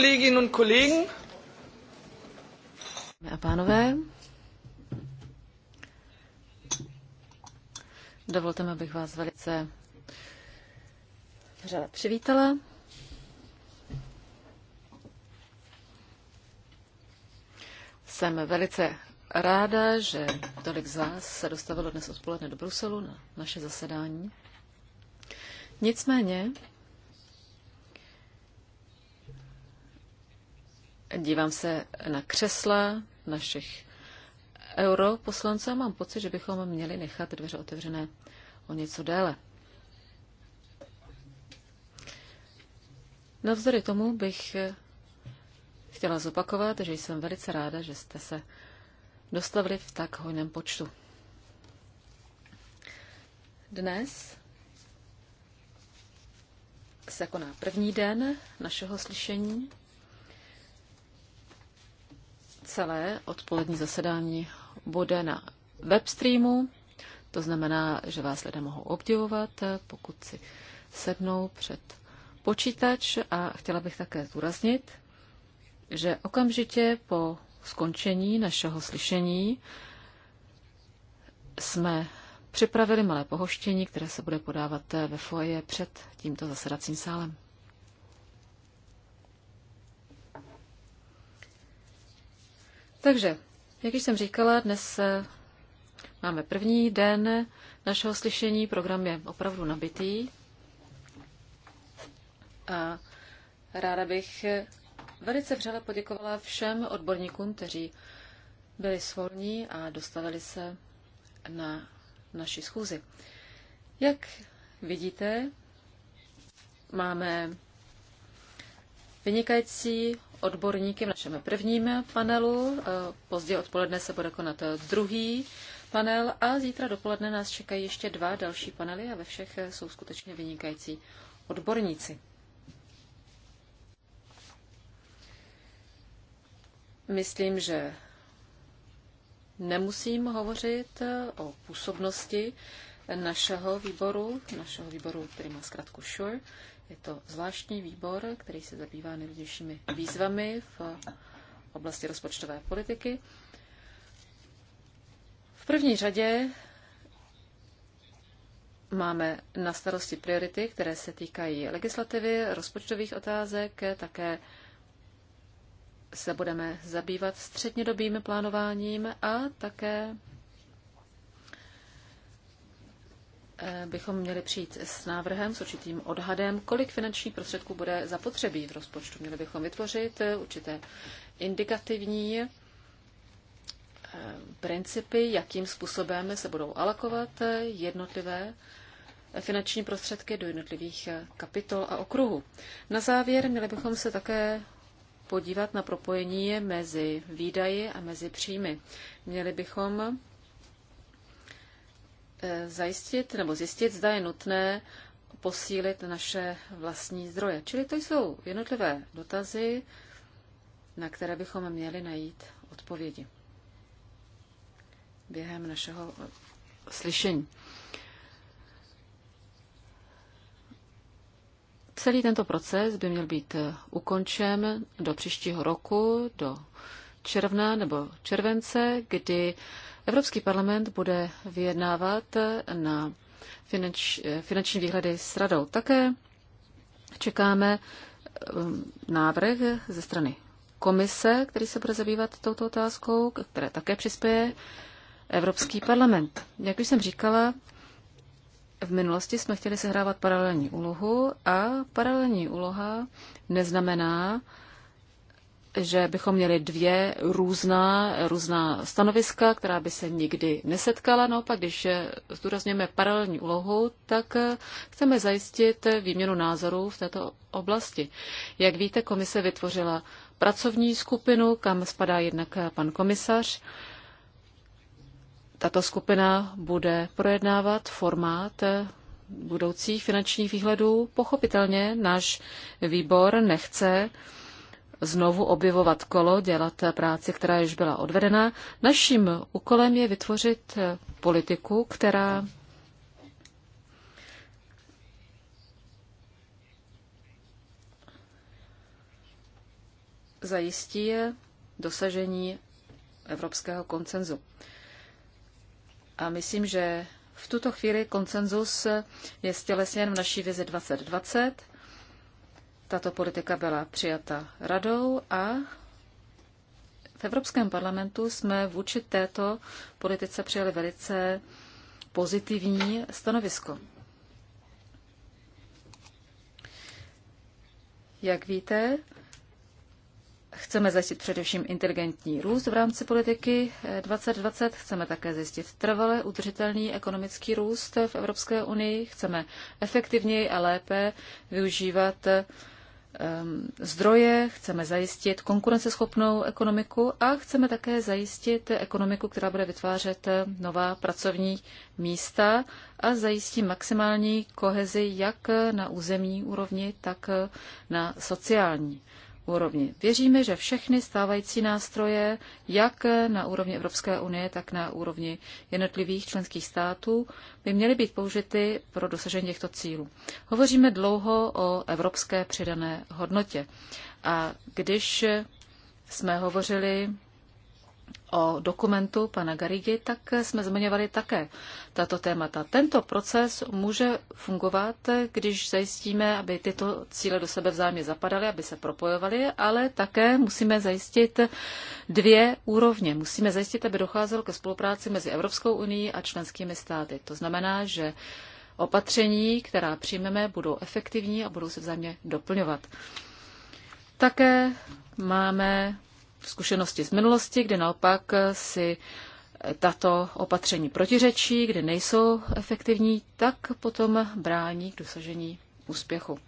Kolleginnen A pánové, dovolte mi, abych vás velice vřele přivítala. Jsem velice ráda, že tolik z vás se dostavilo dnes odpoledne do Bruselu na naše zasedání. Nicméně Dívám se na křesla našich europoslanců a mám pocit, že bychom měli nechat dveře otevřené o něco déle. Navzdory tomu bych chtěla zopakovat, že jsem velice ráda, že jste se dostavili v tak hojném počtu. Dnes se koná první den našeho slyšení. Celé odpolední zasedání bude na webstreamu, to znamená, že vás lidé mohou obdivovat, pokud si sednou před počítač a chtěla bych také zdůraznit, že okamžitě po skončení našeho slyšení jsme připravili malé pohoštění, které se bude podávat ve foje před tímto zasedacím sálem. Takže, jak již jsem říkala, dnes eh, máme první den našeho slyšení. Program je opravdu nabitý. A ráda bych eh, velice vřele poděkovala všem odborníkům, kteří byli svorní a dostavili se na naši schůzi. Jak vidíte, máme vynikající odborníky v našem prvním panelu. E, Později odpoledne se bude konat druhý panel a zítra dopoledne nás čekají ještě dva další panely a ve všech jsou skutečně vynikající odborníci. Myslím, že nemusím hovořit o působnosti našeho výboru, našeho výboru, který má zkrátku SURE. Je to zvláštní výbor, který se zabývá nejrůznějšími výzvami v oblasti rozpočtové politiky. V první řadě máme na starosti priority, které se týkají legislativy, rozpočtových otázek, také se budeme zabývat střednědobým plánováním a také Eh, bychom měli přijít s návrhem, s určitým odhadem, kolik finančních prostředků bude zapotřebí v rozpočtu. Měli bychom vytvořit eh, určité indikativní eh, principy, jakým způsobem se budou alokovat jednotlivé finanční prostředky do jednotlivých kapitol a okruhů. Na závěr měli bychom se také podívat na propojení mezi výdaji a mezi příjmy. Měli bychom Eh, zajistit nebo zjistit, zda je nutné posílit naše vlastní zdroje. Čili to jsou jednotlivé dotazy, na které bychom měli najít odpovědi během našeho eh, slyšení. Celý tento proces by měl být eh, ukončen do příštího roku, do června nebo července, kdy Evropský parlament bude vyjednávat na finanč, finanční výhledy s radou. Také čekáme um, návrh ze strany komise, který se bude zabývat touto otázkou, které také přispěje Evropský parlament. Jak už jsem říkala, v minulosti jsme chtěli sehrávat paralelní úlohu a paralelní úloha neznamená, že bychom měli dvě různá, různá stanoviska, která by se nikdy nesetkala. No, pak, když zdůrazněme paralelní úlohu, tak chceme zajistit výměnu názorů v této oblasti. Jak víte, komise vytvořila pracovní skupinu, kam spadá jednak pan komisař. Tato skupina bude projednávat formát budoucích finančních výhledů. Pochopitelně náš výbor nechce znovu objevovat kolo, dělat práci, která již byla odvedena. Naším úkolem je vytvořit politiku, která zajistí dosažení evropského koncenzu. A myslím, že v tuto chvíli koncenzus je stělesněn v naší vizi 2020 tato politika byla přijata radou a v Evropském parlamentu jsme vůči této politice přijali velice pozitivní stanovisko. Jak víte, chceme zajistit především inteligentní růst v rámci politiky 2020, chceme také zajistit trvalé, udržitelný ekonomický růst v Evropské unii, chceme efektivněji a lépe využívat Ehm, zdroje, chceme zajistit konkurenceschopnou ekonomiku a chceme také zajistit ekonomiku, která bude vytvářet nová pracovní místa a zajistí maximální kohezi jak na územní úrovni, tak na sociální úrovni. Věříme, že všechny stávající nástroje, jak na úrovni Evropské unie, tak na úrovni jednotlivých členských států, by měly být použity pro dosažení těchto cílů. Hovoříme dlouho o evropské přidané hodnotě. A když jsme hovořili o dokumentu pana Garigy, tak jsme zmiňovali také tato témata. Tento proces může fungovat, když zajistíme, aby tyto cíle do sebe vzájemně zapadaly, aby se propojovaly, ale také musíme zajistit dvě úrovně. Musíme zajistit, aby docházelo ke spolupráci mezi Evropskou unii a členskými státy. To znamená, že opatření, která přijmeme, budou efektivní a budou se vzájemně doplňovat. Také máme zkušenosti z minulosti, kdy naopak si tato opatření protiřečí, kdy nejsou efektivní, tak potom brání k dosažení úspěchu.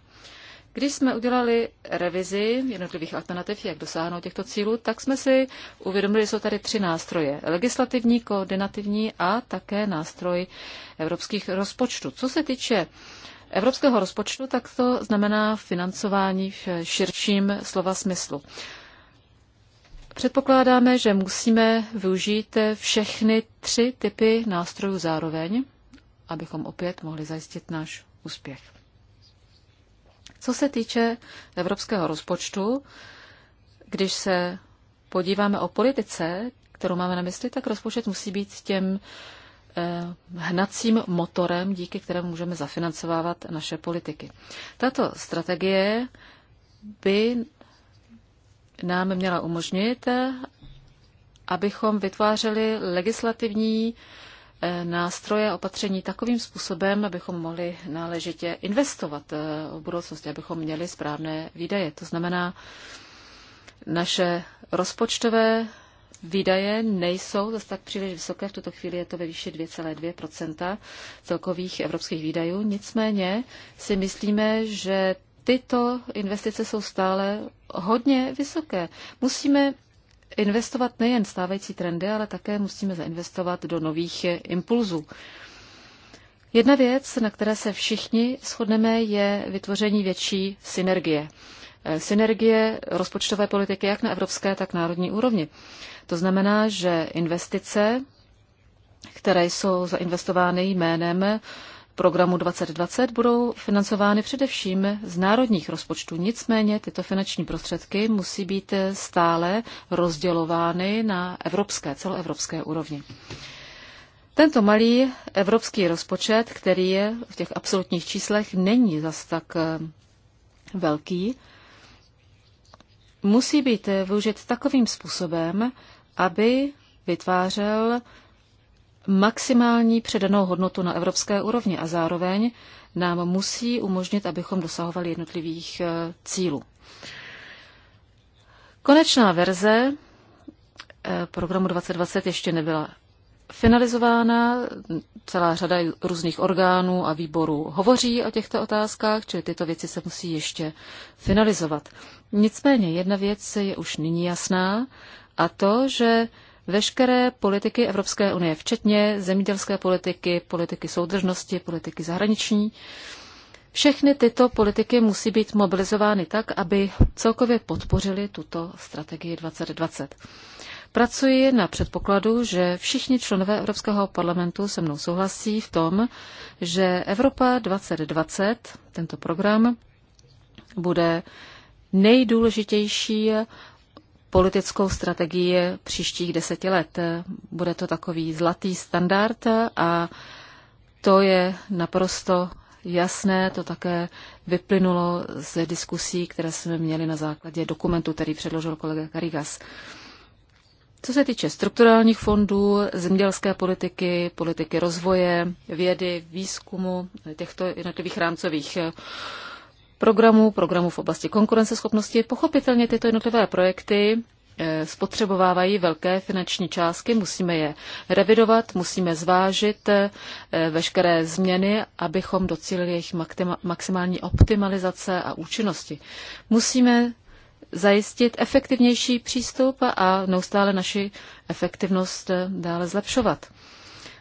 Když jsme udělali revizi jednotlivých alternativ, jak dosáhnout těchto cílů, tak jsme si uvědomili, že jsou tady tři nástroje. Legislativní, koordinativní a také nástroj evropských rozpočtů. Co se týče evropského rozpočtu, tak to znamená financování v širším slova smyslu. Předpokládáme, že musíme využít všechny tři typy nástrojů zároveň, abychom opět mohli zajistit náš úspěch. Co se týče evropského rozpočtu, když se podíváme o politice, kterou máme na mysli, tak rozpočet musí být těm eh, hnacím motorem, díky kterému můžeme zafinancovávat naše politiky. Tato strategie by nám měla umožnit, abychom vytvářeli legislativní eh, nástroje, opatření takovým způsobem, abychom mohli náležitě investovat eh, v budoucnosti, abychom měli správné výdaje. To znamená, naše rozpočtové výdaje nejsou zase tak příliš vysoké, v tuto chvíli je to ve výši 2,2 celkových evropských výdajů. Nicméně si myslíme, že tyto investice jsou stále hodně vysoké. Musíme investovat nejen stávající trendy, ale také musíme zainvestovat do nových impulzů. Jedna věc, na které se všichni shodneme, je vytvoření větší synergie. Eh, synergie rozpočtové politiky jak na evropské, tak na národní úrovni. To znamená, že investice, které jsou zainvestovány jménem programu 2020 budou financovány především z národních rozpočtů. Nicméně tyto finanční prostředky musí být stále rozdělovány na evropské, celoevropské úrovni. Tento malý evropský rozpočet, který je v těch absolutních číslech není zas tak eh, velký, musí být využit takovým způsobem, aby vytvářel maximální předanou hodnotu na evropské úrovni a zároveň nám musí umožnit, abychom dosahovali jednotlivých eh, cílů. Konečná verze eh, programu 2020 ještě nebyla finalizována. Celá řada různých orgánů a výborů hovoří o těchto otázkách, čili tyto věci se musí ještě finalizovat. Nicméně jedna věc je už nyní jasná a to, že veškeré politiky Evropské unie, včetně zemědělské politiky, politiky soudržnosti, politiky zahraniční. Všechny tyto politiky musí být mobilizovány tak, aby celkově podpořili tuto strategii 2020. Pracuji na předpokladu, že všichni členové Evropského parlamentu se mnou souhlasí v tom, že Evropa 2020, tento program, bude nejdůležitější politickou strategii příštích deseti let. Bude to takový zlatý standard a to je naprosto jasné, to také vyplynulo z diskusí, které jsme měli na základě dokumentu, který předložil kolega Karigas. Co se týče strukturálních fondů, zemědělské politiky, politiky rozvoje, vědy, výzkumu, těchto jednotlivých rámcových programů, programů v oblasti konkurenceschopnosti. Pochopitelně tyto jednotlivé projekty eh, spotřebovávají velké finanční částky, musíme je revidovat, musíme zvážit eh, veškeré změny, abychom docílili jejich maximální optimalizace a účinnosti. Musíme zajistit efektivnější přístup a neustále naši efektivnost eh, dále zlepšovat.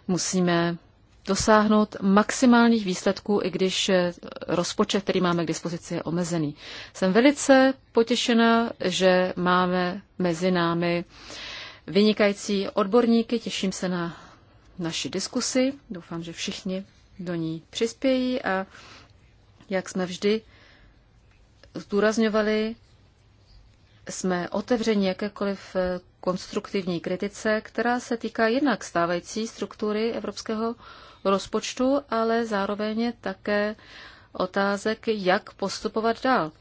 Musíme dosáhnout maximálních výsledků, i když eh, rozpočet, který máme k dispozici, je omezený. Jsem velice potěšena, že máme mezi námi vynikající odborníky. Těším se na naši diskusi. Doufám, že všichni do ní přispějí a jak jsme vždy zdůrazňovali, jsme otevřeni jakékoliv eh, konstruktivní kritice, která se týká jednak stávající struktury Evropského rozpočtu, ale zároveň také otázek, jak postupovat dál.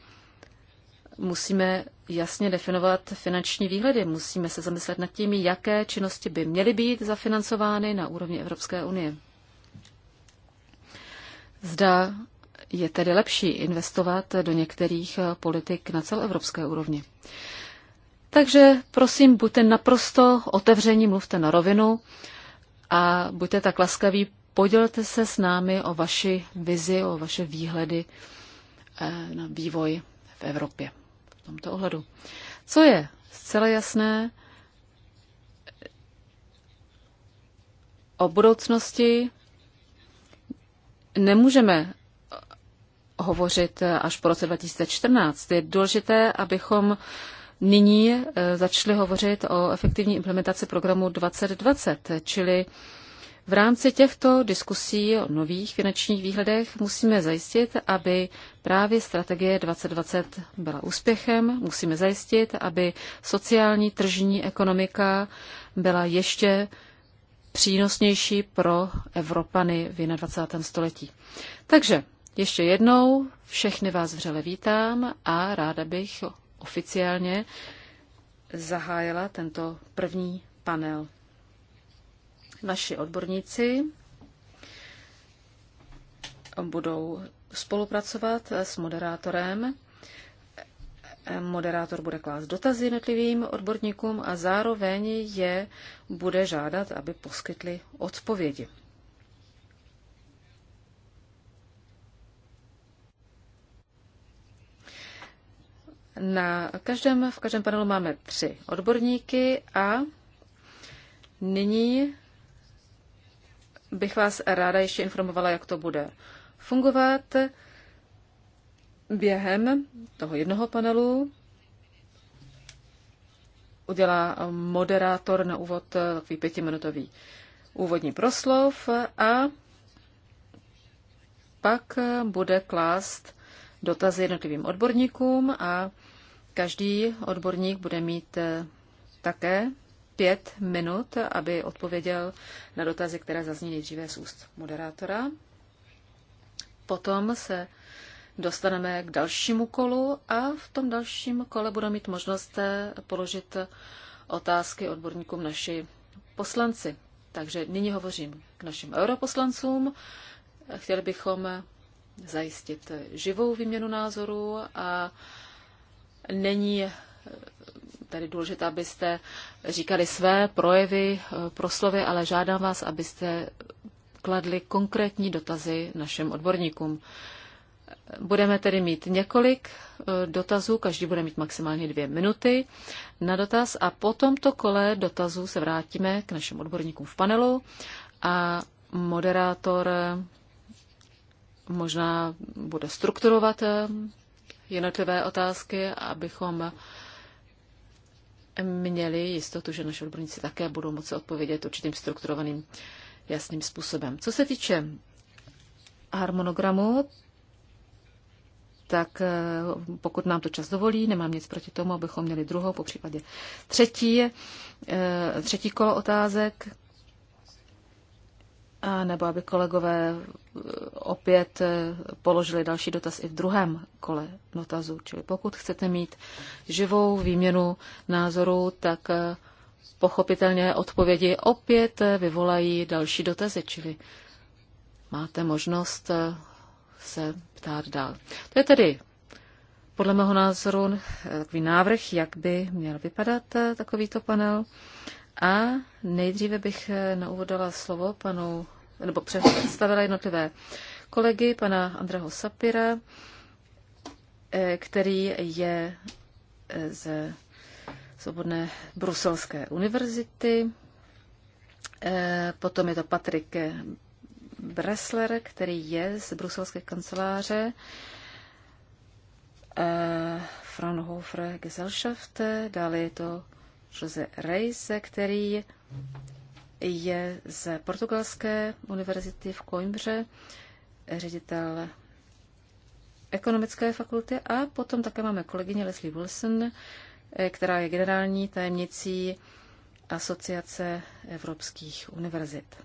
Musíme jasně definovat finanční výhledy. Musíme se zamyslet nad tím, jaké činnosti by měly být zafinancovány na úrovni Evropské unie. Zda je tedy lepší investovat do některých politik na celoevropské úrovni. Takže prosím, buďte naprosto otevření, mluvte na rovinu a buďte tak laskaví Podělte se s námi o vaši vizi, o vaše výhledy eh, na vývoj v Evropě v tomto ohledu. Co je zcela jasné o budoucnosti, nemůžeme hovořit až po roce 2014. Je důležité, abychom nyní eh, začali hovořit o efektivní implementaci programu 2020, čili v rámci těchto diskusí o nových finančních výhledech musíme zajistit, aby právě strategie 2020 byla úspěchem. Musíme zajistit, aby sociální tržní ekonomika byla ještě přínosnější pro Evropany v 21. století. Takže ještě jednou všechny vás vřele vítám a ráda bych oficiálně zahájila tento první panel Naši odborníci budou spolupracovat s moderátorem. Moderátor bude klást dotazy jednotlivým odborníkům a zároveň je bude žádat, aby poskytli odpovědi. Na každém, v každém panelu máme tři odborníky a nyní bych vás ráda ještě informovala, jak to bude fungovat během toho jednoho panelu udělá moderátor na úvod takový pětiminutový úvodní proslov a pak bude klást dotazy jednotlivým odborníkům a každý odborník bude mít také pět minut, aby odpověděl na dotazy, které zazní nejdříve z úst moderátora. Potom se dostaneme k dalšímu kolu a v tom dalším kole budou mít možnost eh, položit otázky odborníkům naši poslanci. Takže nyní hovořím k našim europoslancům. Chtěli bychom zajistit živou výměnu názorů a není tedy důležité, abyste říkali své projevy, eh, proslovy, ale žádám vás, abyste kladli konkrétní dotazy našim odborníkům. Budeme tedy mít několik eh, dotazů, každý bude mít maximálně dvě minuty na dotaz a po tomto kole dotazů se vrátíme k našim odborníkům v panelu a moderátor eh, možná bude strukturovat jednotlivé otázky, abychom měli jistotu, že naše odborníci také budou moci odpovědět určitým strukturovaným jasným způsobem. Co se týče harmonogramu, tak eh, pokud nám to čas dovolí, nemám nic proti tomu, abychom měli druhou, po případě třetí, eh, třetí kolo otázek. A nebo aby kolegové eh, opět eh, položili další dotaz i v druhém kole dotazu. Čili pokud chcete mít živou výměnu názorů, tak eh, pochopitelně odpovědi opět vyvolají další dotazy, čili máte možnost se ptát dál. To je tedy podle mého názoru takový návrh, jak by měl vypadat takovýto panel. A nejdříve bych eh, na úvod dala slovo panu, nebo představila jednotlivé kolegy, pana Andreho Sapira, eh, který je eh, z Svobodné bruselské univerzity. Potom je to Patrik Bressler, který je z bruselské kanceláře. Fraunhofer Gesellschaft, dále je to Jose Reise, který je z portugalské univerzity v Coimbře, ředitel ekonomické fakulty a potom také máme kolegyně Leslie Wilson, eh, která je generální tajemnicí Asociace evropských univerzit.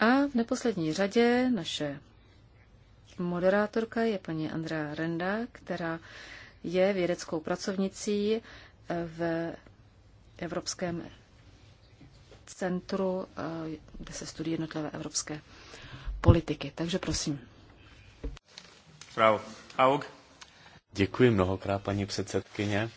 A v neposlední řadě naše moderátorka je paní Andrea Renda, která je vědeckou pracovnicí eh, v Evropském centru, eh, kde se studují jednotlivé evropské politiky. Takže prosím. Frau Děkuji mnohokrát, paní předsedkyně.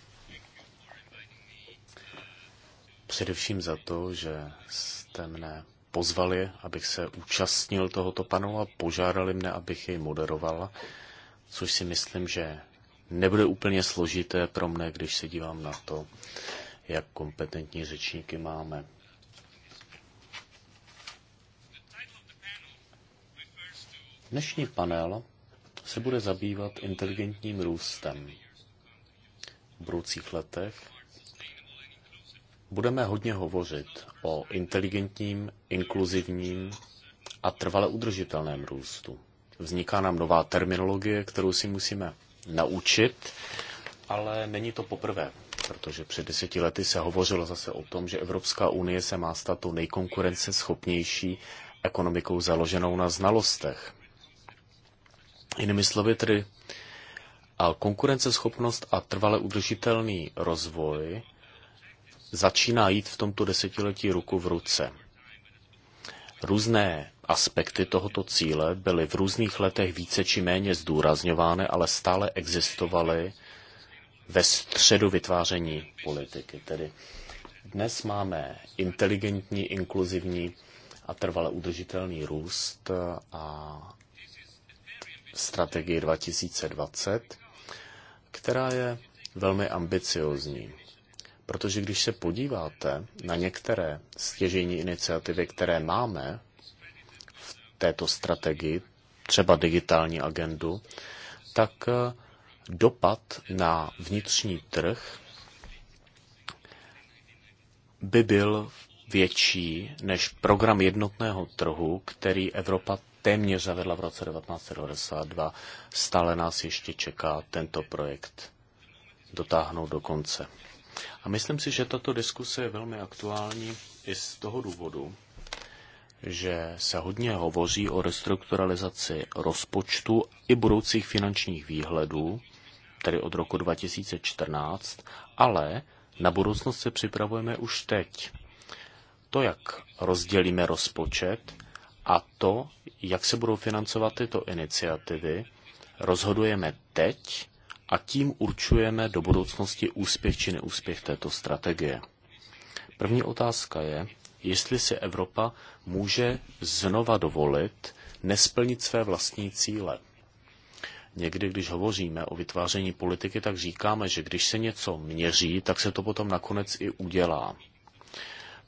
Především za to, že jste mne pozvali, abych se účastnil tohoto panelu a požádali mne, abych jej moderoval, což si myslím, že nebude úplně složité pro mne, když se dívám na to, jak kompetentní řečníky máme. Dnešní panel se bude zabývat inteligentním růstem v budoucích letech budeme hodně hovořit o inteligentním, inkluzivním a trvale udržitelném růstu. Vzniká nám nová terminologie, kterou si musíme naučit, ale není to poprvé, protože před deseti lety se hovořilo zase o tom, že Evropská unie se má stát tou nejkonkurenceschopnější ekonomikou založenou na znalostech. Jinými slovy tedy, a konkurenceschopnost a trvale udržitelný rozvoj začíná jít v tomto desetiletí ruku v ruce. Různé aspekty tohoto cíle byly v různých letech více či méně zdůrazňovány, ale stále existovaly ve středu vytváření politiky. Tedy dnes máme inteligentní, inkluzivní a trvale udržitelný růst a strategii 2020, která je velmi ambiciozní. Protože když se podíváte na některé stěžení iniciativy, které máme v této strategii, třeba digitální agendu, tak eh, dopad na vnitřní trh by byl větší než program jednotného trhu, který Evropa téměř zavedla v roce 1992. Stále nás ještě čeká tento projekt dotáhnout do konce. A myslím si, že tato diskuse je velmi aktuální i z toho důvodu, že se hodně hovoří o restrukturalizaci rozpočtu i budoucích finančních výhledů, tedy od roku 2014, ale na budoucnost se připravujeme už teď. To, jak rozdělíme rozpočet a to, jak se budou financovat tyto iniciativy, rozhodujeme teď a tím určujeme do budoucnosti úspěch či neúspěch této strategie. První otázka je, jestli si Evropa může znova dovolit nesplnit své vlastní cíle. Někdy, když hovoříme o vytváření politiky, tak říkáme, že když se něco měří, tak se to potom nakonec i udělá.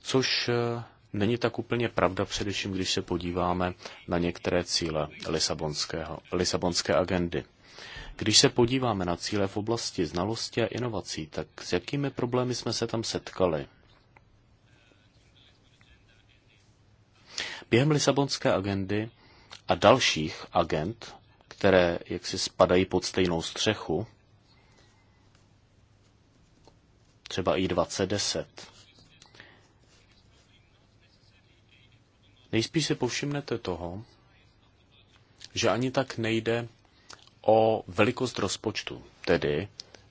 Což eh, není tak úplně pravda, především když se podíváme na některé cíle Lisabonské agendy. Když se podíváme na cíle v oblasti znalosti a inovací, tak s jakými problémy jsme se tam setkali? Během Lisabonské agendy a dalších agent, které jaksi spadají pod stejnou střechu, třeba i 2010. Nejspíš si povšimnete toho, že ani tak nejde o velikost rozpočtu, tedy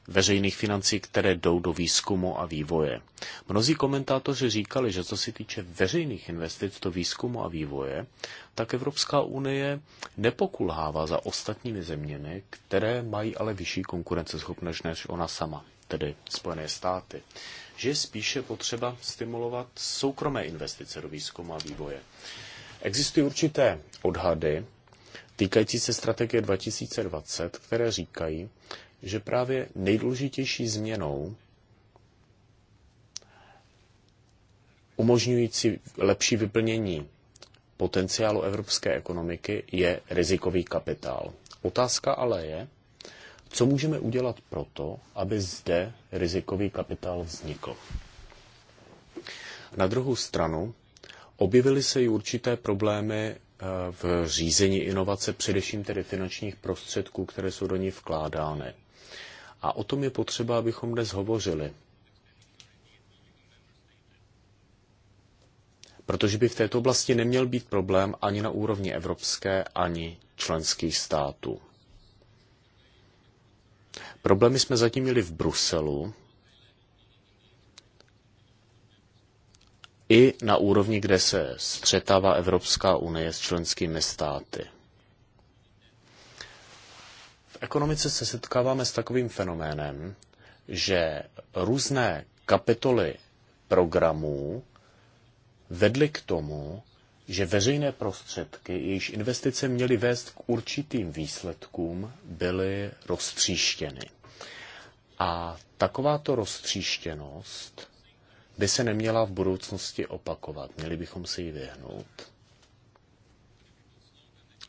veřejných financí, které jdou do výzkumu a vývoje. Mnozí komentátoři říkali, že co se týče veřejných investic do výzkumu a vývoje, tak Evropská unie nepokulhává za ostatními zeměmi, které mají ale vyšší konkurenceschopnost než ona sama, tedy Spojené státy. Že je spíše potřeba stimulovat soukromé investice do výzkumu a vývoje. Existují určité odhady, týkající se strategie 2020, které říkají, že právě nejdůležitější změnou umožňující lepší vyplnění potenciálu evropské ekonomiky je rizikový kapitál. Otázka ale je, co můžeme udělat proto, aby zde rizikový kapitál vznikl. Na druhou stranu, objevily se i určité problémy Eh, v řízení inovace, především tedy finančních prostředků, které jsou do ní vkládány. A o tom je potřeba, abychom dnes hovořili. Protože by v této oblasti neměl být problém ani na úrovni evropské, ani členských států. Problémy jsme zatím měli v Bruselu, i na úrovni, kde se střetává Evropská unie s členskými státy. V ekonomice se setkáváme s takovým fenoménem, že různé kapitoly programů vedly k tomu, že veřejné prostředky, jejichž investice měly vést k určitým výsledkům, byly roztříštěny. A takováto roztříštěnost by se neměla v budoucnosti opakovat. Měli bychom se jí vyhnout.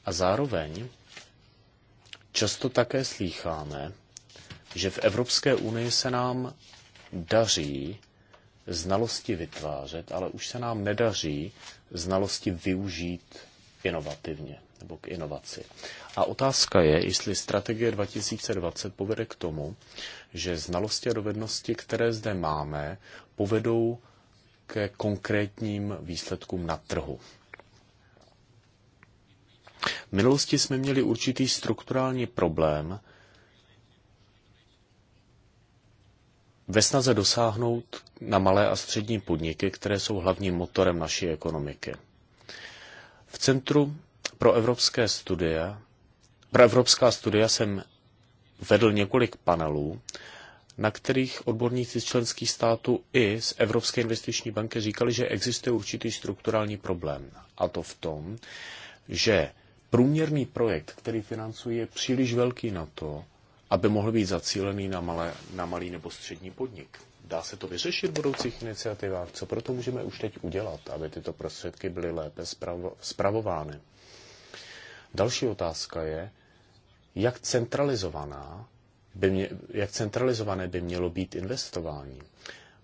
A zároveň často také slýcháme, že v Evropské unii se nám daří znalosti vytvářet, ale už se nám nedaří znalosti využít inovativně nebo k inovaci. A otázka je, jestli strategie 2020 povede k tomu, že znalosti a dovednosti, které zde máme, povedou ke konkrétním výsledkům na trhu. V minulosti jsme měli určitý strukturální problém ve snaze dosáhnout na malé a střední podniky, které jsou hlavním motorem naší ekonomiky. V Centru pro evropské studie, pro evropská studia jsem vedl několik panelů na kterých odborníci z členských států i z Evropské investiční banky říkali, že existuje určitý strukturální problém. A to v tom, že průměrný projekt, který financuje, je příliš velký na to, aby mohl být zacílený na, malé, na malý nebo střední podnik. Dá se to vyřešit v budoucích iniciativách? Co proto můžeme už teď udělat, aby tyto prostředky byly lépe spravo, spravovány? Další otázka je, jak centralizovaná by mě, jak centralizované by mělo být investování.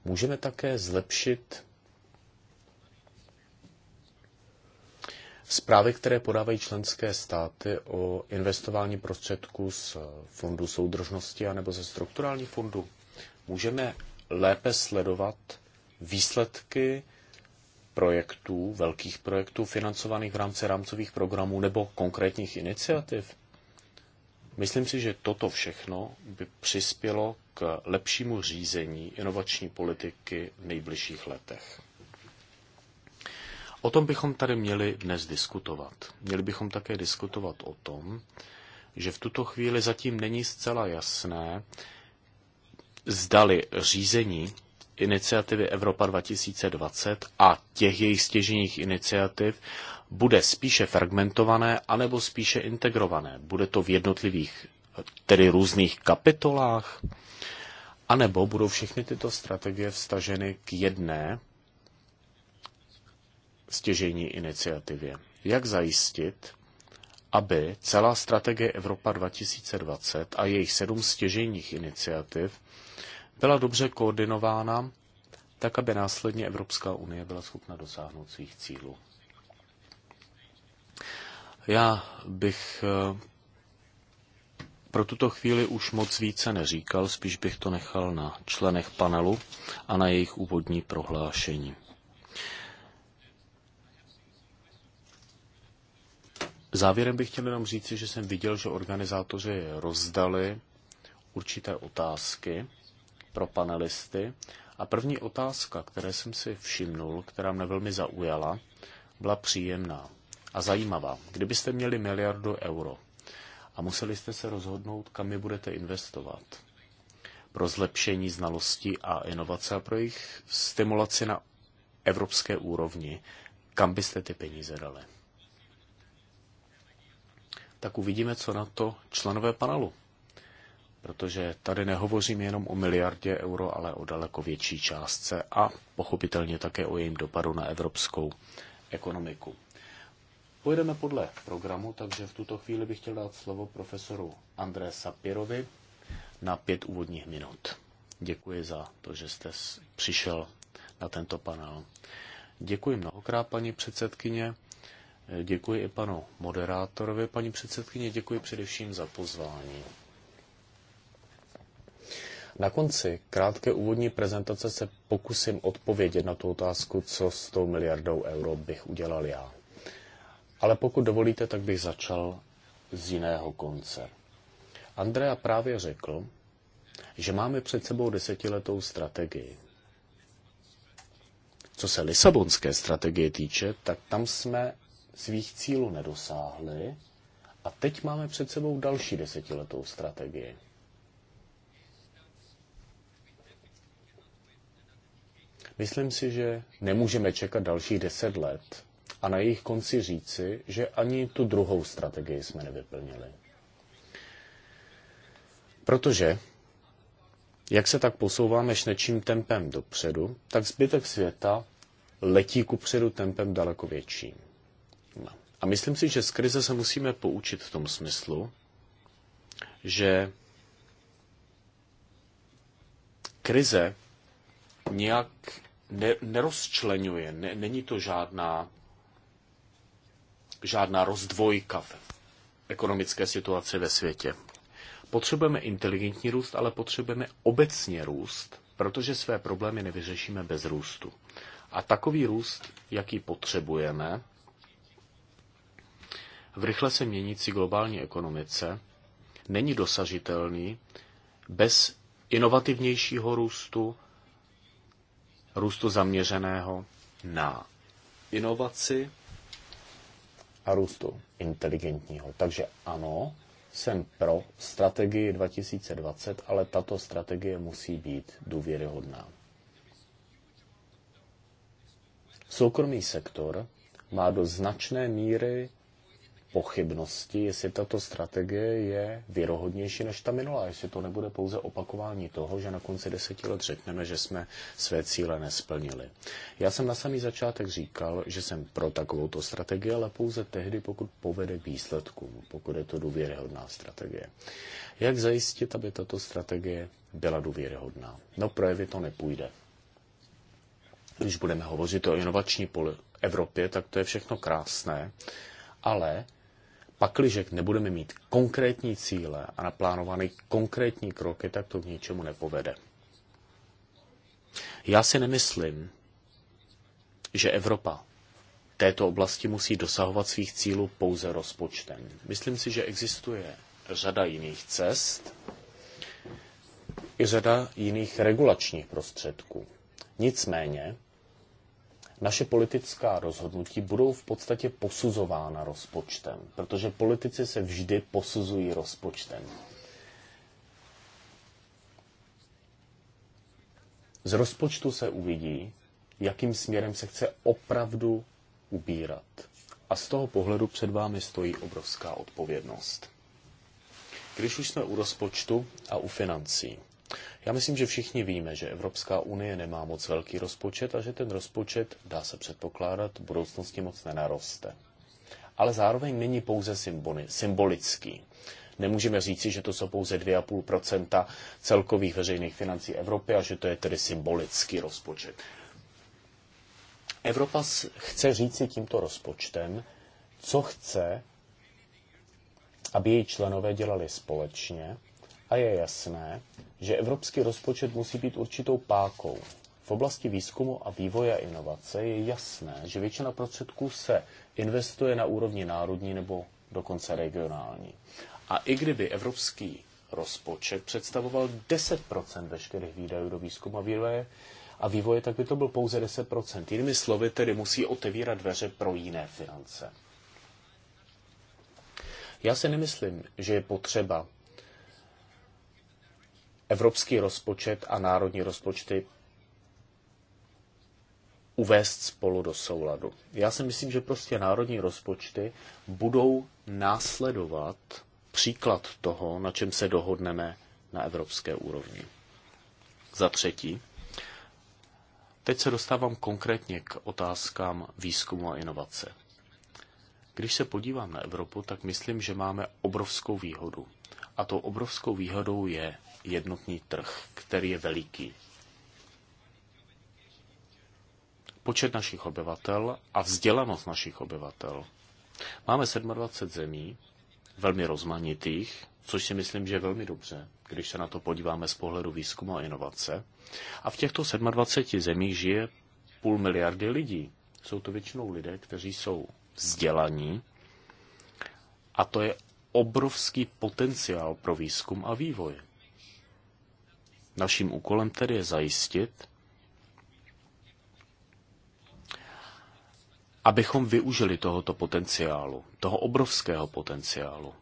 Můžeme také zlepšit zprávy, které podávají členské státy o investování prostředků z fondu soudržnosti anebo ze strukturálních fondů. Můžeme lépe sledovat výsledky projektů, velkých projektů financovaných v rámci rámcových programů nebo konkrétních iniciativ. Myslím si, že toto všechno by přispělo k lepšímu řízení inovační politiky v nejbližších letech. O tom bychom tady měli dnes diskutovat. Měli bychom také diskutovat o tom, že v tuto chvíli zatím není zcela jasné, zdali řízení iniciativy Evropa 2020 a těch jejich stěženích iniciativ bude spíše fragmentované anebo spíše integrované? Bude to v jednotlivých, tedy různých kapitolách? A nebo budou všechny tyto strategie vstaženy k jedné stěžejní iniciativě? Jak zajistit, aby celá strategie Evropa 2020 a jejich sedm stěžejních iniciativ byla dobře koordinována, tak aby následně Evropská unie byla schopna dosáhnout svých cílů. Já bych eh, pro tuto chvíli už moc více neříkal, spíš bych to nechal na členech panelu a na jejich úvodní prohlášení. Závěrem bych chtěl jenom říci, že jsem viděl, že organizátoři rozdali určité otázky pro panelisty. A první otázka, které jsem si všimnul, která mě velmi zaujala, byla příjemná a zajímavá. Kdybyste měli miliardu euro a museli jste se rozhodnout, kam je budete investovat, pro zlepšení znalostí a inovace a pro jejich stimulaci na evropské úrovni, kam byste ty peníze dali? Tak uvidíme, co na to členové panelu. Protože tady nehovořím jenom o miliardě euro, ale o daleko větší částce a pochopitelně také o jejím dopadu na evropskou ekonomiku. Pojedeme podle programu, takže v tuto chvíli bych chtěl dát slovo profesoru André Sapirovi na pět úvodních minut. Děkuji za to, že jste přišel na tento panel. Děkuji mnohokrát, paní předsedkyně. Děkuji i panu moderátorovi, paní předsedkyně. Děkuji především za pozvání. Na konci krátké úvodní prezentace se pokusím odpovědět na tu otázku, co s tou miliardou euro bych udělal já. Ale pokud dovolíte, tak bych začal z jiného konce. Andrea právě řekl, že máme před sebou desetiletou strategii. Co se Lisabonské strategie týče, tak tam jsme svých cílů nedosáhli a teď máme před sebou další desetiletou strategii. Myslím si, že nemůžeme čekat dalších deset let, a na jejich konci říci, že ani tu druhou strategii jsme nevyplnili. Protože jak se tak posouváme šnečím tempem dopředu, tak zbytek světa letí kupředu tempem daleko větším. No. A myslím si, že z krize se musíme poučit v tom smyslu, že krize nějak nerozčlenuje, ne, není to žádná žádná rozdvojka v ekonomické situaci ve světě. Potřebujeme inteligentní růst, ale potřebujeme obecně růst, protože své problémy nevyřešíme bez růstu. A takový růst, jaký potřebujeme, v rychle se měnící globální ekonomice není dosažitelný bez inovativnějšího růstu, růstu zaměřeného na inovaci a růstu inteligentního. Takže ano, jsem pro strategii 2020, ale tato strategie musí být důvěryhodná. Soukromý sektor má do značné míry pochybnosti, jestli tato strategie je věrohodnější než ta minulá, jestli to nebude pouze opakování toho, že na konci deseti let řekneme, že jsme své cíle nesplnili. Já jsem na samý začátek říkal, že jsem pro takovouto strategii, ale pouze tehdy, pokud povede k výsledkům, pokud je to důvěryhodná strategie. Jak zajistit, aby tato strategie byla důvěryhodná? No projevy to nepůjde. Když budeme hovořit o inovační Evropě, tak to je všechno krásné, ale pakliže nebudeme mít konkrétní cíle a naplánované konkrétní kroky, tak to k ničemu nepovede. Já si nemyslím, že Evropa této oblasti musí dosahovat svých cílů pouze rozpočtem. Myslím si, že existuje řada jiných cest i řada jiných regulačních prostředků. Nicméně naše politická rozhodnutí budou v podstatě posuzována rozpočtem, protože politici se vždy posuzují rozpočtem. Z rozpočtu se uvidí, jakým směrem se chce opravdu ubírat. A z toho pohledu před vámi stojí obrovská odpovědnost. Když už jsme u rozpočtu a u financí, já myslím, že všichni víme, že Evropská unie nemá moc velký rozpočet a že ten rozpočet, dá se předpokládat, v budoucnosti moc nenaroste. Ale zároveň není pouze symboli, symbolický. Nemůžeme říci, že to jsou pouze 2,5 celkových veřejných financí Evropy a že to je tedy symbolický rozpočet. Evropa chce říci tímto rozpočtem, co chce, aby její členové dělali společně a je jasné, že evropský rozpočet musí být určitou pákou. V oblasti výzkumu a vývoje a inovace je jasné, že většina prostředků se investuje na úrovni národní nebo dokonce regionální. A i kdyby evropský rozpočet představoval 10 veškerých výdajů do výzkumu a vývoje, a vývoje, tak by to byl pouze 10 Jinými slovy, tedy musí otevírat dveře pro jiné finance. Já si nemyslím, že je potřeba evropský rozpočet a národní rozpočty uvést spolu do souladu. Já si myslím, že prostě národní rozpočty budou následovat příklad toho, na čem se dohodneme na evropské úrovni. Za třetí, teď se dostávám konkrétně k otázkám výzkumu a inovace. Když se podívám na Evropu, tak myslím, že máme obrovskou výhodu. A tou obrovskou výhodou je jednotný trh, který je veliký. Počet našich obyvatel a vzdělanost našich obyvatel. Máme 27 zemí, velmi rozmanitých, což si myslím, že je velmi dobře, když se na to podíváme z pohledu výzkumu a inovace. A v těchto 27 zemích žije půl miliardy lidí. Jsou to většinou lidé, kteří jsou vzdělaní a to je obrovský potenciál pro výzkum a vývoj. Naším úkolem tedy je zajistit, abychom využili tohoto potenciálu, toho obrovského potenciálu.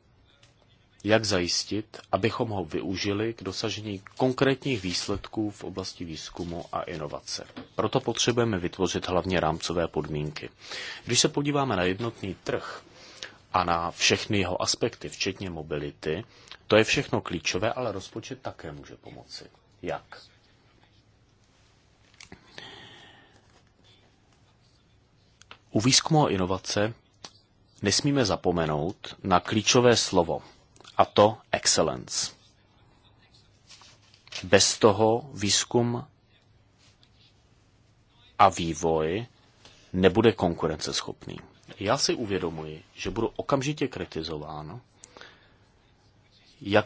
Jak zajistit, abychom ho využili k dosažení konkrétních výsledků v oblasti výzkumu a inovace. Proto potřebujeme vytvořit hlavně rámcové podmínky. Když se podíváme na jednotný trh a na všechny jeho aspekty, včetně mobility, to je všechno klíčové, ale rozpočet také může pomoci jak. U výzkumu a inovace nesmíme zapomenout na klíčové slovo, a to excellence. Bez toho výzkum a vývoj nebude konkurenceschopný. Já si uvědomuji, že budu okamžitě kritizován, jak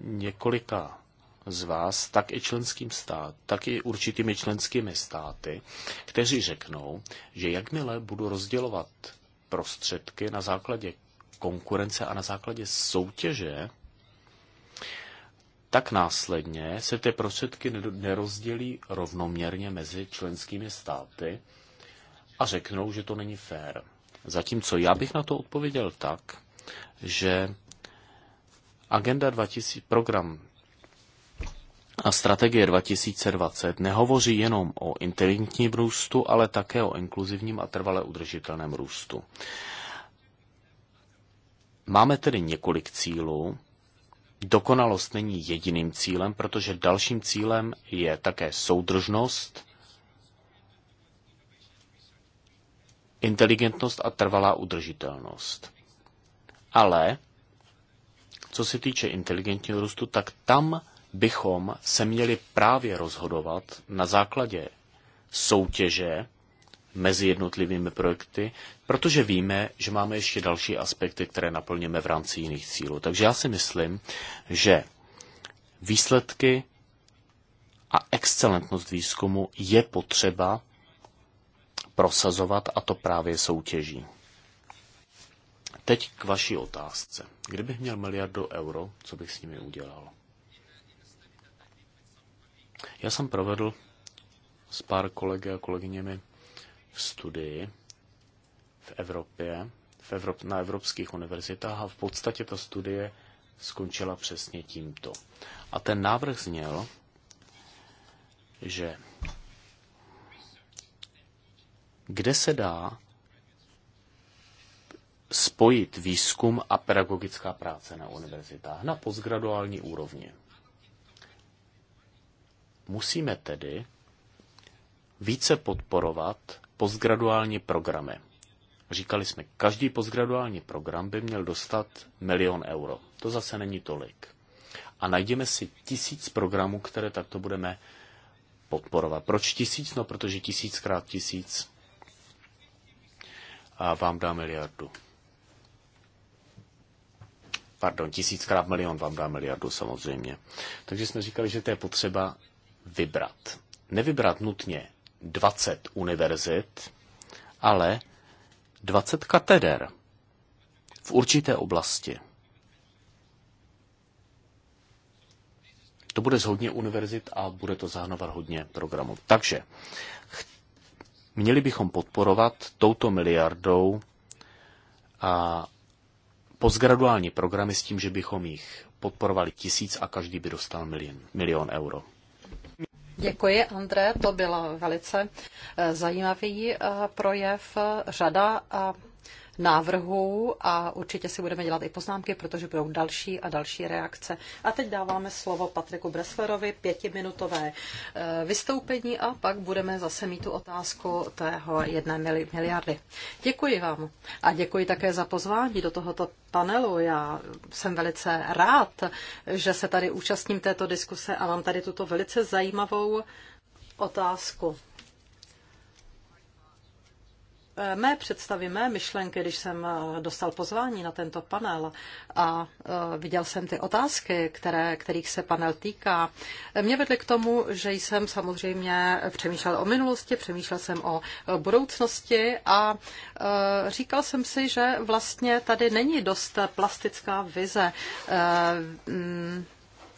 několika z vás, tak i členským stát, tak i určitými členskými státy, kteří řeknou, že jakmile budu rozdělovat prostředky na základě konkurence a na základě soutěže, tak následně se ty prostředky nerozdělí rovnoměrně mezi členskými státy a řeknou, že to není fér. Zatímco já bych na to odpověděl tak, že agenda 2000, program a strategie 2020 nehovoří jenom o inteligentním růstu, ale také o inkluzivním a trvale udržitelném růstu. Máme tedy několik cílů. Dokonalost není jediným cílem, protože dalším cílem je také soudržnost, inteligentnost a trvalá udržitelnost. Ale co se týče inteligentního růstu, tak tam bychom se měli právě rozhodovat na základě soutěže mezi jednotlivými projekty, protože víme, že máme ještě další aspekty, které naplníme v rámci jiných cílů. Takže já si myslím, že výsledky a excelentnost výzkumu je potřeba prosazovat a to právě soutěží. Teď k vaší otázce. Kdybych měl miliardu euro, co bych s nimi udělal? Já jsem provedl s pár kolegy a kolegyněmi studii v Evropě, v Evrop, na evropských univerzitách a v podstatě ta studie skončila přesně tímto. A ten návrh zněl, že kde se dá spojit výzkum a pedagogická práce na univerzitách na postgraduální úrovni. Musíme tedy více podporovat postgraduální programy. Říkali jsme, každý postgraduální program by měl dostat milion euro. To zase není tolik. A najdeme si tisíc programů, které takto budeme podporovat. Proč tisíc? No, protože tisíckrát tisíc a vám dá miliardu. Pardon, tisíckrát milion vám dá miliardu samozřejmě. Takže jsme říkali, že to je potřeba vybrat. Nevybrat nutně 20 univerzit, ale 20 kateder v určité oblasti. To bude z hodně univerzit a bude to zahrnovat hodně programů. Takže měli bychom podporovat touto miliardou a postgraduální programy s tím, že bychom jich podporovali tisíc a každý by dostal milion, milion euro. Děkuji, André. To byl velice eh, zajímavý eh, projev. Eh, řada návrhů a určitě si budeme dělat i poznámky, protože budou další a další reakce. A teď dáváme slovo Patriku Breslerovi, pětiminutové eh, vystoupení a pak budeme zase mít tu otázku tého jedné miliardy. Děkuji vám a děkuji také za pozvání do tohoto panelu. Já jsem velice rád, že se tady účastním této diskuse a mám tady tuto velice zajímavou otázku. Eh, mé představy, mé myšlenky, když jsem eh, dostal pozvání na tento panel a eh, viděl jsem ty otázky, které, kterých se panel týká, mě vedly k tomu, že jsem samozřejmě přemýšlel o minulosti, přemýšlel jsem o budoucnosti a říkal jsem si, že vlastně tady není dost plastická vize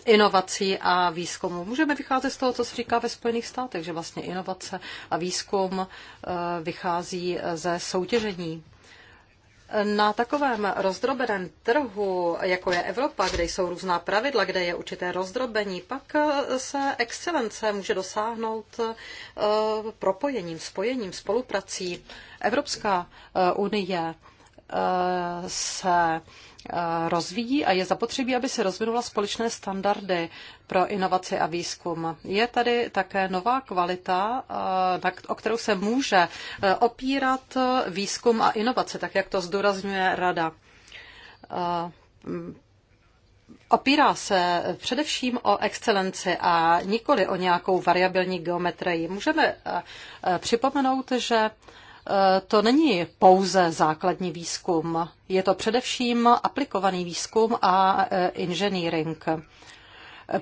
inovací a výzkumu. Můžeme vycházet z toho, co se říká ve Spojených státech, že vlastně inovace a výzkum eh, vychází ze soutěžení. Na takovém rozdrobeném trhu, jako je Evropa, kde jsou různá pravidla, kde je určité rozdrobení, pak eh, se excelence může dosáhnout eh, propojením, spojením, spoluprací. Evropská unie Eh, se eh, rozvíjí a je zapotřebí, aby se rozvinula společné standardy pro inovaci a výzkum. Je tady také nová kvalita, eh, o kterou se může opírat výzkum a inovace, tak jak to zdůrazňuje Rada. Opírá se především o excelenci a nikoli o nějakou variabilní geometrii. Můžeme připomenout, že Eh, to není pouze základní výzkum, je to především aplikovaný výzkum a eh, inženýring.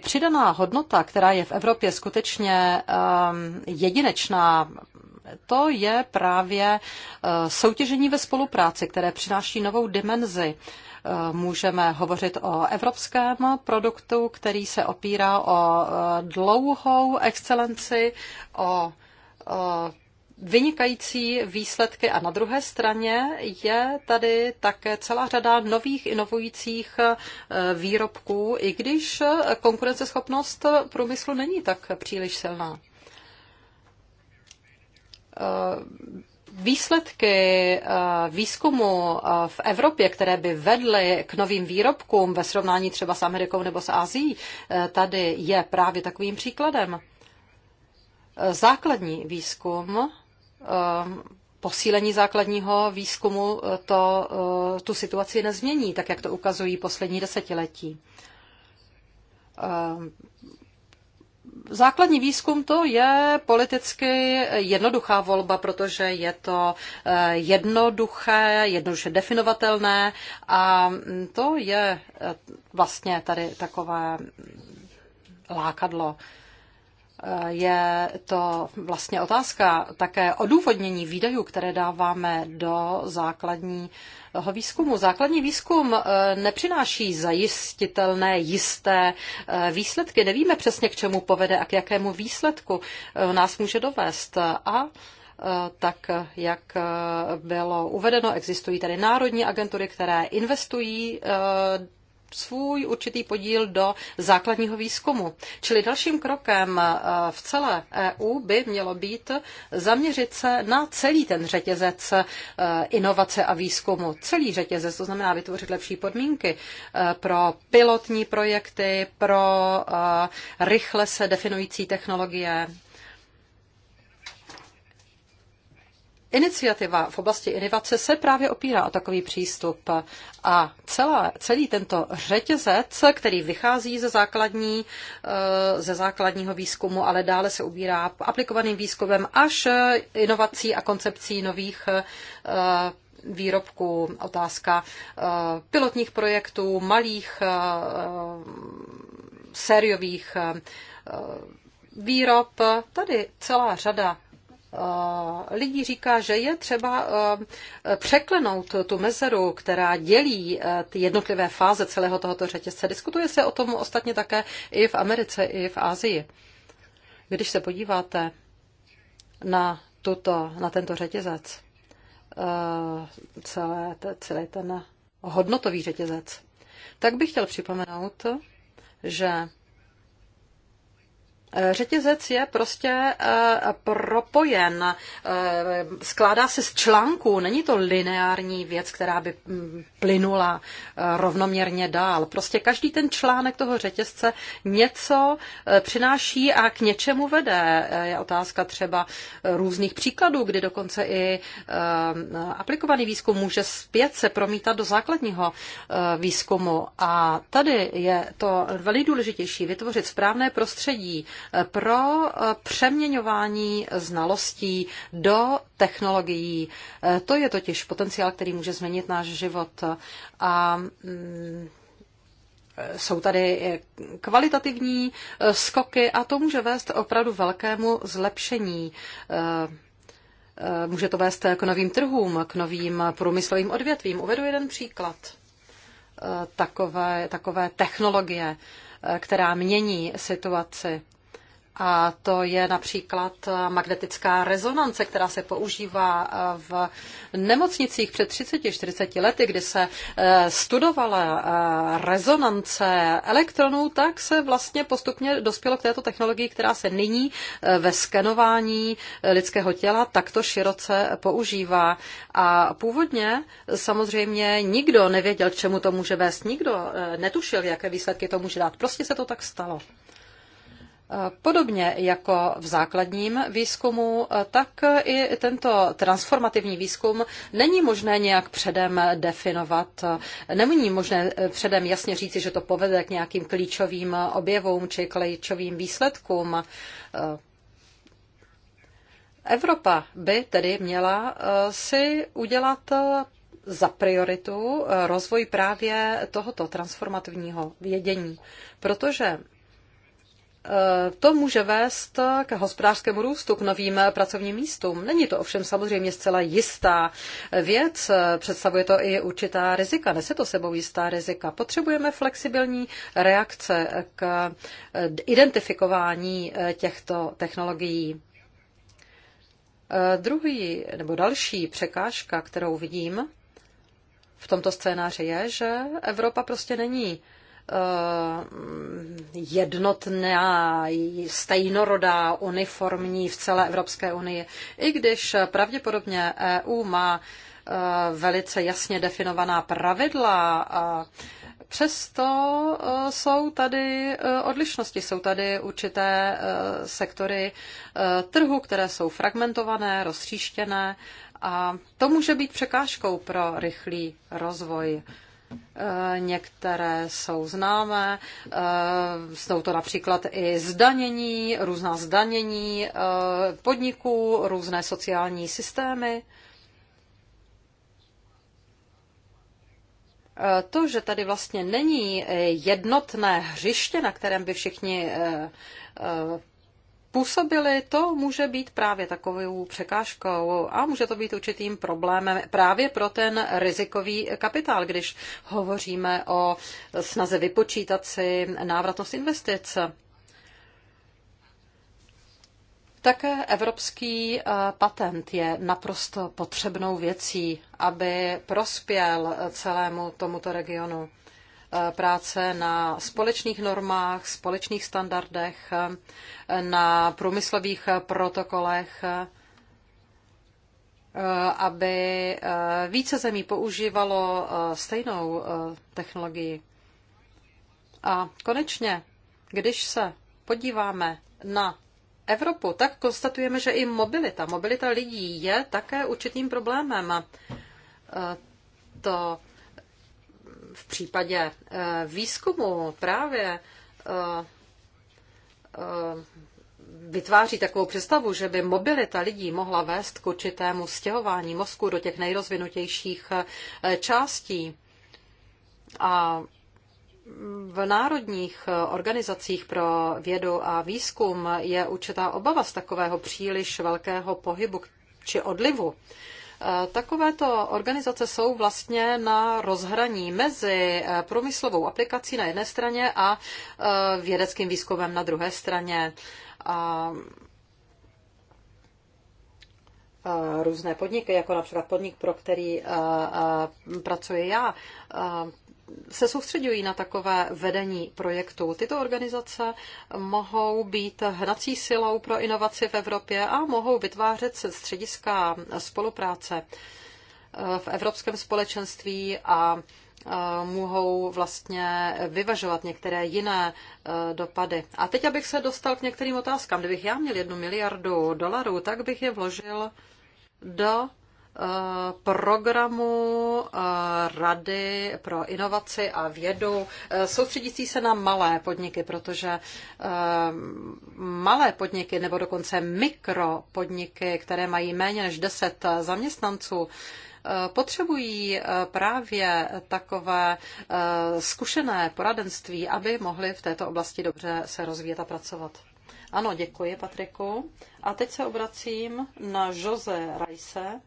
Přidaná hodnota, která je v Evropě skutečně eh, jedinečná, to je právě soutěžení ve spolupráci, které přináší novou dimenzi. Můžeme hovořit o evropském produktu, který se opírá o dlouhou excelenci, o vynikající výsledky a na druhé straně je tady také celá řada nových inovujících eh, výrobků, i když konkurenceschopnost průmyslu není tak příliš silná. Eh, výsledky eh, výzkumu v Evropě, které by vedly k novým výrobkům ve srovnání třeba s Amerikou nebo s Asií, tady je právě takovým příkladem. Základní výzkum Eh, posílení základního výzkumu eh, to, eh, tu situaci nezmění, tak jak to ukazují poslední desetiletí. Základní výzkum to je politicky jednoduchá volba, protože je to jednoduché, jednoduše definovatelné a mm, to je vlastně tady takové mm, lákadlo je to vlastně otázka také odůvodnění výdajů, které dáváme do základního výzkumu. Základní výzkum eh, nepřináší zajistitelné, jisté eh, výsledky. Nevíme přesně, k čemu povede a k jakému výsledku eh, nás může dovést. A tak jak bylo uvedeno, existují tady národní agentury, které investují svůj určitý podíl do základního výzkumu. Čili dalším krokem eh, v celé EU by mělo být zaměřit se na celý ten řetězec eh, inovace a výzkumu. Celý řetězec, to znamená vytvořit lepší podmínky eh, pro pilotní projekty, pro rychle se definující technologie, Iniciativa v oblasti inovace se právě opírá o takový přístup a celá, celý tento řetězec, který vychází ze, základní, eh, ze základního výzkumu, ale dále se ubírá aplikovaným výzkumem až eh, inovací a koncepcí nových eh, výrobků, otázka pilotních projektů, malých sériových výrob. Tady celá řada Eh, lidí říká, že je třeba eh, překlenout tu mezeru, která dělí eh, ty jednotlivé fáze celého tohoto řetězce. Diskutuje se o tom ostatně také i v Americe, i v Asii. Když se podíváte na, tuto, na tento řetězec, celé, celý ten hodnotový řetězec, tak bych chtěl připomenout, že Eh, řetězec je prostě eh, propojen, eh, skládá se z článků, není to lineární věc, která by mm, plynula rovnoměrně dál. Prostě každý ten článek toho řetězce něco přináší a k něčemu vede. Je otázka třeba různých příkladů, kdy dokonce i aplikovaný výzkum může zpět se promítat do základního výzkumu. A tady je to velmi důležitější vytvořit správné prostředí, pro eh, přeměňování znalostí do technologií. Eh, to je totiž potenciál, který může změnit náš život. A mm, jsou tady eh, kvalitativní skoky a to může vést opravdu velkému zlepšení. Může to vést k novým trhům, k novým průmyslovým odvětvím. Uvedu jeden příklad takové, takové technologie, která mění situaci. A to je například magnetická rezonance, která se používá eh, v nemocnicích před 30-40 lety, kdy se eh, studovala eh, rezonance elektronů, tak se vlastně postupně dospělo k této technologii, která se nyní ve skenování lidského těla takto široce používá. A původně samozřejmě nikdo nevěděl, k čemu to může vést, nikdo netušil, jaké výsledky to může dát. Prostě se to tak stalo. Podobně jako v základním výzkumu, tak i tento transformativní výzkum není možné nějak předem definovat, není možné předem jasně říci, že to povede k nějakým klíčovým objevům či klíčovým výsledkům. Evropa by tedy měla eh, si udělat eh, za prioritu eh, rozvoj právě tohoto transformativního vědění, protože Eh, to může vést k hospodářskému růstu, k novým eh, pracovním místům. Není to ovšem samozřejmě zcela jistá eh, věc, představuje to i určitá rizika, nese to sebou jistá rizika. Potřebujeme flexibilní reakce k identifikování těchto technologií. Druhý nebo další překážka, kterou vidím v tomto scénáři, je, že Evropa prostě není Eh, jednotná, stejnorodá, uniformní v celé Evropské unii, i když pravděpodobně EU má eh, velice jasně definovaná pravidla a Přesto eh, jsou tady odlišnosti, jsou tady určité sektory trhu, které jsou fragmentované, roztříštěné a to může být překážkou pro rychlý rozvoj. Eh, některé jsou známé, eh, jsou to například i zdanění, různá zdanění eh, podniků, různé sociální systémy. To, že tady vlastně není jednotné hřiště, na kterém by všichni působili, to může být právě takovou překážkou a může to být určitým problémem právě pro ten rizikový kapitál, když hovoříme o snaze vypočítat si návratnost investic. Také evropský eh, patent je naprosto potřebnou věcí, aby prospěl eh, celému tomuto regionu. Eh, práce na společných normách, společných standardech, eh, na průmyslových protokolech, eh, aby více zemí používalo stejnou technologii. A konečně, když se podíváme na Evropu, tak konstatujeme, že i mobilita, mobilita lidí je také určitým problémem. To v případě eh, výzkumu právě eh, eh, vytváří takovou představu, že by mobilita lidí mohla vést k určitému stěhování mozku do těch nejrozvinutějších částí. A v národních organizacích pro vědu a výzkum je určitá obava z takového příliš velkého pohybu či odlivu. Takovéto organizace jsou vlastně na rozhraní mezi eh, průmyslovou aplikací na jedné straně a eh, vědeckým výzkumem na druhé straně. A eh, různé podniky, jako například podnik, pro který pracuji já, se soustředují na takové vedení projektů. Tyto organizace mohou být hnací silou pro inovaci v Evropě a mohou vytvářet střediska spolupráce v Evropském společenství a mohou vlastně vyvažovat některé jiné e, dopady. A teď, abych se dostal k některým otázkám. Kdybych já měl jednu miliardu dolarů, tak bych je vložil do Eh, programu eh, Rady pro inovaci a vědu eh, soustředící se na malé podniky, protože malé podniky nebo dokonce mikropodniky, které mají méně než 10 zaměstnanců, potřebují právě takové zkušené poradenství, aby mohli v této oblasti dobře se rozvíjet a pracovat. Ano, děkuji, Patriku. A teď se obracím na Jose Rajse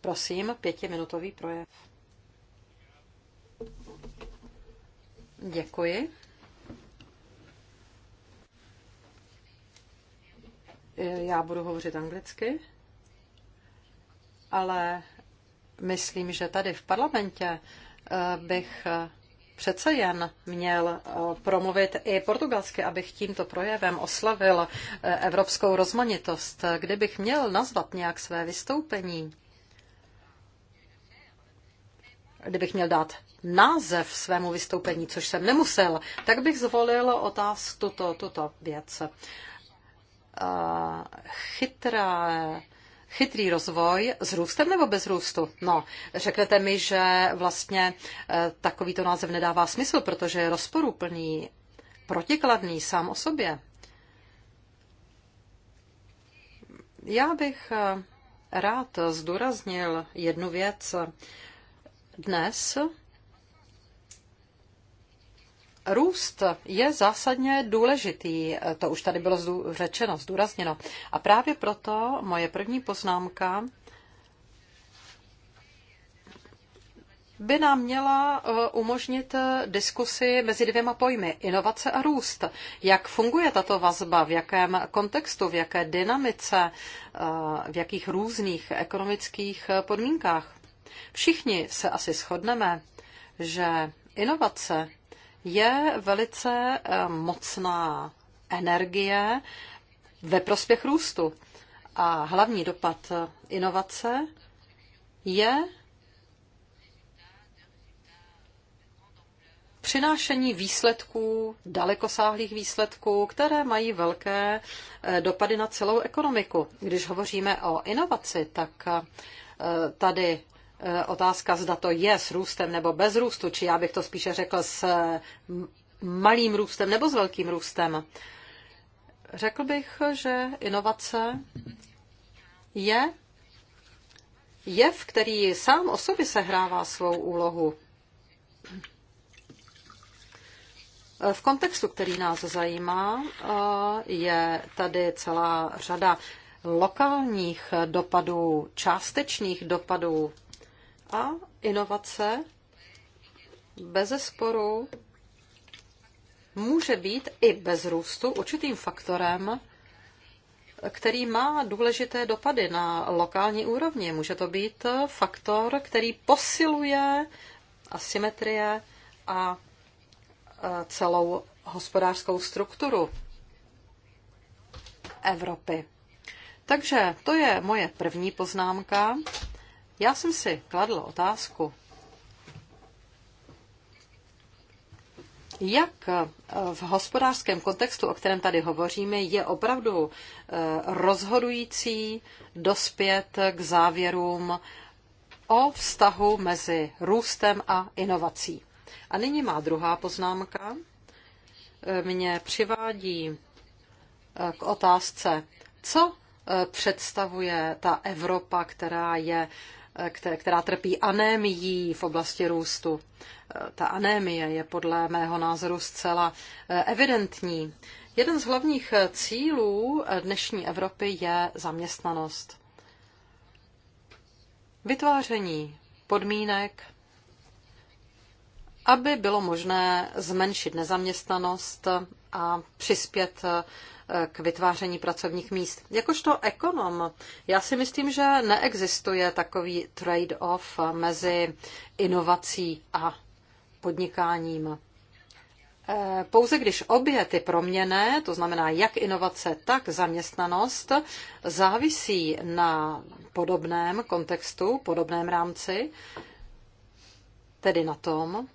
Prosím, pětiminutový projev. Děkuji. Já budu hovořit anglicky, ale myslím, že tady v parlamentě eh, bych eh, přece jen měl eh, promluvit i portugalsky, abych tímto projevem oslavil evropskou rozmanitost. Kdybych měl nazvat nějak své vystoupení, kdybych měl dát název svému vystoupení, což jsem nemusel, tak bych zvolil otázku tuto, tuto věc. chytrá chytrý rozvoj s růstem nebo bez růstu? No, řeknete mi, že vlastně e, takovýto název nedává smysl, protože je rozporuplný, protikladný sám o sobě. Já bych e, rád zdůraznil jednu věc, dnes Růst je zásadně důležitý, to už tady bylo řečeno, zdůrazněno. A právě proto moje první poznámka by nám měla eh, umožnit eh, diskusi mezi dvěma pojmy inovace a růst. Jak funguje tato vazba, v jakém kontextu, v jaké dynamice, eh, v jakých různých ekonomických podmínkách? Všichni se asi shodneme, že inovace je velice eh, mocná energie ve prospěch růstu. A hlavní dopad eh, inovace je přinášení výsledků, dalekosáhlých výsledků, které mají velké eh, dopady na celou ekonomiku. Když hovoříme o inovaci, tak tady Eh, otázka, zda to je s růstem nebo bez růstu, či já bych to spíše řekl s malým růstem nebo s velkým růstem. Řekl bych, že inovace je jev, který sám o sobě sehrává svou úlohu. Eh, v kontextu, který nás zajímá, eh, je tady celá řada lokálních dopadů, částečných dopadů a inovace bez sporu může být i bez růstu určitým faktorem, který má důležité dopady na lokální úrovni. Může to být faktor, který posiluje asymetrie a e, celou hospodářskou strukturu Evropy. Takže to je moje první poznámka já jsem si kladl otázku, jak eh, v hospodářském kontextu, o kterém tady hovoříme, je opravdu eh, rozhodující dospět k závěrům o vztahu mezi růstem a inovací. A nyní má druhá poznámka. Eh, mě přivádí k otázce, co představuje ta Evropa, která je která trpí anémií v oblasti růstu. Eh, ta anémie je podle mého názoru zcela eh, evidentní. Jeden z hlavních eh, cílů dnešní Evropy je zaměstnanost. Vytváření podmínek, aby bylo možné zmenšit nezaměstnanost a přispět k vytváření pracovních míst. Jakožto ekonom, já si myslím, že neexistuje takový trade-off mezi inovací a podnikáním. E, pouze když obě ty proměny, to znamená jak inovace, tak zaměstnanost, závisí na podobném kontextu, podobném rámci, tedy na tom,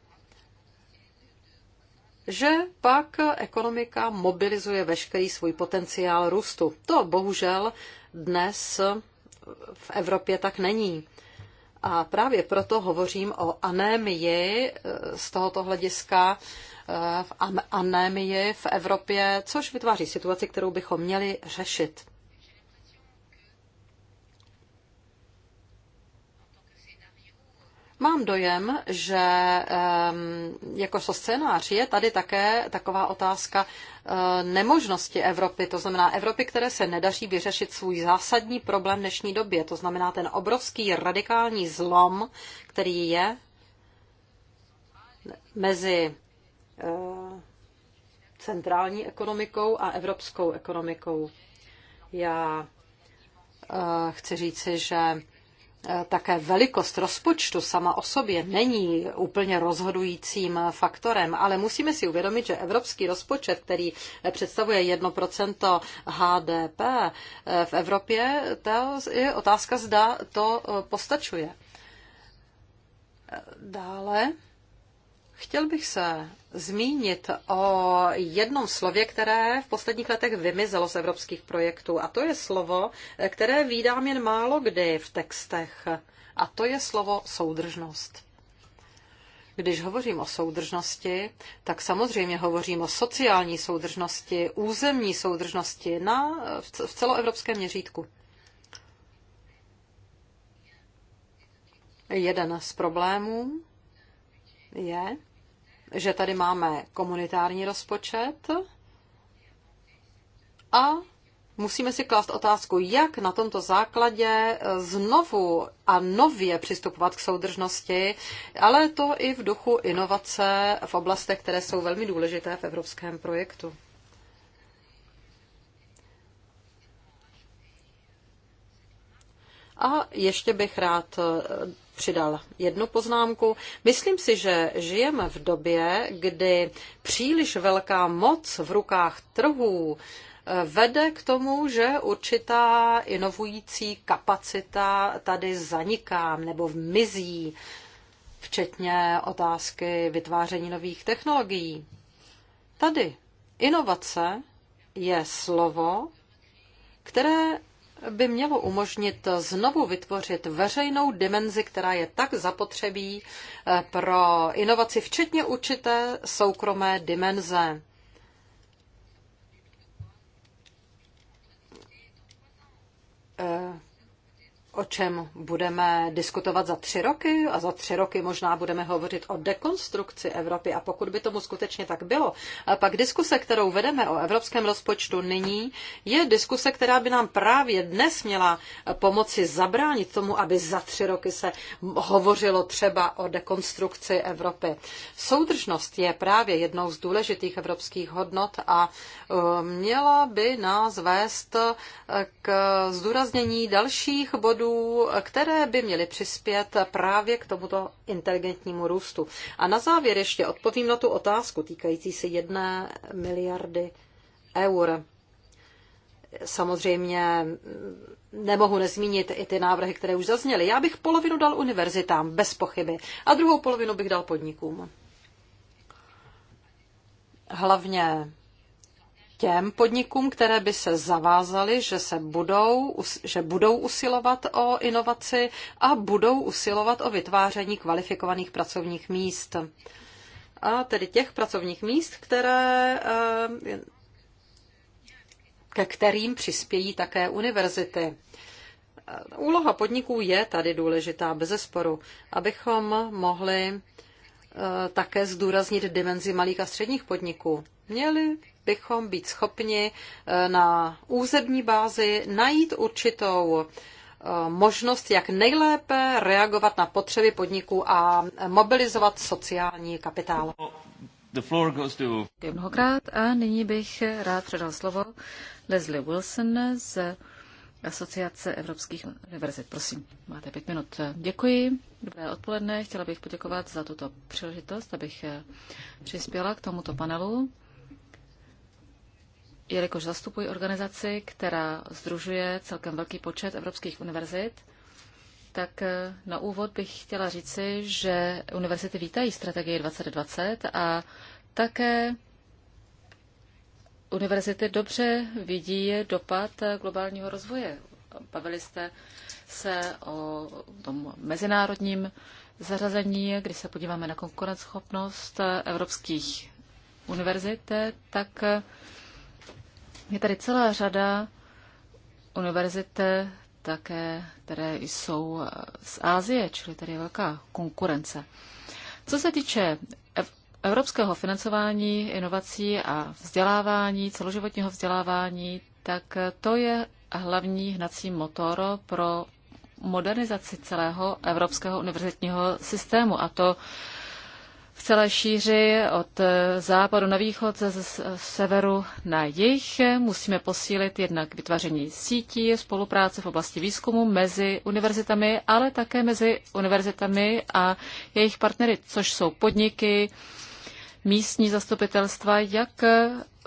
že pak ekonomika mobilizuje veškerý svůj potenciál růstu. To bohužel dnes v Evropě tak není. A právě proto hovořím o anémii eh, z tohoto hlediska, eh, v anémii v Evropě, což vytváří situaci, kterou bychom měli řešit. Mám dojem, že jako so scénář je tady také taková otázka eh, nemožnosti Evropy, to znamená Evropy, které se nedaří vyřešit svůj zásadní problém v dnešní době, to znamená ten obrovský radikální zlom, který je mezi eh, centrální ekonomikou a evropskou ekonomikou. Já eh, chci říci, že Eh, také velikost rozpočtu sama o sobě není úplně rozhodujícím eh, faktorem, ale musíme si uvědomit, že evropský rozpočet, který eh, představuje 1% HDP v Evropě, to je otázka, zda to postačuje. Dále chtěl bych se zmínit o jednom slově, které v posledních letech vymizelo z evropských projektů. A to je slovo, které výdám jen málo kdy v textech. A to je slovo soudržnost. Když hovořím o soudržnosti, tak samozřejmě hovořím o sociální soudržnosti, územní soudržnosti na, v celoevropském měřítku. Jeden z problémů je, že tady máme komunitární rozpočet a musíme si klást otázku, jak na tomto základě znovu a nově přistupovat k soudržnosti, ale to i v duchu inovace v oblastech, které jsou velmi důležité v evropském projektu. A ještě bych rád přidal jednu poznámku. Myslím si, že žijeme v době, kdy příliš velká moc v rukách trhů eh, vede k tomu, že určitá inovující kapacita tady zaniká nebo mizí, včetně otázky vytváření nových technologií. Tady inovace je slovo, které by mělo umožnit znovu vytvořit veřejnou dimenzi, která je tak zapotřebí eh, pro inovaci, včetně určité soukromé dimenze. Uh o čem budeme diskutovat za tři roky a za tři roky možná budeme hovořit o dekonstrukci Evropy a pokud by tomu skutečně tak bylo, a pak diskuse, kterou vedeme o evropském rozpočtu nyní, je diskuse, která by nám právě dnes měla pomoci zabránit tomu, aby za tři roky se hovořilo třeba o dekonstrukci Evropy. Soudržnost je právě jednou z důležitých evropských hodnot a eh, měla by nás vést eh, k zdůraznění dalších bodů bodů, které by měly přispět právě k tomuto inteligentnímu růstu. A na závěr ještě odpovím na tu otázku týkající se jedné miliardy eur. Samozřejmě nemohu nezmínit i ty návrhy, které už zazněly. Já bych polovinu dal univerzitám, bez pochyby, a druhou polovinu bych dal podnikům. Hlavně těm podnikům, které by se zavázaly, že, se budou, že budou usilovat o inovaci a budou usilovat o vytváření kvalifikovaných pracovních míst. A tedy těch pracovních míst, které, eh, ke kterým přispějí také univerzity. Úloha podniků je tady důležitá, zesporu, abychom mohli eh, také zdůraznit dimenzi malých a středních podniků. Měli bychom být schopni eh, na územní bázi najít určitou eh, možnost, jak nejlépe reagovat na potřeby podniků a mobilizovat sociální kapitál. Děkuji Mnohokrát a nyní bych rád předal slovo Leslie Wilson z Asociace evropských univerzit. Prosím, máte pět minut. Děkuji, dobré odpoledne. Chtěla bych poděkovat za tuto příležitost, abych eh, přispěla k tomuto panelu jelikož zastupuji organizaci, která združuje celkem velký počet evropských univerzit, tak eh, na úvod bych chtěla říci, že univerzity vítají strategii 2020 a také univerzity dobře vidí dopad eh, globálního rozvoje. Bavili jste se o tom mezinárodním zařazení, když se podíváme na konkurenceschopnost eh, evropských univerzit, tak je tady celá řada univerzit také, které jsou eh, z Ázie, čili tady je velká konkurence. Co se týče evropského financování inovací a vzdělávání, celoživotního vzdělávání, tak eh, to je hlavní hnací motor pro modernizaci celého evropského univerzitního systému a to v celé šíři od eh, západu na východ, ze severu na jih. Musíme posílit jednak vytváření sítí, spolupráce v oblasti výzkumu mezi univerzitami, ale také mezi univerzitami a jejich partnery, což jsou podniky, místní zastupitelstva, jak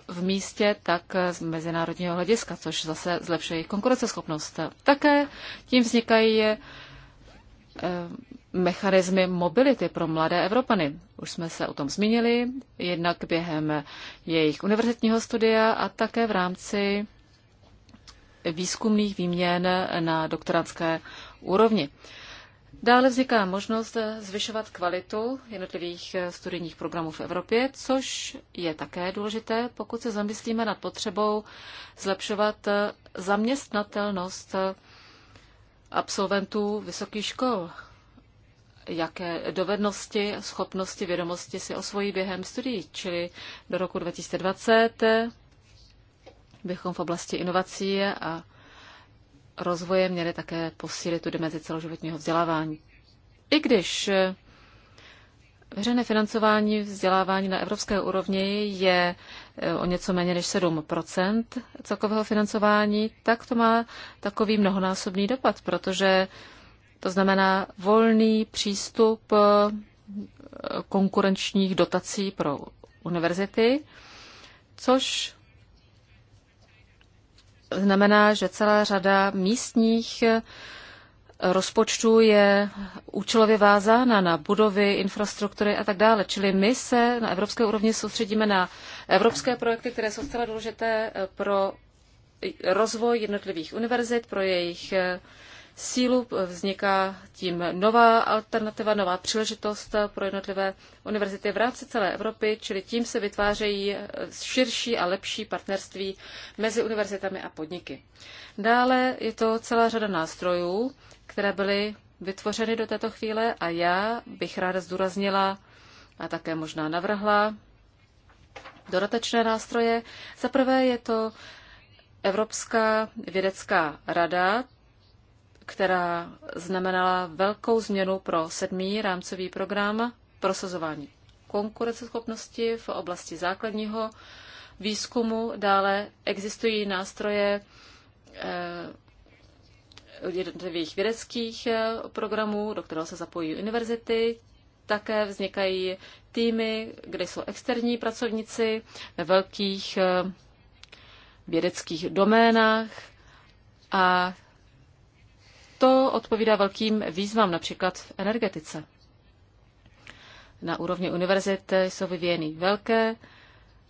v místě, tak z mezinárodního hlediska, což zase zlepšuje jejich konkurenceschopnost. Také tím vznikají Eh, mechanismy mobility pro mladé Evropany. Už jsme se o tom zmínili, jednak během jejich univerzitního studia a také v rámci výzkumných výměn na doktorantské úrovni. Dále vzniká možnost zvyšovat kvalitu jednotlivých studijních programů v Evropě, což je také důležité, pokud se zamyslíme nad potřebou zlepšovat zaměstnatelnost absolventů vysokých škol. Jaké dovednosti, schopnosti, vědomosti si osvojí během studií, čili do roku 2020 bychom v oblasti inovací a rozvoje měli také posílit tu dimenzi celoživotního vzdělávání. I když veřejné financování vzdělávání na evropské úrovni je o něco méně než 7 celkového financování, tak to má takový mnohonásobný dopad, protože to znamená volný přístup eh, konkurenčních dotací pro univerzity, což znamená, že celá řada místních rozpočtu je účelově vázána na budovy, infrastruktury a tak dále. Čili my se na evropské úrovni soustředíme na evropské projekty, které jsou zcela důležité eh, pro rozvoj jednotlivých univerzit, pro jejich eh, sílu, vzniká tím nová alternativa, nová příležitost pro jednotlivé univerzity v rámci celé Evropy, čili tím se vytvářejí širší a lepší partnerství mezi univerzitami a podniky. Dále je to celá řada nástrojů, které byly vytvořeny do této chvíle a já bych ráda zdůraznila a také možná navrhla dodatečné nástroje. Za prvé je to Evropská vědecká rada, která znamenala velkou změnu pro sedmý rámcový program prosazování konkurenceschopnosti v oblasti základního výzkumu. Dále existují nástroje eh, jednotlivých vědeckých eh, programů, do kterého se zapojí univerzity. Také vznikají týmy, kde jsou externí pracovníci ve velkých eh, vědeckých doménách a to odpovídá velkým výzvám, například v energetice. Na úrovni univerzity jsou vyvíjeny velké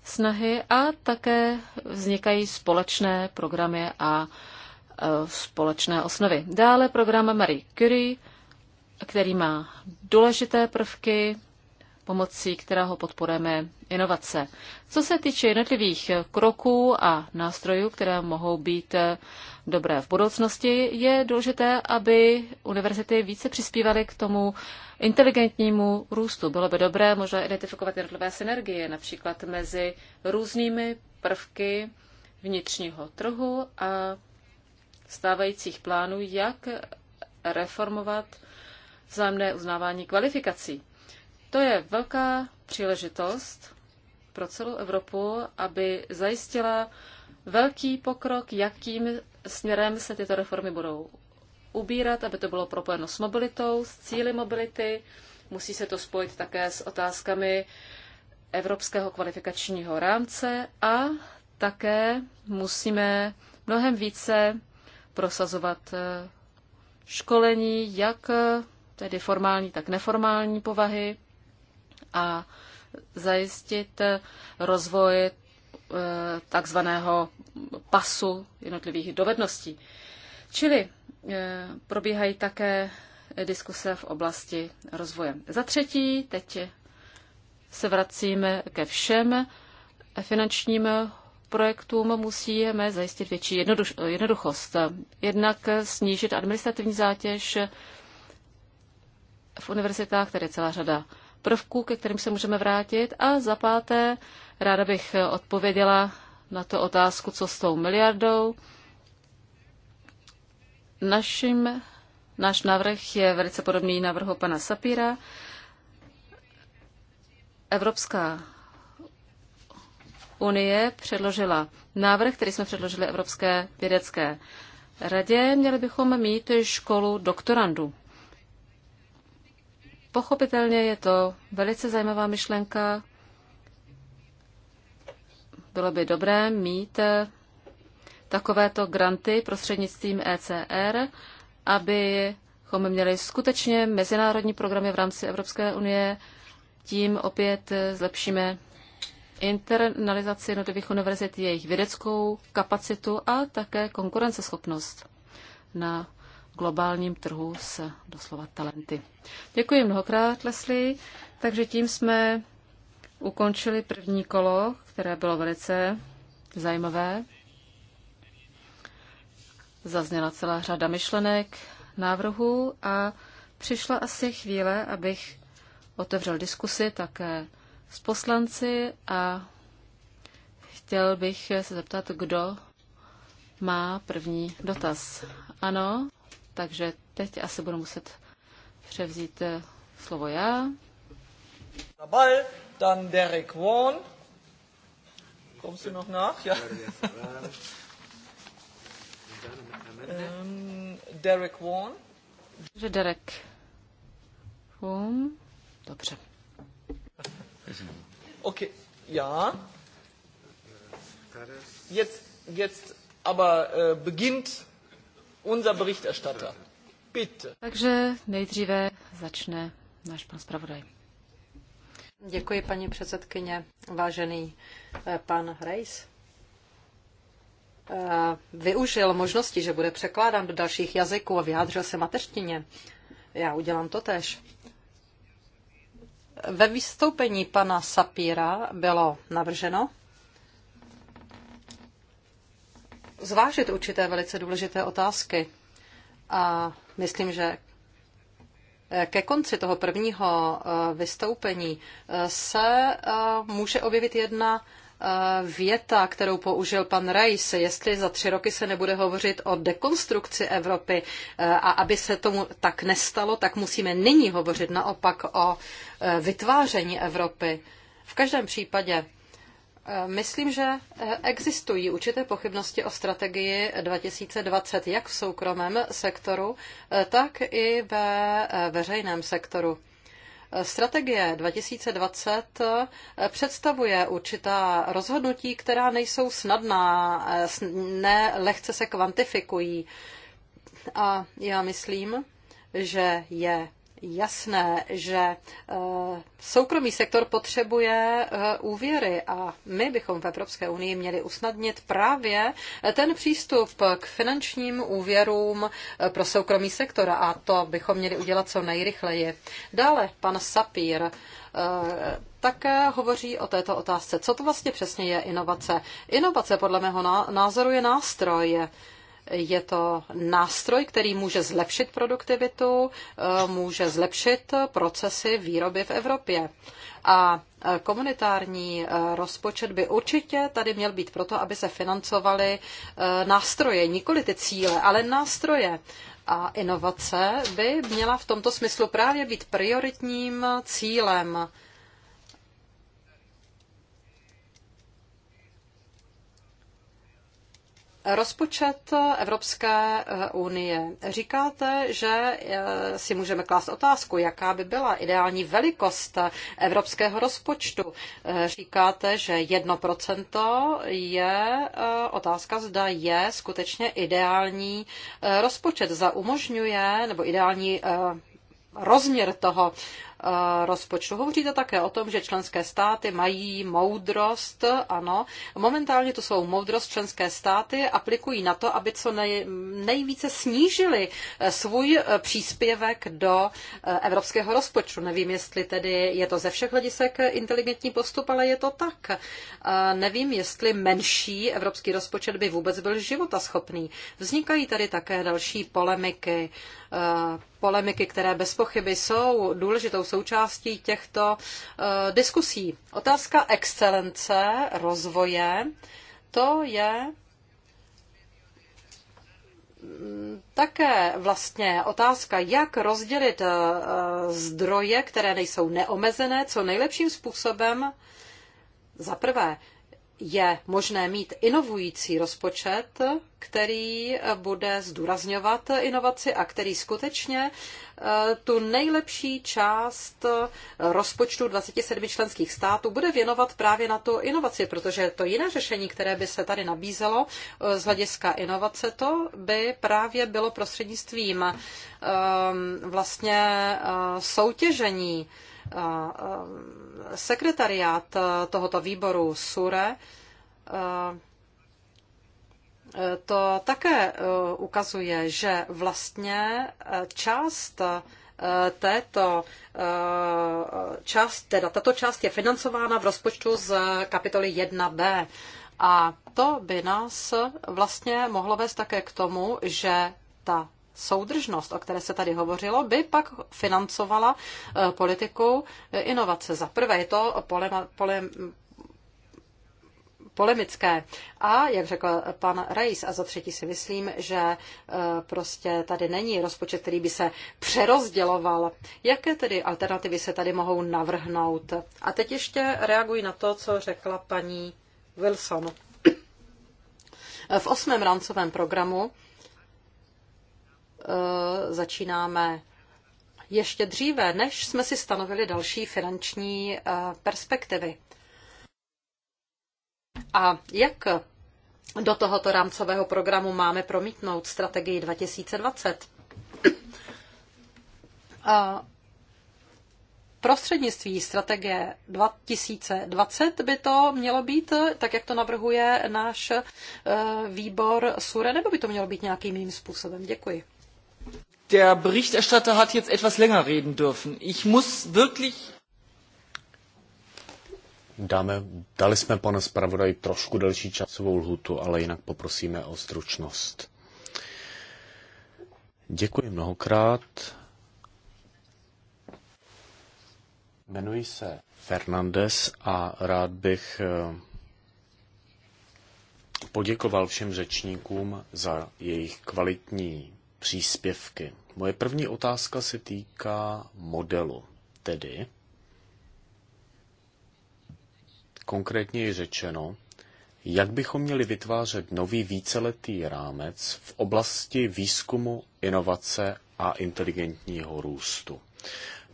snahy a také vznikají společné programy a e, společné osnovy. Dále program Marie Curie, který má důležité prvky, pomocí kterého podporujeme inovace. Co se týče jednotlivých kroků a nástrojů, které mohou být eh, dobré v budoucnosti, je důležité, aby univerzity více přispívaly k tomu inteligentnímu růstu. Bylo by dobré možná identifikovat jednotlivé synergie, například mezi různými prvky vnitřního trhu a stávajících plánů, jak reformovat vzájemné uznávání kvalifikací. To je velká příležitost pro celou Evropu, aby zajistila velký pokrok, jakým směrem se tyto reformy budou ubírat, aby to bylo propojeno s mobilitou, s cíly mobility. Musí se to spojit také s otázkami evropského kvalifikačního rámce a také musíme mnohem více prosazovat eh, školení, jak tedy formální, tak neformální povahy a zajistit rozvoj eh, takzvaného pasu jednotlivých dovedností. Čili eh, probíhají také diskuse v oblasti rozvoje. Za třetí, teď se vracíme ke všem finančním projektům musíme zajistit větší jednoduchost. Jednak snížit administrativní zátěž v univerzitách, které je celá řada prvků, ke kterým se můžeme vrátit. A za páté, ráda bych odpověděla na to otázku, co s tou miliardou. Naším, náš návrh je velice podobný návrhu pana Sapíra. Evropská unie předložila návrh, který jsme předložili Evropské vědecké radě. Měli bychom mít školu doktorandů. Pochopitelně je to velice zajímavá myšlenka. Bylo by dobré mít eh, takovéto granty prostřednictvím ECR, abychom měli skutečně mezinárodní programy v rámci Evropské unie. Tím opět eh, zlepšíme internalizaci jednotlivých univerzit, jejich vědeckou kapacitu a také konkurenceschopnost na globálním trhu s doslova talenty. Děkuji mnohokrát, Leslie. Takže tím jsme ukončili první kolo, které bylo velice zajímavé. Zazněla celá řada myšlenek, návrhů a přišla asi chvíle, abych otevřel diskusy také s poslanci a chtěl bych se zeptat, kdo má první dotaz. Ano, takže teď asi budu muset převzít eh, slovo já. Ball, dan Derek Warn. Kommst du noch nach? Ja. um, Derek Warn. Že Derek Hum, Dobře. Ok, já. Jetzt, jetzt aber äh, beginnt unser Berichterstatter. Bitte. Takže nejdříve začne náš pan zpravodaj. Děkuji, paní předsedkyně. Vážený eh, pan Reis eh, využil možnosti, že bude překládán do dalších jazyků a vyjádřil se mateřštině. Já udělám to tež. Ve vystoupení pana Sapíra bylo navrženo, zvážit určité velice důležité otázky. A myslím, že ke konci toho prvního eh, vystoupení eh, se eh, může objevit jedna věta, kterou použil pan Reis, jestli za tři roky se nebude hovořit o dekonstrukci Evropy a aby se tomu tak nestalo, tak musíme nyní hovořit naopak o vytváření Evropy. V každém případě Eh, myslím, že eh, existují určité pochybnosti o strategii 2020, jak v soukromém sektoru, eh, tak i ve veřejném sektoru. Strategie 2020 představuje určitá rozhodnutí, která nejsou snadná, ne lehce se kvantifikují. A já myslím, že je jasné, že eh, soukromý sektor potřebuje eh, úvěry a my bychom v Evropské unii měli usnadnit právě eh, ten přístup k finančním úvěrům pro soukromý sektor a to bychom měli udělat co nejrychleji. Dále pan Sapír také hovoří o této otázce. Co to vlastně přesně je inovace? Inovace podle mého názoru je nástroj, je to nástroj, který může zlepšit produktivitu, eh, může zlepšit procesy výroby v Evropě. A eh, komunitární eh, rozpočet by určitě tady měl být proto, aby se financovaly nástroje, nikoli ty cíle, ale nástroje. A inovace by měla v tomto smyslu právě být prioritním cílem Rozpočet Evropské eh, unie. Říkáte, že eh, si můžeme klást otázku, jaká by byla ideální velikost evropského rozpočtu. Eh, říkáte, že 1% je otázka, zda je skutečně ideální rozpočet. Za umožňuje, nebo ideální rozměr toho Eh, rozpočtu. Hovoříte také o tom, že členské státy mají moudrost, ano. Momentálně to jsou moudrost členské státy, aplikují na to, aby co nej, nejvíce snížili eh, svůj eh, příspěvek do evropského rozpočtu. Nevím, jestli tedy je to ze všech hledisek inteligentní postup, ale je to tak. Nevím, jestli menší evropský rozpočet by vůbec byl životaschopný. Vznikají tady také další polemiky Eh, polemiky, které bez pochyby jsou důležitou součástí těchto eh, diskusí. Otázka excelence, rozvoje, to je mm, také vlastně otázka, jak rozdělit eh, zdroje, které nejsou neomezené, co nejlepším způsobem. Za prvé, je možné mít inovující rozpočet, který bude zdůrazňovat inovaci a který skutečně eh, tu nejlepší část eh, rozpočtu 27 členských států bude věnovat právě na tu inovaci, protože to jiné řešení, které by se tady nabízelo eh, z hlediska inovace, to by právě bylo prostřednictvím ehm, vlastně soutěžení Um, sekretariát uh, tohoto výboru SURE uh, to také uh, ukazuje, že vlastně část této část, teda tato část je financována v rozpočtu z kapitoly 1b. A to by nás vlastně mohlo vést také k tomu, že ta soudržnost, o které se tady hovořilo, by pak financovala eh, politiku eh, inovace. Za prvé je to polema, polem, polemické. A jak řekl pan Reis, a za třetí si myslím, že eh, prostě tady není rozpočet, který by se přerozděloval. Jaké tedy alternativy se tady mohou navrhnout? A teď ještě reaguji na to, co řekla paní Wilson. V osmém rancovém programu Eh, začínáme ještě dříve, než jsme si stanovili další finanční eh, perspektivy. A jak do tohoto rámcového programu máme promítnout strategii 2020? prostřednictví strategie 2020 by to mělo být, tak jak to navrhuje náš eh, výbor SURE, nebo by to mělo být nějakým jiným způsobem? Děkuji der Berichterstatter hat jetzt etwas länger reden dürfen. Ich muss wirklich. Dáme, dali jsme pane zpravodaji trošku delší časovou lhutu, ale jinak poprosíme o stručnost. Děkuji mnohokrát. Jmenuji se Fernandez a rád bych eh, poděkoval všem řečníkům za jejich kvalitní příspěvky. Moje první otázka se týká modelu, tedy konkrétně je řečeno, jak bychom měli vytvářet nový víceletý rámec v oblasti výzkumu, inovace a inteligentního růstu.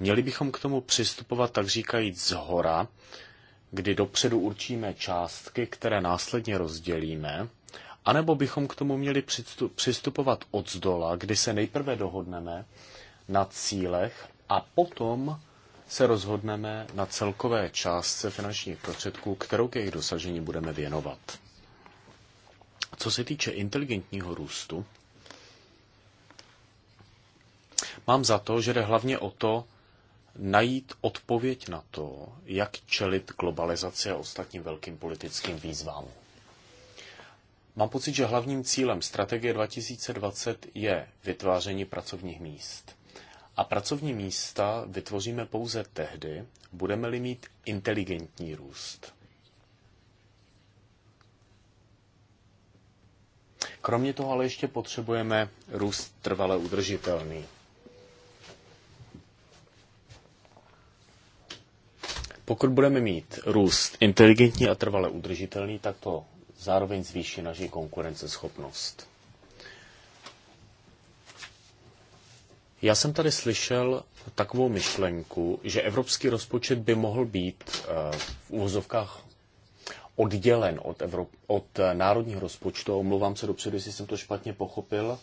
Měli bychom k tomu přistupovat, tak říkajíc, z hora, kdy dopředu určíme částky, které následně rozdělíme anebo bychom k tomu měli přistupovat od zdola, kdy se nejprve dohodneme na cílech a potom se rozhodneme na celkové částce finančních prostředků, kterou k jejich dosažení budeme věnovat. Co se týče inteligentního růstu, mám za to, že jde hlavně o to, najít odpověď na to, jak čelit globalizaci a ostatním velkým politickým výzvám. Mám pocit, že hlavním cílem strategie 2020 je vytváření pracovních míst. A pracovní místa vytvoříme pouze tehdy, budeme-li mít inteligentní růst. Kromě toho ale ještě potřebujeme růst trvale udržitelný. Pokud budeme mít růst inteligentní a trvale udržitelný, tak to zároveň zvýší naši konkurenceschopnost. Já jsem tady slyšel takovou myšlenku, že evropský rozpočet by mohl být eh, v úvozovkách oddělen od, Evrop- od národního rozpočtu. Omlouvám se dopředu, jestli jsem to špatně pochopil.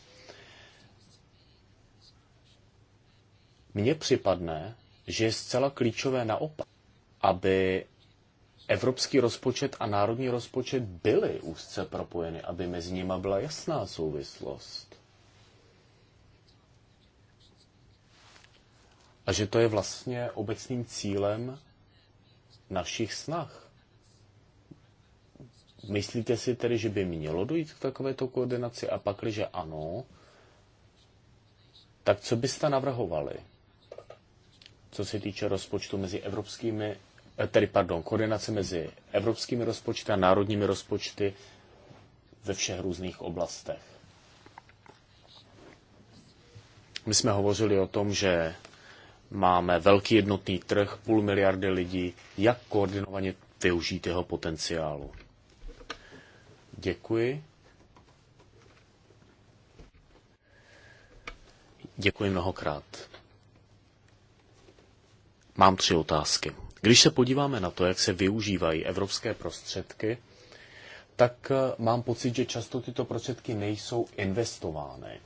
Mně připadne, že je zcela klíčové naopak, aby evropský rozpočet a národní rozpočet byly úzce propojeny, aby mezi nimi byla jasná souvislost. A že to je vlastně obecným cílem našich snah. Myslíte si tedy, že by mělo dojít k takovéto koordinaci a pak, že ano, tak co byste navrhovali, co se týče rozpočtu mezi evropskými Eh, tedy pardon, koordinace mezi evropskými rozpočty a národními rozpočty ve všech různých oblastech. My jsme hovořili o tom, že máme velký jednotný trh, půl miliardy lidí, jak koordinovaně využít jeho potenciálu. Děkuji. Děkuji mnohokrát. Mám tři otázky. Když se podíváme na to, jak se využívají evropské prostředky, tak eh, mám pocit, že často tyto prostředky nejsou investovány.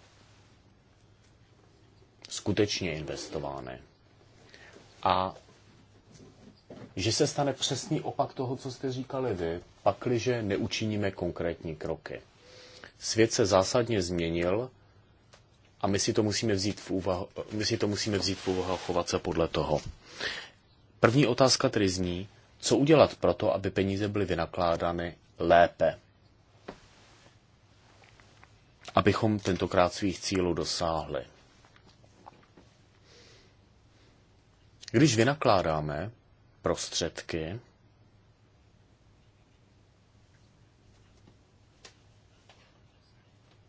Skutečně investovány. A že se stane přesný opak toho, co jste říkali vy, pakliže neučiníme konkrétní kroky. Svět se zásadně změnil a my si to musíme vzít v úvahu, my si to musíme vzít v úvahu a chovat se podle toho. První otázka tedy zní, co udělat pro to, aby peníze byly vynakládány lépe. Abychom tentokrát svých cílů dosáhli. Když vynakládáme prostředky,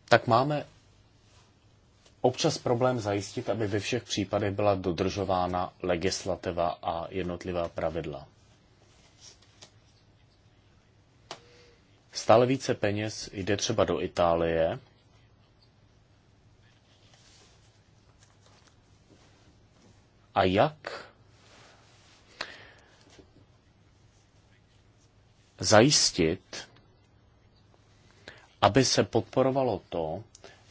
tak máme občas problém zajistit, aby ve všech případech byla dodržována legislativa a jednotlivá pravidla. Stále více peněz jde třeba do Itálie, a jak zajistit, aby se podporovalo to,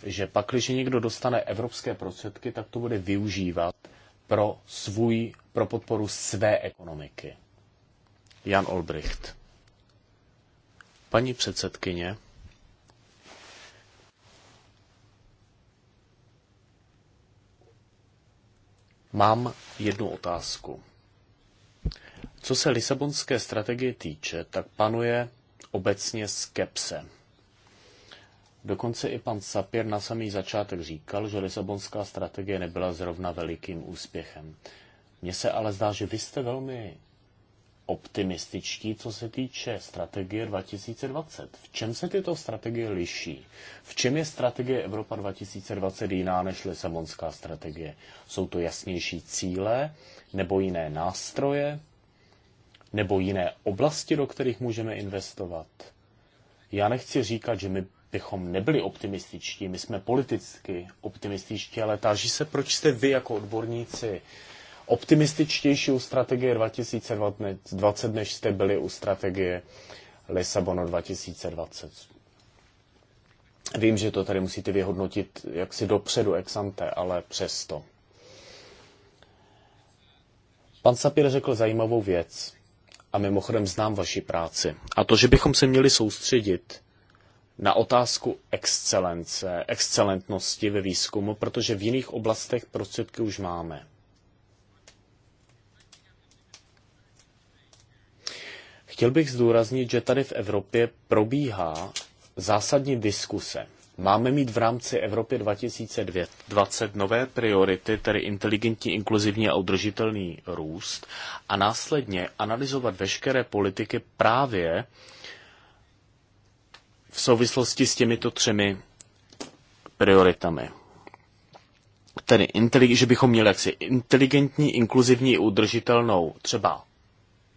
že pak, když někdo dostane evropské prostředky, tak to bude využívat pro, svůj, pro podporu své ekonomiky. Jan Olbricht. Paní předsedkyně, mám jednu otázku. Co se Lisabonské strategie týče, tak panuje obecně skepse. Dokonce i pan Sapir na samý začátek říkal, že Lisabonská strategie nebyla zrovna velikým úspěchem. Mně se ale zdá, že vy jste velmi optimističtí, co se týče strategie 2020. V čem se tyto strategie liší? V čem je strategie Evropa 2020 jiná než Lisabonská strategie? Jsou to jasnější cíle, nebo jiné nástroje, nebo jiné oblasti, do kterých můžeme investovat? Já nechci říkat, že my bychom nebyli optimističtí, my jsme politicky optimističtí, ale táží se, proč jste vy jako odborníci optimističtější u strategie 2020, než jste byli u strategie Lisabonu 2020. Vím, že to tady musíte vyhodnotit jaksi dopředu ex ante, ale přesto. Pan Sapir řekl zajímavou věc a mimochodem znám vaši práci. A to, že bychom se měli soustředit na otázku excelence, excelentnosti ve výzkumu, protože v jiných oblastech prostředky už máme. Chtěl bych zdůraznit, že tady v Evropě probíhá zásadní diskuse. Máme mít v rámci Evropy 2020 nové priority, tedy inteligentní, inkluzivní a udržitelný růst, a následně analyzovat veškeré politiky právě v souvislosti s těmito třemi prioritami. Tedy, že bychom měli jaksi inteligentní, inkluzivní, udržitelnou třeba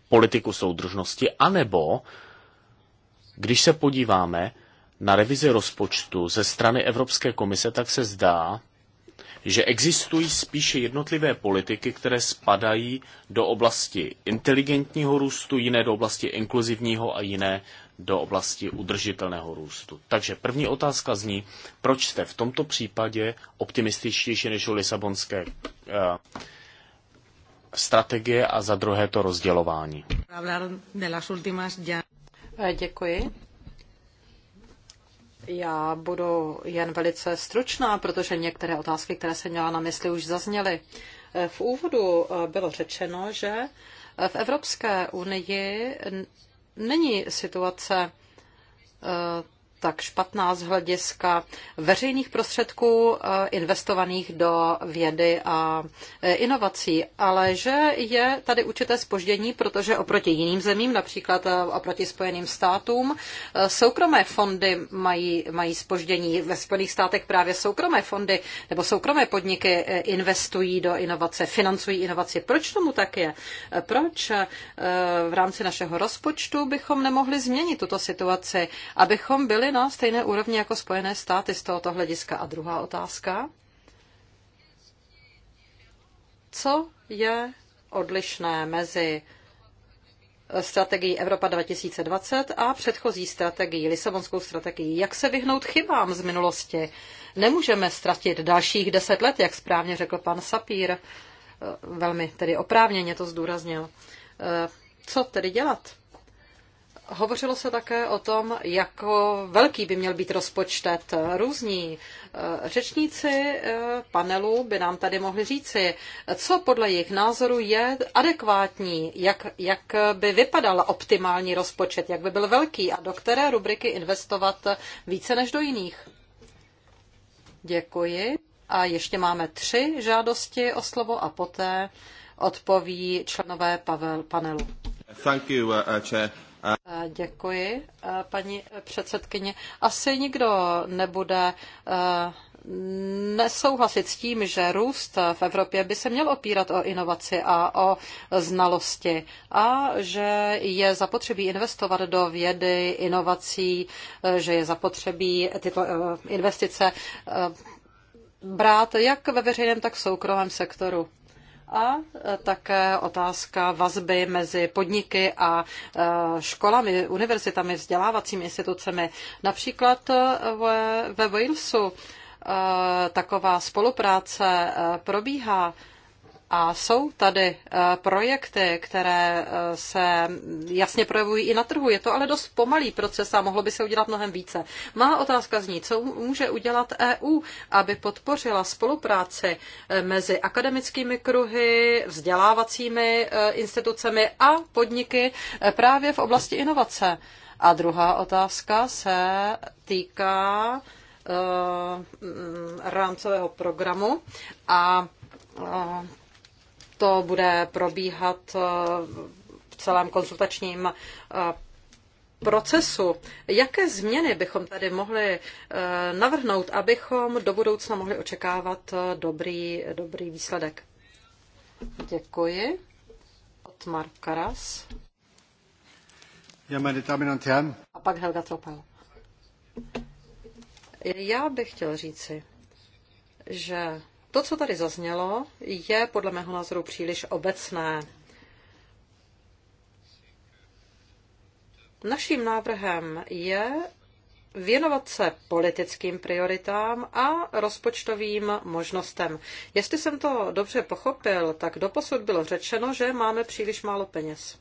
politiku soudržnosti, anebo když se podíváme na revizi rozpočtu ze strany Evropské komise, tak se zdá, že existují spíše jednotlivé politiky, které spadají do oblasti inteligentního růstu, jiné do oblasti inkluzivního a jiné do oblasti udržitelného růstu. Takže první otázka zní, proč jste v tomto případě optimističtější než u Lisabonské uh, strategie a za druhé to rozdělování. Eh, děkuji. Já budu jen velice stručná, protože některé otázky, které jsem měla na mysli, už zazněly. Eh, v úvodu bylo řečeno, že v Evropské unii není situace eh, tak špatná z hlediska veřejných prostředků eh, investovaných do vědy a eh, inovací, ale že je tady určité spoždění, protože oproti jiným zemím, například eh, oproti Spojeným státům, soukromé fondy mají, mají spoždění. Ve Spojených státech právě soukromé fondy nebo soukromé podniky investují do inovace, financují inovaci. Proč tomu tak je? Proč v rámci našeho rozpočtu bychom nemohli změnit tuto situaci, abychom byli na stejné úrovni jako Spojené státy z tohoto hlediska. A druhá otázka. Co je odlišné mezi strategií Evropa 2020 a předchozí strategií, Lisabonskou strategií. Jak se vyhnout chybám z minulosti? Nemůžeme ztratit dalších deset let, jak správně řekl pan Sapír. Eh, velmi tedy oprávněně to zdůraznil. Eh, co tedy dělat? Hovořilo se také o tom, jak velký by měl být rozpočtet. Různí eh, řečníci eh, panelu by nám tady mohli říci, co podle jejich názoru je adekvátní, jak, jak by vypadal optimální rozpočet, jak by byl velký a do které rubriky investovat více než do jiných. Děkuji. A ještě máme tři žádosti o slovo a poté odpoví členové panelu. Thank you, uh, uh chair. Děkuji, paní předsedkyně. Asi nikdo nebude nesouhlasit s tím, že růst v Evropě by se měl opírat o inovaci a o znalosti a že je zapotřebí investovat do vědy, inovací, e, že je zapotřebí tyto e, investice e, brát jak ve veřejném, tak v soukromém sektoru a e, také otázka vazby mezi podniky a e, školami, univerzitami, vzdělávacími institucemi. Například e, ve, Walesu taková spolupráce probíhá a jsou tady eh, projekty, které eh, se jasně projevují i na trhu. Je to ale dost pomalý proces a mohlo by se udělat mnohem více. Má otázka zní, co může udělat EU, aby podpořila spolupráci eh, mezi akademickými kruhy, vzdělávacími institucemi a podniky právě v oblasti inovace. A druhá otázka se týká rámcového programu a to bude probíhat eh, v celém konzultačním eh, procesu. Jaké změny bychom tady mohli eh, navrhnout, abychom do budoucna mohli očekávat dobrý, dobrý výsledek? Děkuji. Otmar Karas. A pak Helga Tropel. Já bych chtěl říci, že to, co tady zaznělo, je podle mého názoru příliš obecné. Naším návrhem je věnovat se politickým prioritám a rozpočtovým možnostem. Jestli jsem to dobře pochopil, tak doposud bylo řečeno, že máme příliš málo peněz.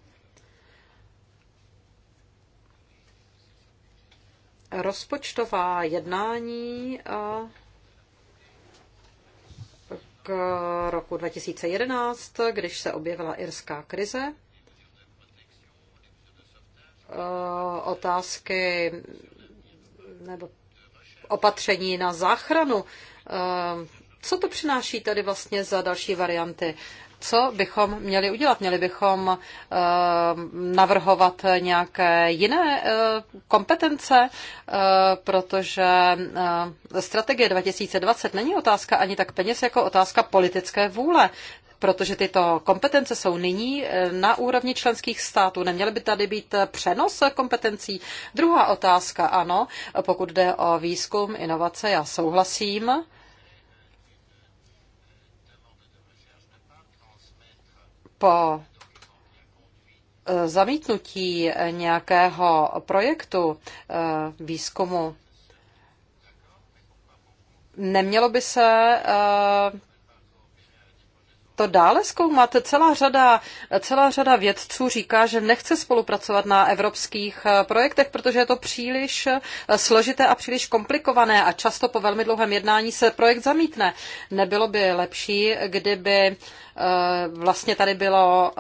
Rozpočtová jednání eh, roku 2011, když se objevila irská krize, eh, otázky nebo opatření na záchranu. Eh, co to přináší tady vlastně za další varianty? Co bychom měli udělat? Měli bychom eh, navrhovat nějaké jiné eh, kompetence, eh, protože strategie 2020 není otázka ani tak peněz, jako otázka politické vůle protože tyto kompetence jsou nyní na úrovni členských států. Neměly by tady být přenos kompetencí? Druhá otázka, ano, pokud jde o výzkum, inovace, já souhlasím po eh, zamítnutí nějakého projektu eh, výzkumu nemělo by se eh, to dále zkoumat. Celá řada, celá řada vědců říká, že nechce spolupracovat na evropských eh, projektech, protože je to příliš eh, složité a příliš komplikované a často po velmi dlouhém jednání se projekt zamítne. Nebylo by lepší, kdyby eh, vlastně tady bylo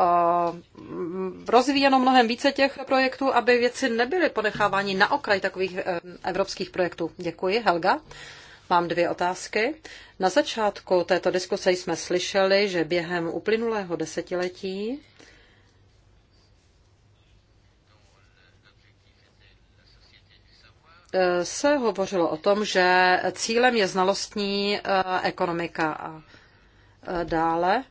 rozvíjeno mnohem více těch projektů, aby věci nebyly ponechávány na okraj takových evropských projektů. Děkuji, Helga. Mám dvě otázky. Na začátku této diskuse jsme slyšeli, že během uplynulého desetiletí se hovořilo o tom, že cílem je znalostní eh, ekonomika a eh, dále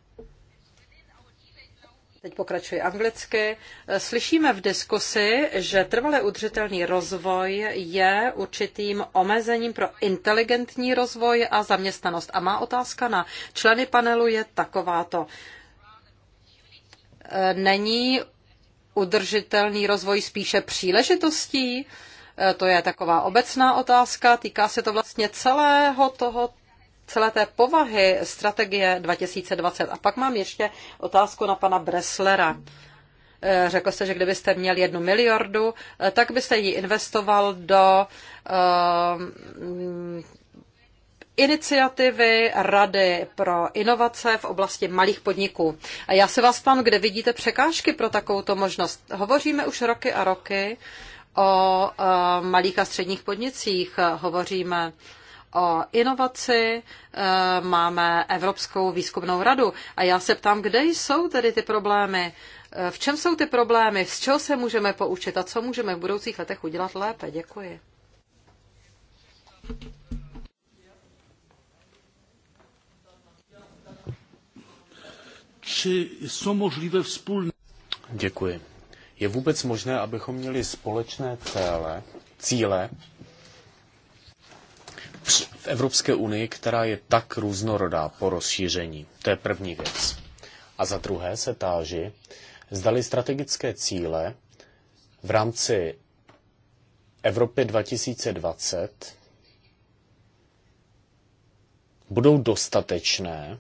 teď anglicky, eh, slyšíme v diskusi, že trvale udržitelný rozvoj je určitým omezením pro inteligentní rozvoj a zaměstnanost. A má otázka na členy panelu je takováto. Eh, není udržitelný rozvoj spíše příležitostí? Eh, to je taková obecná otázka, týká se to vlastně celého toho celé té povahy strategie 2020. A pak mám ještě otázku na pana Breslera. Eh, řekl jste, že kdybyste měl jednu miliardu, eh, tak byste ji investoval do uh, iniciativy Rady pro inovace v oblasti malých podniků. A já se vás ptám, kde vidíte překážky pro takovouto možnost. Hovoříme už roky a roky o uh, malých a středních podnicích, hovoříme uh, o inovaci, eh, máme Evropskou výzkumnou radu. A já se ptám, kde jsou tedy ty problémy? Eh, v čem jsou ty problémy? Z čeho se můžeme poučit a co můžeme v budoucích letech udělat lépe? Děkuji. Či jsou Děkuji. Je vůbec možné, abychom měli společné cíle, cíle v Evropské unii, která je tak různorodá po rozšíření. To je první věc. A za druhé se táži, zdali strategické cíle v rámci Evropy 2020 budou dostatečné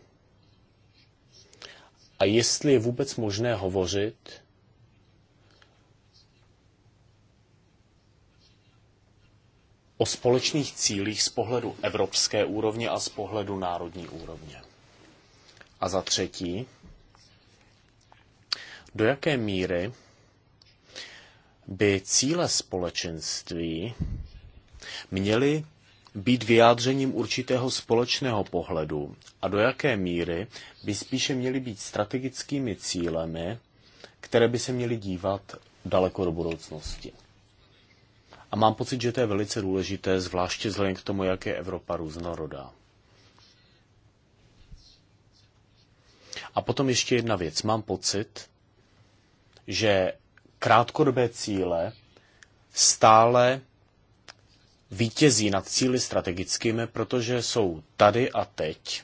a jestli je vůbec možné hovořit o společných cílích z pohledu evropské úrovně a z pohledu národní úrovně. A za třetí, do jaké míry by cíle společenství měly být vyjádřením určitého společného pohledu a do jaké míry by spíše měly být strategickými cílemi, které by se měly dívat daleko do budoucnosti. A mám pocit, že to je velice důležité, zvláště vzhledem k tomu, jak je Evropa různorodá. A potom ještě jedna věc. Mám pocit, že krátkodobé cíle stále vítězí nad cíly strategickými, protože jsou tady a teď.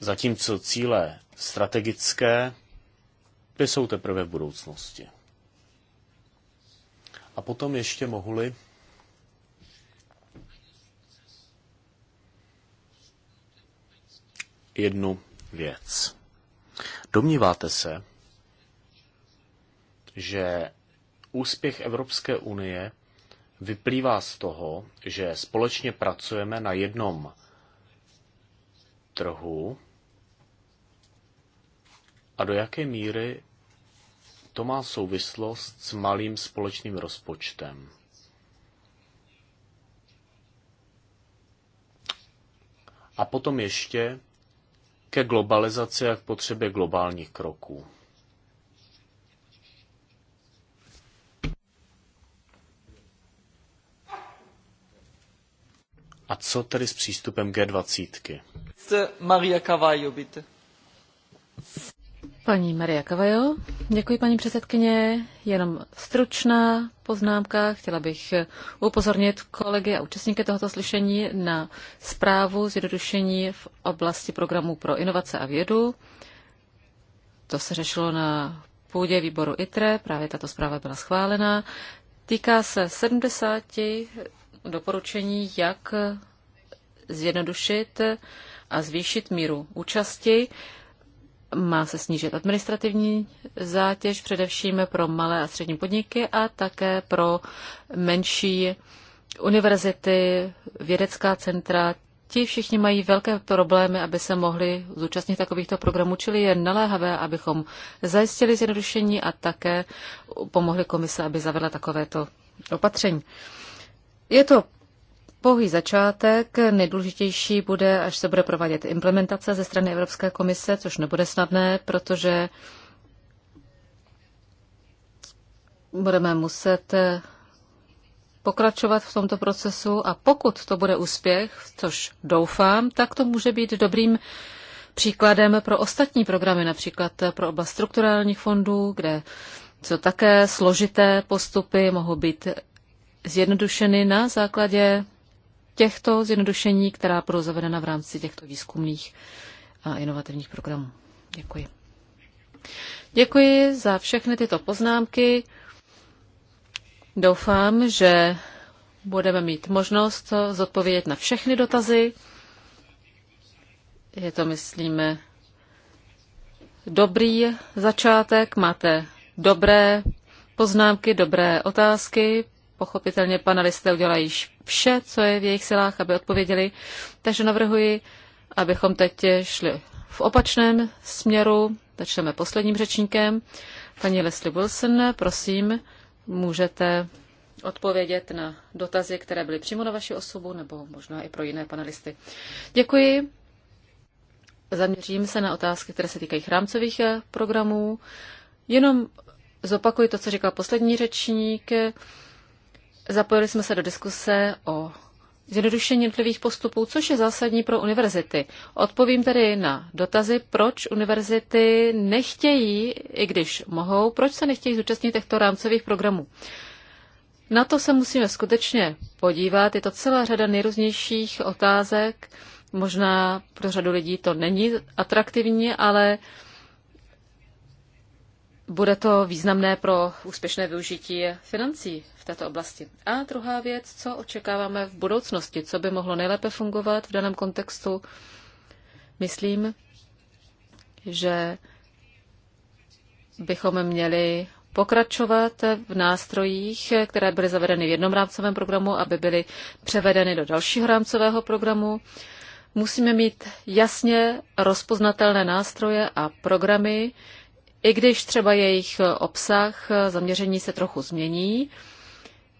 Zatímco cíle strategické ty jsou teprve v budoucnosti. A potom ještě mohli jednu věc. Domníváte se, že úspěch Evropské unie vyplývá z toho, že společně pracujeme na jednom trhu a do jaké míry to má souvislost s malým společným rozpočtem. A potom ještě ke globalizaci a k potřebě globálních kroků. A co tedy s přístupem G20? Maria Cavallo, bitte. Paní Maria Kavajo, děkuji paní předsedkyně. Jenom stručná poznámka. Chtěla bych upozornit kolegy a účastníky tohoto slyšení na zprávu zjednodušení v oblasti programů pro inovace a vědu. To se řešilo na půdě výboru ITRE, právě tato zpráva byla schválena. Týká se 70 doporučení, jak zjednodušit a zvýšit míru účasti má se snížit administrativní zátěž, především pro malé a střední podniky a také pro menší univerzity, vědecká centra. Ti všichni mají velké problémy, aby se mohli zúčastnit takovýchto programů, čili je naléhavé, abychom zajistili zjednodušení a také pomohli komise, aby zavedla takovéto opatření. Je to pouhý začátek. Nejdůležitější bude, až se bude provádět implementace ze strany Evropské komise, což nebude snadné, protože budeme muset eh, pokračovat v tomto procesu a pokud to bude úspěch, což doufám, tak to může být dobrým příkladem pro ostatní programy, například pro oblast strukturálních fondů, kde co také složité postupy mohou být zjednodušeny na základě těchto zjednodušení, která budou zavedena v rámci těchto výzkumných a inovativních programů. Děkuji. Děkuji za všechny tyto poznámky. Doufám, že budeme mít možnost zodpovědět na všechny dotazy. Je to, myslím, dobrý začátek. Máte dobré poznámky, dobré otázky. Pochopitelně panelisté udělají vše, co je v jejich silách, aby odpověděli. Takže navrhuji, abychom teď šli v opačném směru. Začneme posledním řečníkem. Paní Leslie Wilson, prosím, můžete odpovědět na dotazy, které byly přímo na vaši osobu nebo možná i pro jiné panelisty. Děkuji. Zaměřím se na otázky, které se týkají rámcových eh, programů. Jenom zopakuji to, co říkal poslední řečník. Zapojili jsme se do diskuse o zjednodušení jednotlivých postupů, což je zásadní pro univerzity. Odpovím tedy na dotazy, proč univerzity nechtějí, i když mohou, proč se nechtějí zúčastnit těchto rámcových programů. Na to se musíme skutečně podívat. Je to celá řada nejrůznějších otázek. Možná pro řadu lidí to není atraktivní, ale bude to významné pro úspěšné využití financí v této oblasti. A druhá věc, co očekáváme v budoucnosti, co by mohlo nejlépe fungovat v daném kontextu. Myslím, že bychom měli pokračovat v nástrojích, které byly zavedeny v jednom rámcovém programu, aby byly převedeny do dalšího rámcového programu. Musíme mít jasně rozpoznatelné nástroje a programy, i když třeba jejich eh, obsah, eh, zaměření se trochu změní,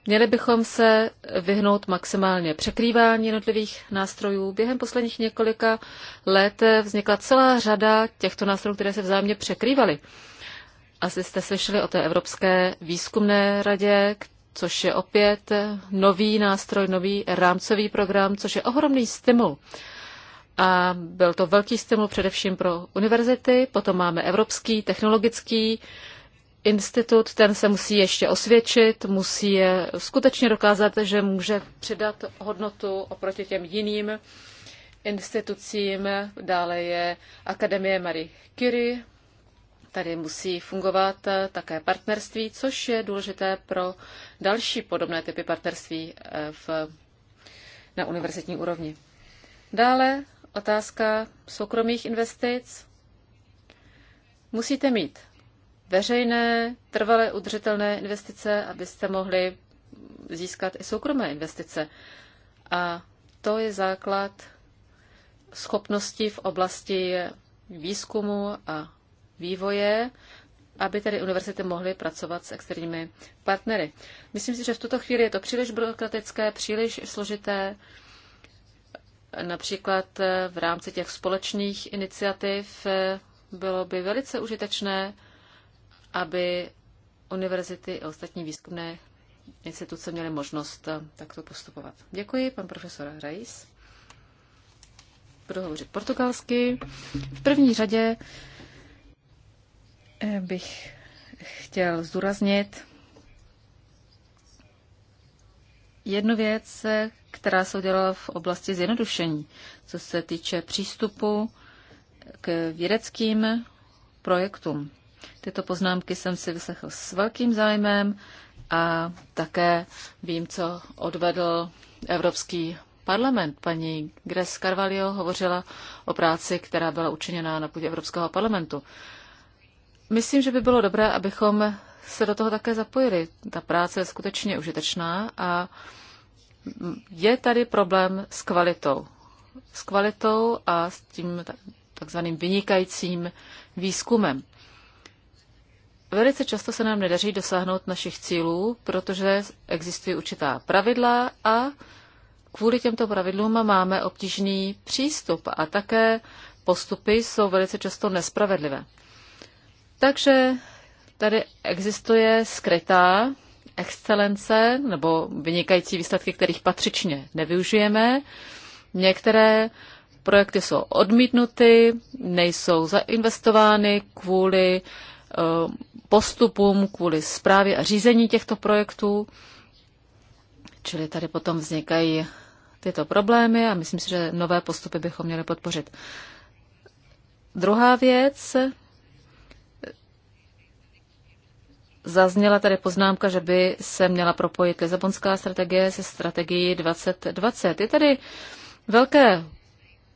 Měli bychom se vyhnout maximálně překrývání jednotlivých nástrojů. Během posledních několika let eh, vznikla celá řada těchto nástrojů, které se vzájemně překrývaly. Asi jste slyšeli o té Evropské výzkumné radě, což je opět nový nástroj, nový rámcový program, což je ohromný stimul a byl to velký stimul především pro univerzity. Potom máme Evropský technologický institut, ten se musí ještě osvědčit, musí je skutečně dokázat, že může přidat hodnotu oproti těm jiným institucím. Dále je Akademie Marie Curie, tady musí fungovat také partnerství, což je důležité pro další podobné typy partnerství eh, v, na univerzitní úrovni. Dále otázka soukromých investic. Musíte mít veřejné, trvalé, udržitelné investice, abyste mohli získat i soukromé investice. A to je základ schopnosti v oblasti výzkumu a vývoje, aby tedy univerzity mohly pracovat s externími partnery. Myslím si, že v tuto chvíli je to příliš byrokratické, příliš složité. Například eh, v rámci těch společných iniciativ eh, bylo by velice užitečné, aby univerzity a ostatní výzkumné instituce měly možnost eh, takto postupovat. Děkuji, pan profesor Reis. Budu hovořit portugalsky. V první řadě bych chtěl zdůraznit jednu věc, která se udělala v oblasti zjednodušení, co se týče přístupu k vědeckým projektům. Tyto poznámky jsem si vyslechl s velkým zájmem a také vím, co odvedl Evropský parlament. Paní Gres Carvalho hovořila o práci, která byla učiněna na půdě Evropského parlamentu. Myslím, že by bylo dobré, abychom se do toho také zapojili. Ta práce je skutečně užitečná a je tady problém s kvalitou. S kvalitou a s tím takzvaným vynikajícím výzkumem. Velice často se nám nedaří dosáhnout našich cílů, protože existují určitá pravidla a kvůli těmto pravidlům máme obtížný přístup a také postupy jsou velice často nespravedlivé. Takže tady existuje skrytá excelence nebo vynikající výsledky, kterých patřičně nevyužijeme. Některé projekty jsou odmítnuty, nejsou zainvestovány kvůli eh, postupům, kvůli zprávě a řízení těchto projektů. Čili tady potom vznikají tyto problémy a myslím si, že nové postupy bychom měli podpořit. Druhá věc, Zazněla tady poznámka, že by se měla propojit Lizabonská strategie se strategií 2020. Je tady velké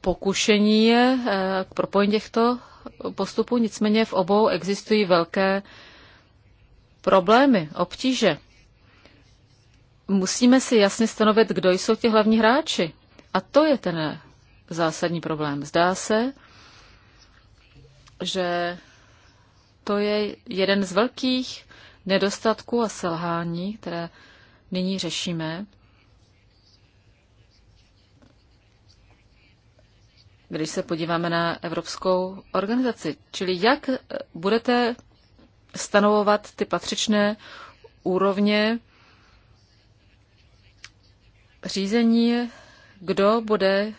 pokušení eh, k propojení těchto postupů, nicméně v obou existují velké problémy, obtíže. Musíme si jasně stanovit, kdo jsou ti hlavní hráči. A to je ten zásadní problém. Zdá se, že to je jeden z velkých nedostatků a selhání, které nyní řešíme. Když se podíváme na Evropskou organizaci, čili jak eh, budete stanovovat ty patřičné úrovně řízení, kdo bude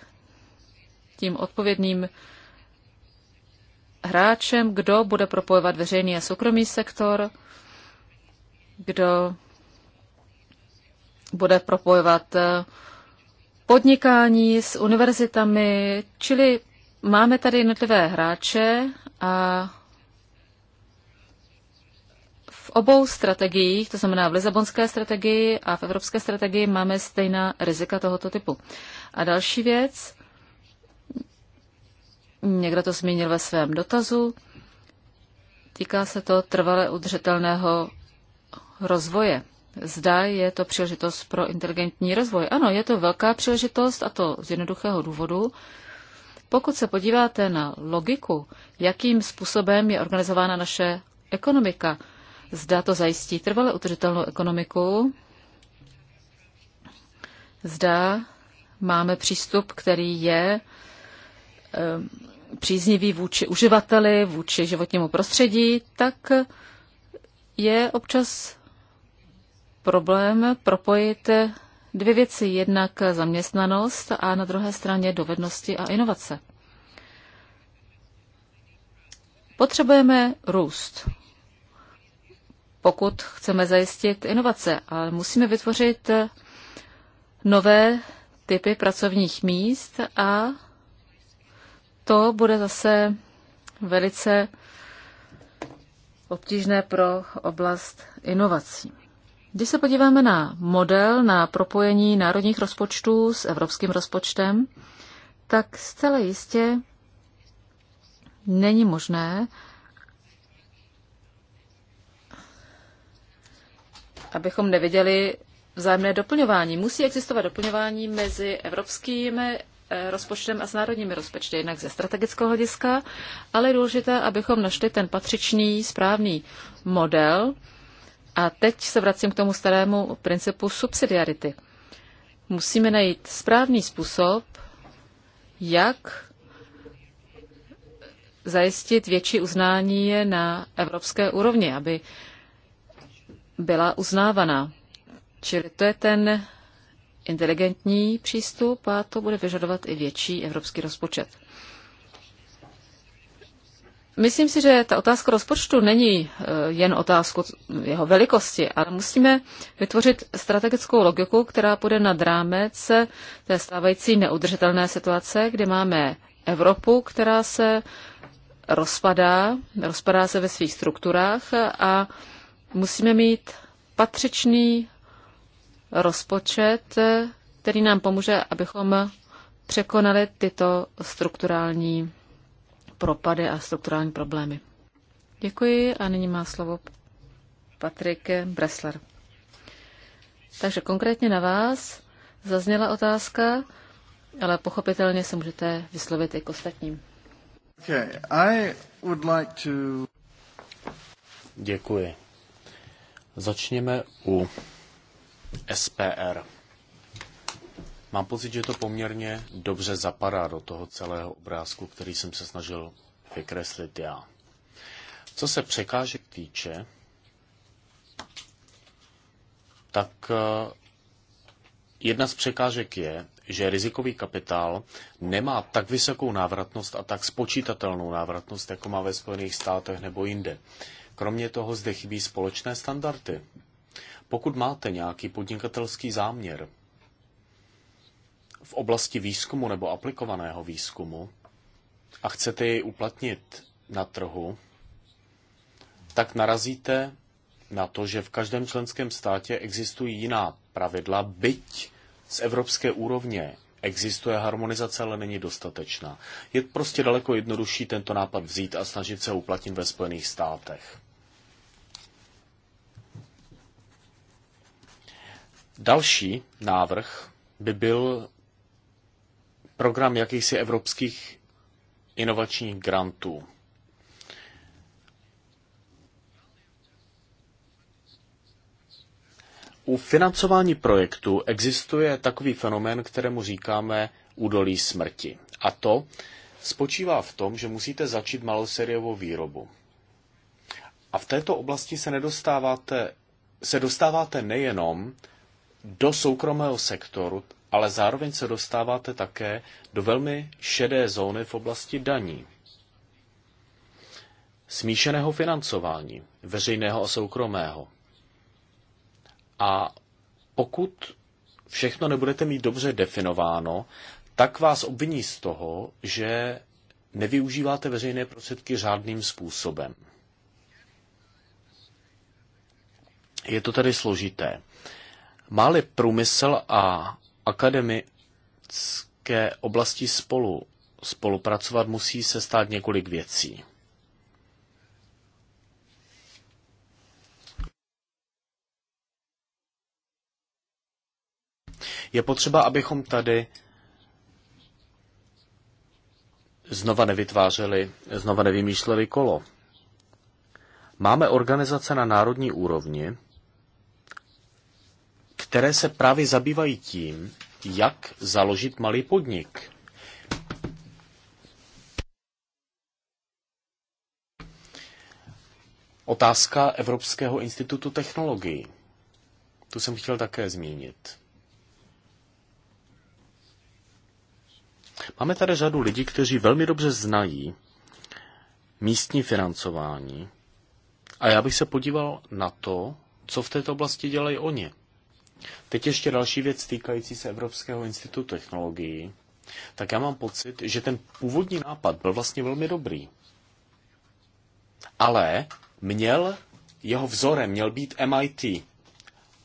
tím odpovědným hráčem, kdo bude propojovat veřejný a soukromý sektor, kdo bude propojovat eh, podnikání s univerzitami, čili máme tady jednotlivé hráče a v obou strategiích, to znamená v Lisabonské strategii a v Evropské strategii, máme stejná rizika tohoto typu. A další věc, Někdo to zmínil ve svém dotazu. Týká se to trvale udržitelného rozvoje. Zda je to příležitost pro inteligentní rozvoj. Ano, je to velká příležitost a to z jednoduchého důvodu. Pokud se podíváte na logiku, jakým způsobem je organizována naše ekonomika, zda to zajistí trvale udržitelnou ekonomiku, zda máme přístup, který je příznivý vůči uživateli, vůči životnímu prostředí, tak je občas problém propojit dvě věci. Jednak zaměstnanost a na druhé straně dovednosti a inovace. Potřebujeme růst, pokud chceme zajistit inovace, ale musíme vytvořit nové typy pracovních míst a to bude zase velice obtížné pro oblast inovací. Když se podíváme na model na propojení národních rozpočtů s evropským rozpočtem, tak zcela jistě není možné, abychom neviděli vzájemné doplňování. Musí existovat doplňování mezi evropskými Eh, rozpočtem a s národními rozpočty, jednak ze strategického hlediska, ale je důležité, abychom našli ten patřičný, správný model. A teď se vracím k tomu starému principu subsidiarity. Musíme najít správný způsob, jak zajistit větší uznání na evropské úrovni, aby byla uznávaná. Čili to je ten inteligentní přístup a to bude vyžadovat i větší evropský rozpočet. Myslím si, že ta otázka rozpočtu není e, jen otázku jeho velikosti, ale musíme vytvořit strategickou logiku, která půjde nad rámec té stávající neudržitelné situace, kde máme Evropu, která se rozpadá, rozpadá se ve svých strukturách a musíme mít patřičný rozpočet, který nám pomůže, abychom překonali tyto strukturální propady a strukturální problémy. Děkuji a nyní má slovo Patrik Bresler. Takže konkrétně na vás zazněla otázka, ale pochopitelně se můžete vyslovit i k ostatním. Okay, I would like to... Děkuji. Začněme u SPR. Mám pocit, že to poměrně dobře zapadá do toho celého obrázku, který jsem se snažil vykreslit já. Co se překážek týče, tak eh, jedna z překážek je, že rizikový kapitál nemá tak vysokou návratnost a tak spočítatelnou návratnost, jako má ve Spojených státech nebo jinde. Kromě toho zde chybí společné standardy. Pokud máte nějaký podnikatelský záměr v oblasti výzkumu nebo aplikovaného výzkumu a chcete jej uplatnit na trhu, tak narazíte na to, že v každém členském státě existují jiná pravidla, byť z evropské úrovně existuje harmonizace, ale není dostatečná. Je prostě daleko jednodušší tento nápad vzít a snažit se uplatnit ve Spojených státech. Další návrh by byl program jakýchsi evropských inovačních grantů. U financování projektu existuje takový fenomén, kterému říkáme údolí smrti. A to spočívá v tom, že musíte začít maloseriovou výrobu. A v této oblasti se nedostáváte, se dostáváte nejenom do soukromého sektoru, ale zároveň se dostáváte také do velmi šedé zóny v oblasti daní. Smíšeného financování, veřejného a soukromého. A pokud všechno nebudete mít dobře definováno, tak vás obviní z toho, že nevyužíváte veřejné prostředky řádným způsobem. Je to tedy složité. Máli průmysl a akademické oblasti spolu spolupracovat, musí se stát několik věcí. Je potřeba, abychom tady znova nevytvářeli, znova nevymýšleli kolo. Máme organizace na národní úrovni, které se právě zabývají tím, jak založit malý podnik. Otázka Evropského institutu technologií. Tu jsem chtěl také zmínit. Máme tady řadu lidí, kteří velmi dobře znají místní financování a já bych se podíval na to, co v této oblasti dělají oni. Teď ještě další věc týkající se Evropského institutu technologií. Tak já mám pocit, že ten původní nápad byl vlastně velmi dobrý. Ale měl, jeho vzorem měl být MIT.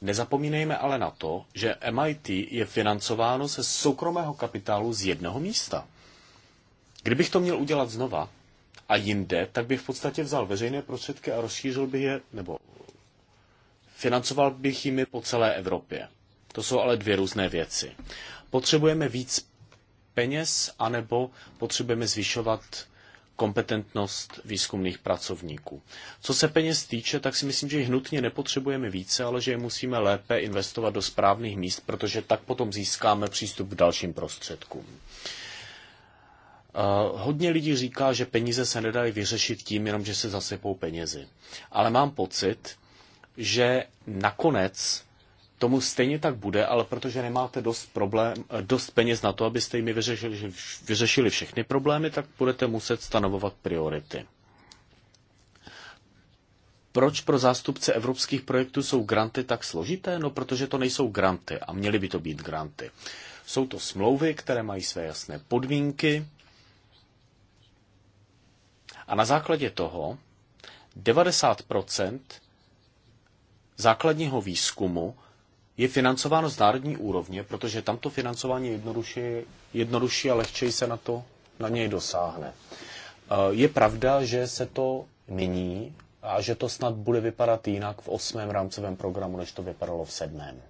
Nezapomínejme ale na to, že MIT je financováno se soukromého kapitálu z jednoho místa. Kdybych to měl udělat znova a jinde, tak bych v podstatě vzal veřejné prostředky a rozšířil bych je, nebo Financoval bych jimi po celé Evropě. To jsou ale dvě různé věci. Potřebujeme víc peněz, anebo potřebujeme zvyšovat kompetentnost výzkumných pracovníků. Co se peněz týče, tak si myslím, že jich nutně nepotřebujeme více, ale že je musíme lépe investovat do správných míst, protože tak potom získáme přístup k dalším prostředkům. Eh, hodně lidí říká, že peníze se nedají vyřešit tím, jenom že se zasypou penězi. Ale mám pocit, že nakonec tomu stejně tak bude, ale protože nemáte dost, problém, dost peněz na to, abyste jimi vyřešili, vyřešili všechny problémy, tak budete muset stanovovat priority. Proč pro zástupce evropských projektů jsou granty tak složité? No, protože to nejsou granty a měly by to být granty. Jsou to smlouvy, které mají své jasné podmínky a na základě toho 90 základního výzkumu je financováno z národní úrovně, protože tamto financování jednoduše, jednodušší a lehčeji se na to na něj dosáhne. Eh, je pravda, že se to mění a že to snad bude vypadat jinak v osmém rámcovém programu, než to vypadalo v sedmém.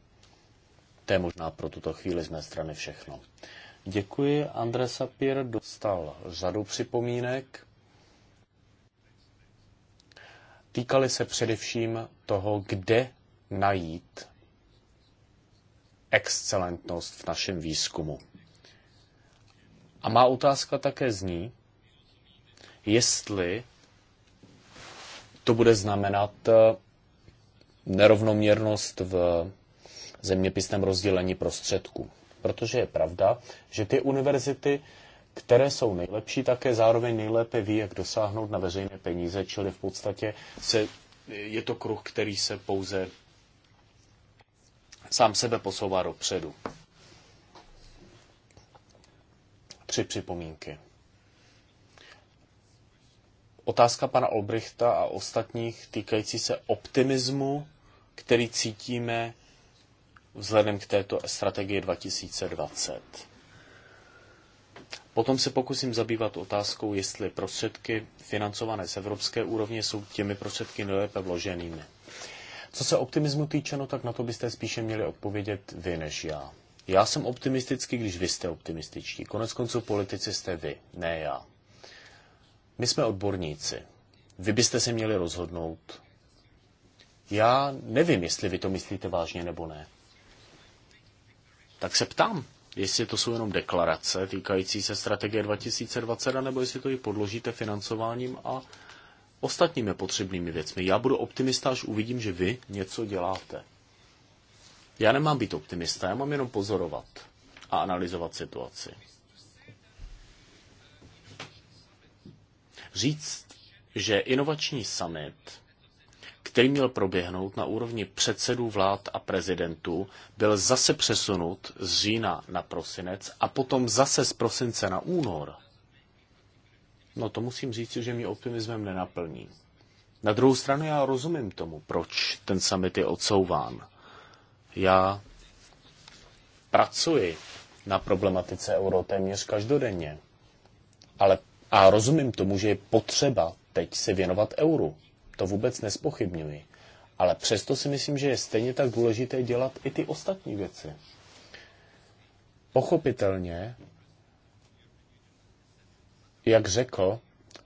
To je možná pro tuto chvíli z mé strany všechno. Děkuji. Andres Sapir dostal řadu připomínek. týkaly se především toho, kde najít excelentnost v našem výzkumu. A má otázka také zní, jestli to bude znamenat eh, nerovnoměrnost v zeměpisném rozdělení prostředků. Protože je pravda, že ty univerzity které jsou nejlepší, také zároveň nejlépe ví, jak dosáhnout na veřejné peníze, čili v podstatě se, je to kruh, který se pouze sám sebe posouvá dopředu. Tři připomínky. Otázka pana Olbrichta a ostatních týkající se optimismu, který cítíme vzhledem k této strategii 2020 Potom se pokusím zabývat otázkou, jestli prostředky financované z evropské úrovně jsou těmi prostředky nejlépe vloženými. Co se optimismu týče, no tak na to byste spíše měli odpovědět vy než já. Já jsem optimistický, když vy jste optimističtí. Konec konců politici jste vy, ne já. My jsme odborníci. Vy byste se měli rozhodnout. Já nevím, jestli vy to myslíte vážně nebo ne. Tak se ptám jestli to jsou jenom deklarace týkající se strategie 2020, nebo jestli to i podložíte financováním a ostatními potřebnými věcmi. Já budu optimista, až uvidím, že vy něco děláte. Já nemám být optimista, já mám jenom pozorovat a analyzovat situaci. Říct, že inovační summit který měl proběhnout na úrovni předsedů vlád a prezidentů, byl zase přesunut z října na prosinec a potom zase z prosince na únor. No to musím říct, že mi optimismem nenaplní. Na druhou stranu já rozumím tomu, proč ten summit je odsouván. Já pracuji na problematice euro téměř každodenně. Ale a rozumím tomu, že je potřeba teď se věnovat euru. To vůbec nespochybňuji. Ale přesto si myslím, že je stejně tak důležité dělat i ty ostatní věci. Pochopitelně, jak řekl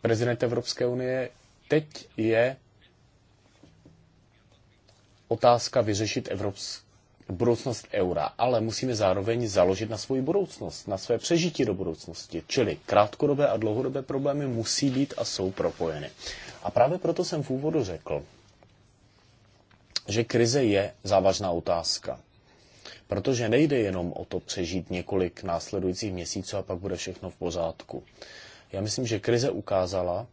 prezident Evropské unie, teď je otázka vyřešit evropské budoucnost eura, ale musíme zároveň založit na svoji budoucnost, na své přežití do budoucnosti. Čili krátkodobé a dlouhodobé problémy musí být a jsou propojeny. A právě proto jsem v úvodu řekl, že krize je závažná otázka. Protože nejde jenom o to přežít několik následujících měsíců a pak bude všechno v pořádku. Já myslím, že krize ukázala,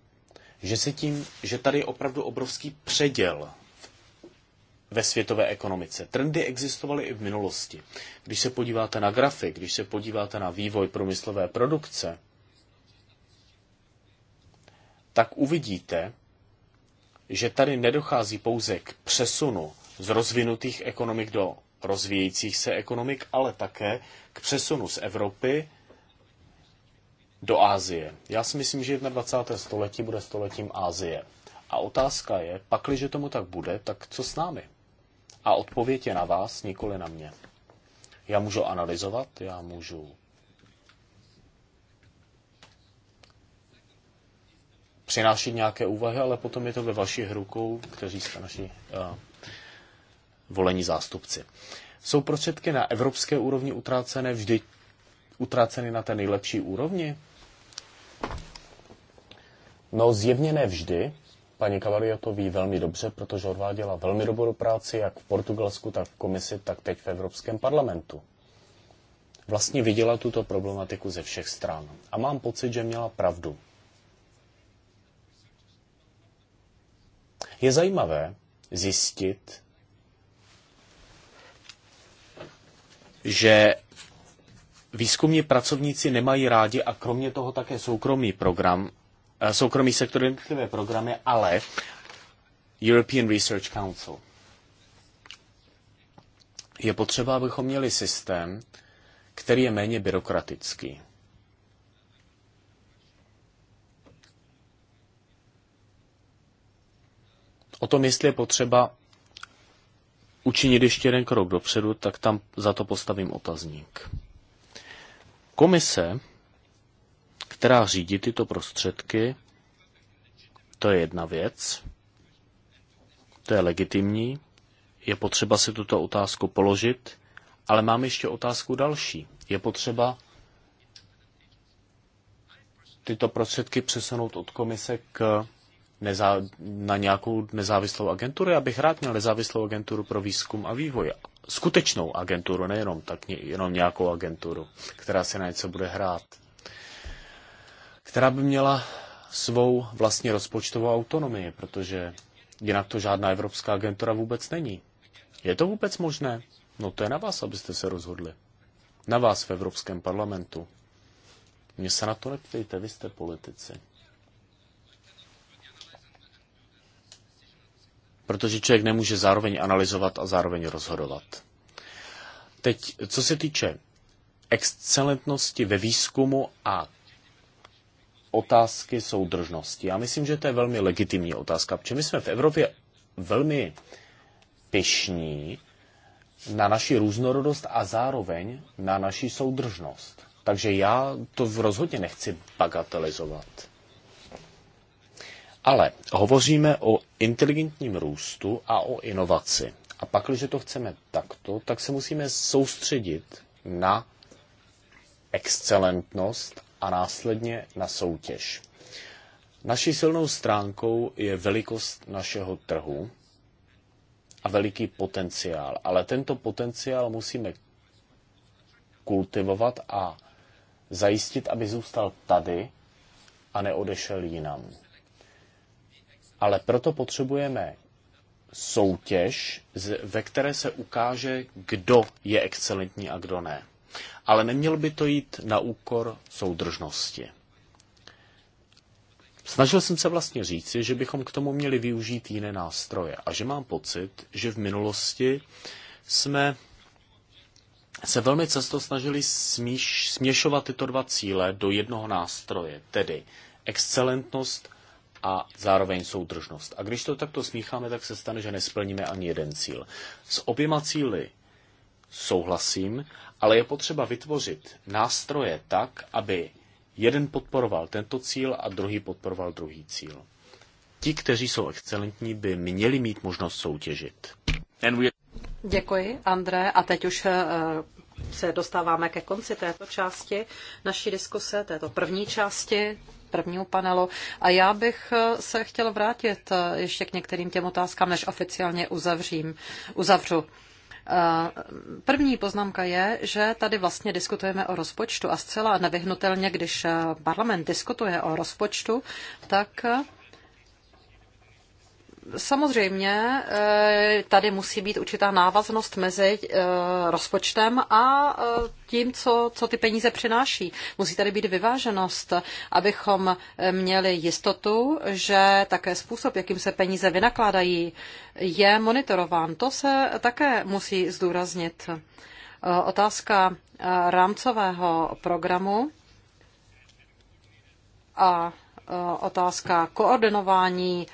že, se tím, že tady je opravdu obrovský předěl ve světové ekonomice. Trendy existovaly i v minulosti. Když se podíváte na grafy, když se podíváte na vývoj průmyslové produkce, tak uvidíte, že tady nedochází pouze k přesunu z rozvinutých ekonomik do rozvíjejících se ekonomik, ale také k přesunu z Evropy do Ázie. Já si myslím, že 21. století bude stoletím Ázie. A otázka je, pakliže tomu tak bude, tak co s námi? A odpověď je na vás, nikoli na mě. Já můžu analyzovat, já můžu přinášet nějaké úvahy, ale potom je to ve vašich rukou, kteří jste naši uh, volení zástupci. Jsou prostředky na evropské úrovni utrácené vždy utráceny na té nejlepší úrovni? No, zjevně ne vždy, Paní Cavalio to ví velmi dobře, protože odváděla velmi dobrou práci jak v Portugalsku, tak v komisi, tak teď v Evropském parlamentu. Vlastně viděla tuto problematiku ze všech stran. A mám pocit, že měla pravdu. Je zajímavé zjistit, že výzkumní pracovníci nemají rádi a kromě toho také soukromý program Eh, soukromý sektor jednotlivé programy, ale European Research Council. Je potřeba, abychom měli systém, který je méně byrokratický. O tom, jestli je potřeba učinit ještě jeden krok dopředu, tak tam za to postavím otazník. Komise která řídí tyto prostředky, to je jedna věc, to je legitimní, je potřeba si tuto otázku položit, ale mám ještě otázku další. Je potřeba tyto prostředky přesunout od komise k nezá, na nějakou nezávislou agenturu. Já bych rád měl nezávislou agenturu pro výzkum a vývoj. Skutečnou agenturu, nejenom tak, jenom nějakou agenturu, která se na něco bude hrát která by měla svou vlastní rozpočtovou autonomii, protože jinak to žádná evropská agentura vůbec není. Je to vůbec možné? No to je na vás, abyste se rozhodli. Na vás v Evropském parlamentu. Mně se na to neptejte, vy jste politici. Protože člověk nemůže zároveň analyzovat a zároveň rozhodovat. Teď, co se týče excelentnosti ve výzkumu a otázky soudržnosti. Já myslím, že to je velmi legitimní otázka, protože my jsme v Evropě velmi pišní na naši různorodost a zároveň na naši soudržnost. Takže já to rozhodně nechci bagatelizovat. Ale hovoříme o inteligentním růstu a o inovaci. A pak, když to chceme takto, tak se musíme soustředit na excelentnost a následně na soutěž. Naší silnou stránkou je velikost našeho trhu a veliký potenciál, ale tento potenciál musíme kultivovat a zajistit, aby zůstal tady a neodešel jinam. Ale proto potřebujeme soutěž, ve které se ukáže, kdo je excelentní a kdo ne. Ale nemělo by to jít na úkor soudržnosti. Snažil jsem se vlastně říci, že bychom k tomu měli využít jiné nástroje a že mám pocit, že v minulosti jsme se velmi často snažili smíš, směšovat tyto dva cíle do jednoho nástroje, tedy excelentnost a zároveň soudržnost. A když to takto smícháme, tak se stane, že nesplníme ani jeden cíl. S oběma cíly souhlasím, ale je potřeba vytvořit nástroje tak, aby jeden podporoval tento cíl a druhý podporoval druhý cíl. Ti, kteří jsou excelentní, by měli mít možnost soutěžit. Děkuji, André. A teď už eh, se dostáváme ke konci této části naší diskuse, této první části prvního panelu. A já bych eh, se chtěl vrátit eh, ještě k některým těm otázkám, než oficiálně uzavřím, uzavřu. Eh, první poznámka je, že tady vlastně diskutujeme o rozpočtu a zcela nevyhnutelně, když eh, parlament diskutuje o rozpočtu, tak Samozřejmě eh, tady musí být určitá návaznost mezi eh, rozpočtem a eh, tím, co, co ty peníze přináší. Musí tady být vyváženost, abychom měli jistotu, že také způsob, jakým se peníze vynakládají, je monitorován. To se také musí zdůraznit. Otázka rámcového programu a otázka koordinování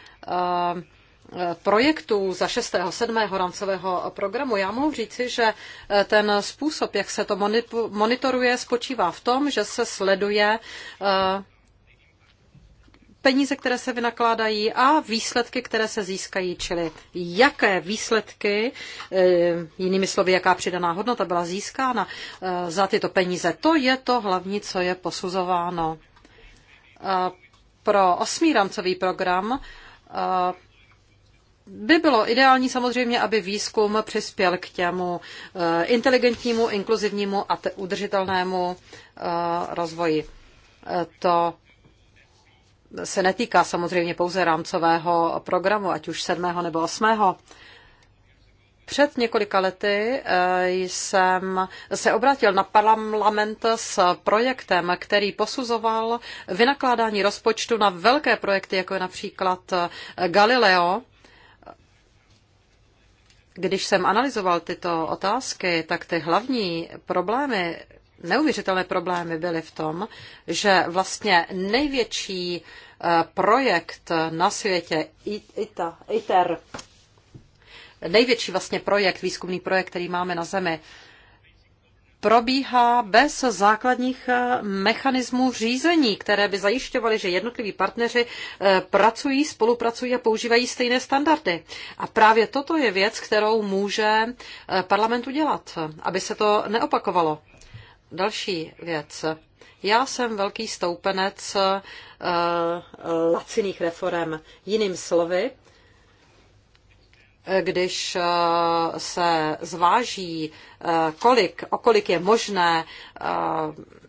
projektů za 6. 7. rámcového programu, já mohu říci, že eh, ten způsob, jak se to monitoruje, spočívá v tom, že se sleduje eh, peníze, které se vynakládají a výsledky, které se získají, čili jaké výsledky, eh, jinými slovy, jaká přidaná hodnota byla získána za tyto peníze. To je to hlavní, co je posuzováno. Pro osmý rámcový program by bylo ideální samozřejmě, aby výzkum přispěl k těmu eh, inteligentnímu, inkluzivnímu a udržitelnému eh, rozvoji. Eh, to se netýká samozřejmě pouze rámcového programu, ať už sedmého nebo osmého. Před několika lety jsem se obrátil na parlament s projektem, který posuzoval vynakládání rozpočtu na velké projekty, jako je například Galileo, když jsem analyzoval tyto otázky, tak ty hlavní problémy, neuvěřitelné problémy byly v tom, že vlastně největší eh, projekt na světě ITER, největší vlastně projekt, výzkumný projekt, který máme na Zemi, probíhá bez základních eh, mechanismů řízení, které by zajišťovaly, že jednotliví partneři eh, pracují, spolupracují a používají stejné standardy. A právě toto je věc, kterou může eh, parlament udělat, aby se to neopakovalo. Další věc. Já jsem velký stoupenec uh, laciných reform. Jiným slovy, když eh, se zváží, eh, kolik, o kolik je možné eh,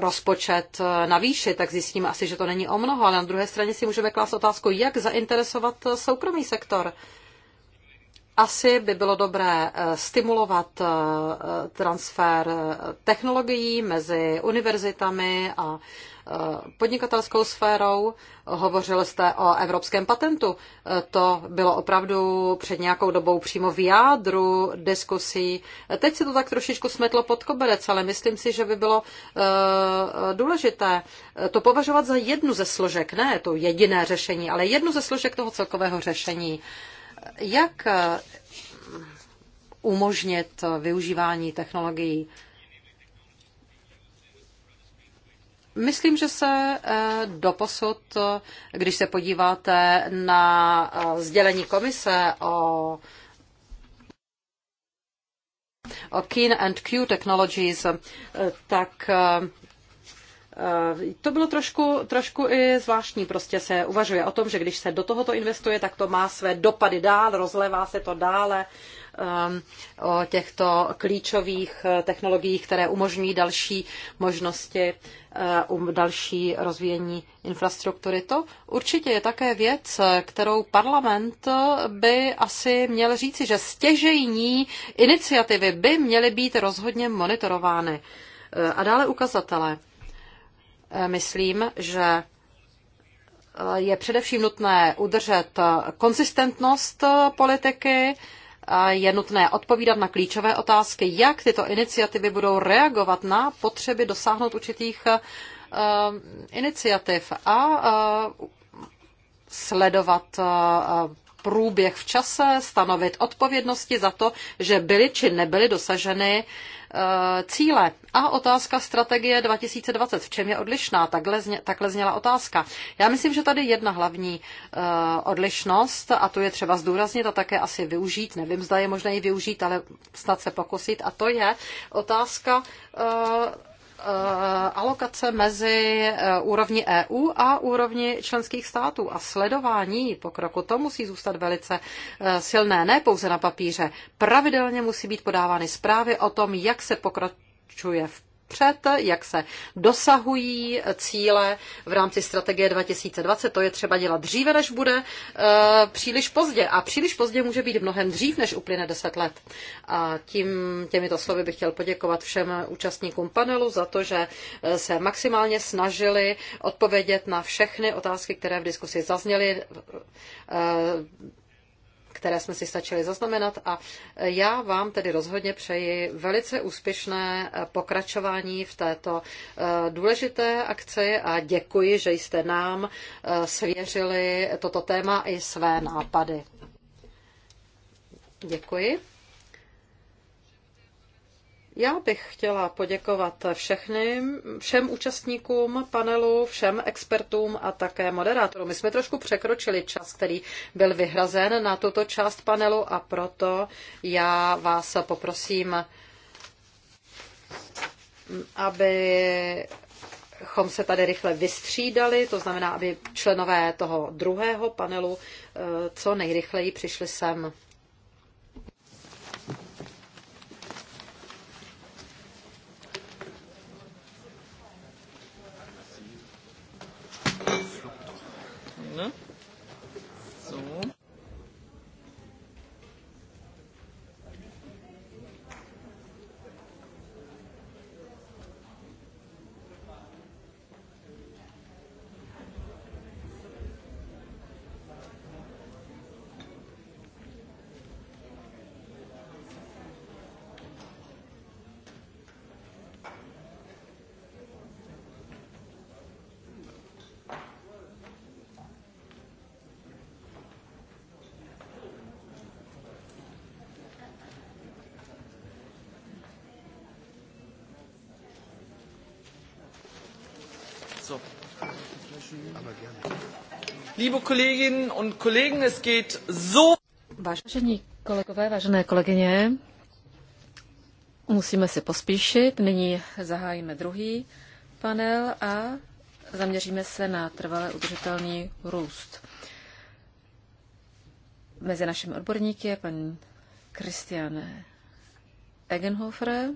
rozpočet navýšit, tak zjistíme asi, že to není o mnoho, ale na druhé straně si můžeme klást otázku, jak zainteresovat soukromý sektor. Asi by bylo dobré stimulovat transfer technologií mezi univerzitami a podnikatelskou sférou. Hovořil jste o evropském patentu. To bylo opravdu před nějakou dobou přímo v jádru diskusí. Teď se to tak trošičku smetlo pod koberec, ale myslím si, že by bylo eh, důležité to považovat za jednu ze složek, ne to jediné řešení, ale jednu ze složek toho celkového řešení. Jak eh, umožnit využívání technologií Myslím, že se eh, doposud, eh, když se podíváte na eh, sdělení komise o o Keen and Q Technologies, tak to bylo trošku, trošku i zvláštní, prostě se uvažuje o tom, že když se do tohoto investuje, tak to má své dopady dál, rozlevá se to dále Um, o těchto klíčových eh, technologiích, které umožňují další možnosti, eh, um, další rozvíjení infrastruktury. To určitě je také věc, kterou parlament by asi měl říci, že stěžejní iniciativy by měly být rozhodně monitorovány. Eh, a dále ukazatele. Myslím, že je především nutné udržet konzistentnost politiky, je nutné odpovídat na klíčové otázky, jak tyto iniciativy budou reagovat na potřeby dosáhnout určitých eh, iniciativ a eh, sledovat eh, průběh v čase, stanovit odpovědnosti za to, že byly či nebyly dosaženy Eh, cíle. A otázka strategie 2020, v čem je odlišná? Takhle, zně, takhle zněla otázka. Já myslím, že tady jedna hlavní eh, odlišnost, a to je třeba zdůraznit a také asi využít, nevím, zda je možné ji využít, ale snad se pokusit, a to je otázka eh, Eh, alokace mezi eh, úrovni EU a úrovni členských států a sledování pokroku, to musí zůstat velice eh, silné, ne pouze na papíře. Pravidelně musí být podávány zprávy o tom, jak se pokračuje v před, jak se dosahují cíle v rámci strategie 2020. To je třeba dělat dříve, než bude eh, příliš pozdě. A příliš pozdě může být mnohem dřív, než uplyne 10 let. A tím, těmito slovy bych chtěl poděkovat všem účastníkům panelu za to, že eh, se maximálně snažili odpovědět na všechny otázky, které v diskusi zazněly eh, které jsme si stačili zaznamenat a já vám tedy rozhodně přeji velice úspěšné eh, pokračování v této eh, důležité akci a děkuji, že jste nám eh, svěřili toto téma i své nápady. Děkuji. Já bych chtěla poděkovat všem účastníkům panelu, všem expertům a také moderátorům. My jsme trošku překročili čas, který byl vyhrazen na tuto část panelu a proto já vás poprosím, aby chom se tady rychle vystřídali, to znamená, aby členové toho druhého panelu eh, co nejrychleji přišli sem. Liebe Kolleginnen und Kollegen, es geht so... Vážení kolegové, vážené kolegyně, musíme si pospíšit. Nyní zahájíme druhý panel a zaměříme se na trvale udržitelný růst. Mezi našimi odborníky je pan Christian Egenhofer,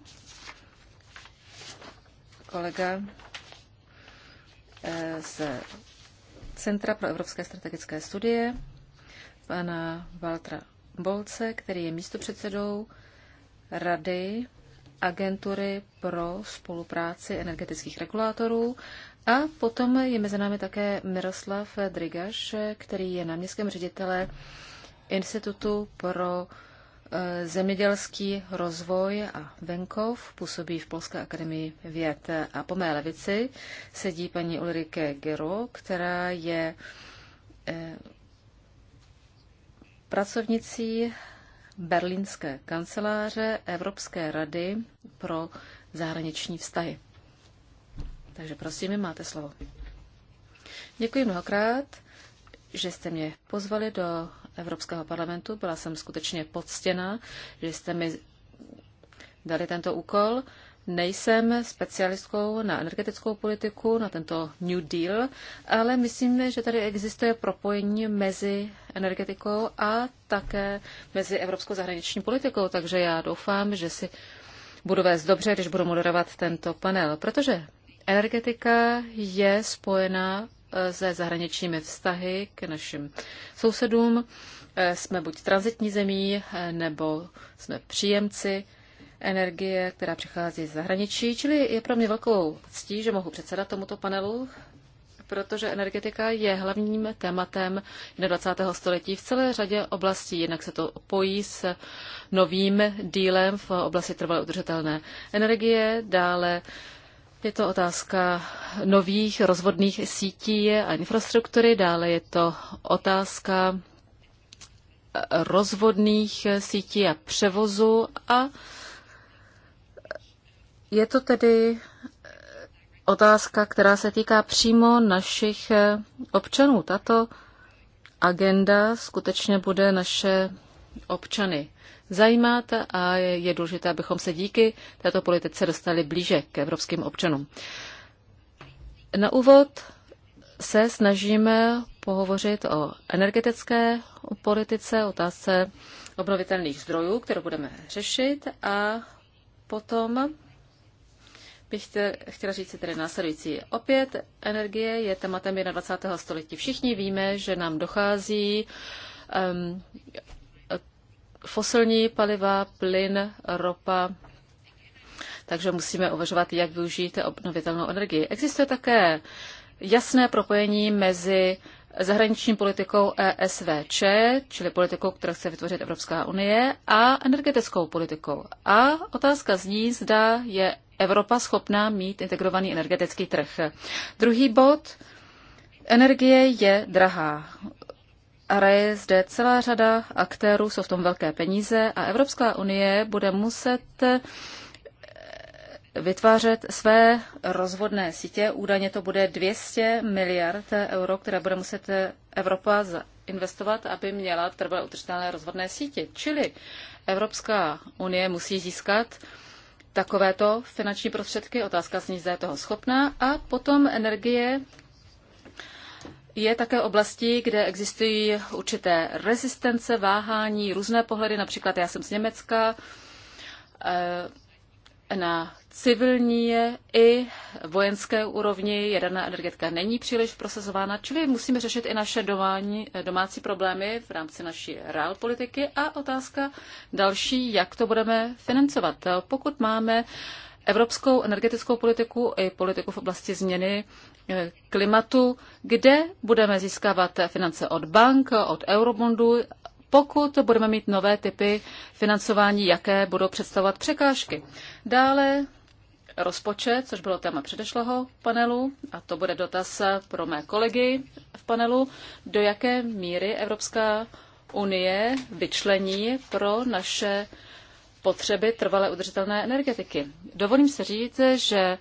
kolega eh, z Centra pro evropské strategické studie, pana Valtra Bolce, který je místopředsedou Rady agentury pro spolupráci energetických regulátorů. A potom je mezi námi také Miroslav Drigaš, který je náměstkem ředitele Institutu pro Eh, zemědělský rozvoj a venkov, působí v Polské akademii věd. A po mé levici sedí paní Ulrike Gero, která je eh, pracovnicí berlínské kanceláře Evropské rady pro zahraniční vztahy. Takže prosím, máte slovo. Děkuji mnohokrát, že jste mě pozvali do Evropského parlamentu. Byla jsem skutečně poctěna, že jste mi dali tento úkol. Nejsem specialistkou na energetickou politiku, na tento New Deal, ale myslím, že tady existuje propojení mezi energetikou a také mezi evropskou zahraniční politikou, takže já doufám, že si budu vést dobře, když budu moderovat tento panel, protože energetika je spojená se zahraničními vztahy k našim sousedům. Eh, jsme buď transitní zemí, eh, nebo jsme příjemci energie, která přichází z zahraničí, čili je pro mě velkou ctí, že mohu předsedat tomuto panelu, protože energetika je hlavním tématem 21. století v celé řadě oblastí. Jednak se to pojí s novým dílem v oblasti trvalé udržitelné energie, dále je to otázka nových rozvodných sítí a infrastruktury, dále je to otázka eh, rozvodných sítí a převozu a je to tedy eh, otázka, která se týká přímo našich eh, občanů. Tato agenda skutečně bude naše občany zajímat a je důležité, abychom se díky této politice dostali blíže k evropským občanům. Na úvod se snažíme pohovořit o energetické politice, otázce obnovitelných zdrojů, kterou budeme řešit a potom bych chtěla říct si tedy následující. Opět energie je tématem 21. století. Všichni víme, že nám dochází um, fosilní paliva, plyn, ropa, takže musíme uvažovat, jak využít obnovitelnou energii. Existuje také jasné propojení mezi zahraniční politikou ESVČ, čili politikou, kterou chce vytvořit Evropská unie, a energetickou politikou. A otázka zní, zda je Evropa schopná mít integrovaný energetický trh. Druhý bod. Energie je drahá je zde celá řada aktérů, jsou v tom velké peníze a Evropská unie bude muset eh, vytvářet své rozvodné sítě. Údajně to bude 200 miliard euro, které bude muset eh, Evropa investovat, aby měla trvalé udržitelné rozvodné sítě. Čili Evropská unie musí získat takovéto finanční prostředky, otázka zní, zda je toho schopná, a potom energie je také oblastí, kde existují určité rezistence, váhání, různé pohledy. Například já jsem z Německa, eh, na civilní i vojenské úrovni jaderná energetika není příliš prosazována, čili musíme řešit i naše domání, domácí problémy v rámci naší real politiky a otázka další, jak to budeme financovat. Pokud máme uh, evropskou energetickou politiku i politiku v oblasti změny eh, klimatu, kde budeme získávat finance od bank, od eurobondů, pokud budeme mít nové typy financování, jaké budou představovat překážky. Dále rozpočet, což bylo téma předešlého panelu, a to bude dotaz pro mé kolegy v panelu, do jaké míry Evropská unie vyčlení pro naše potřeby trvalé udržitelné energetiky. Dovolím se říct, že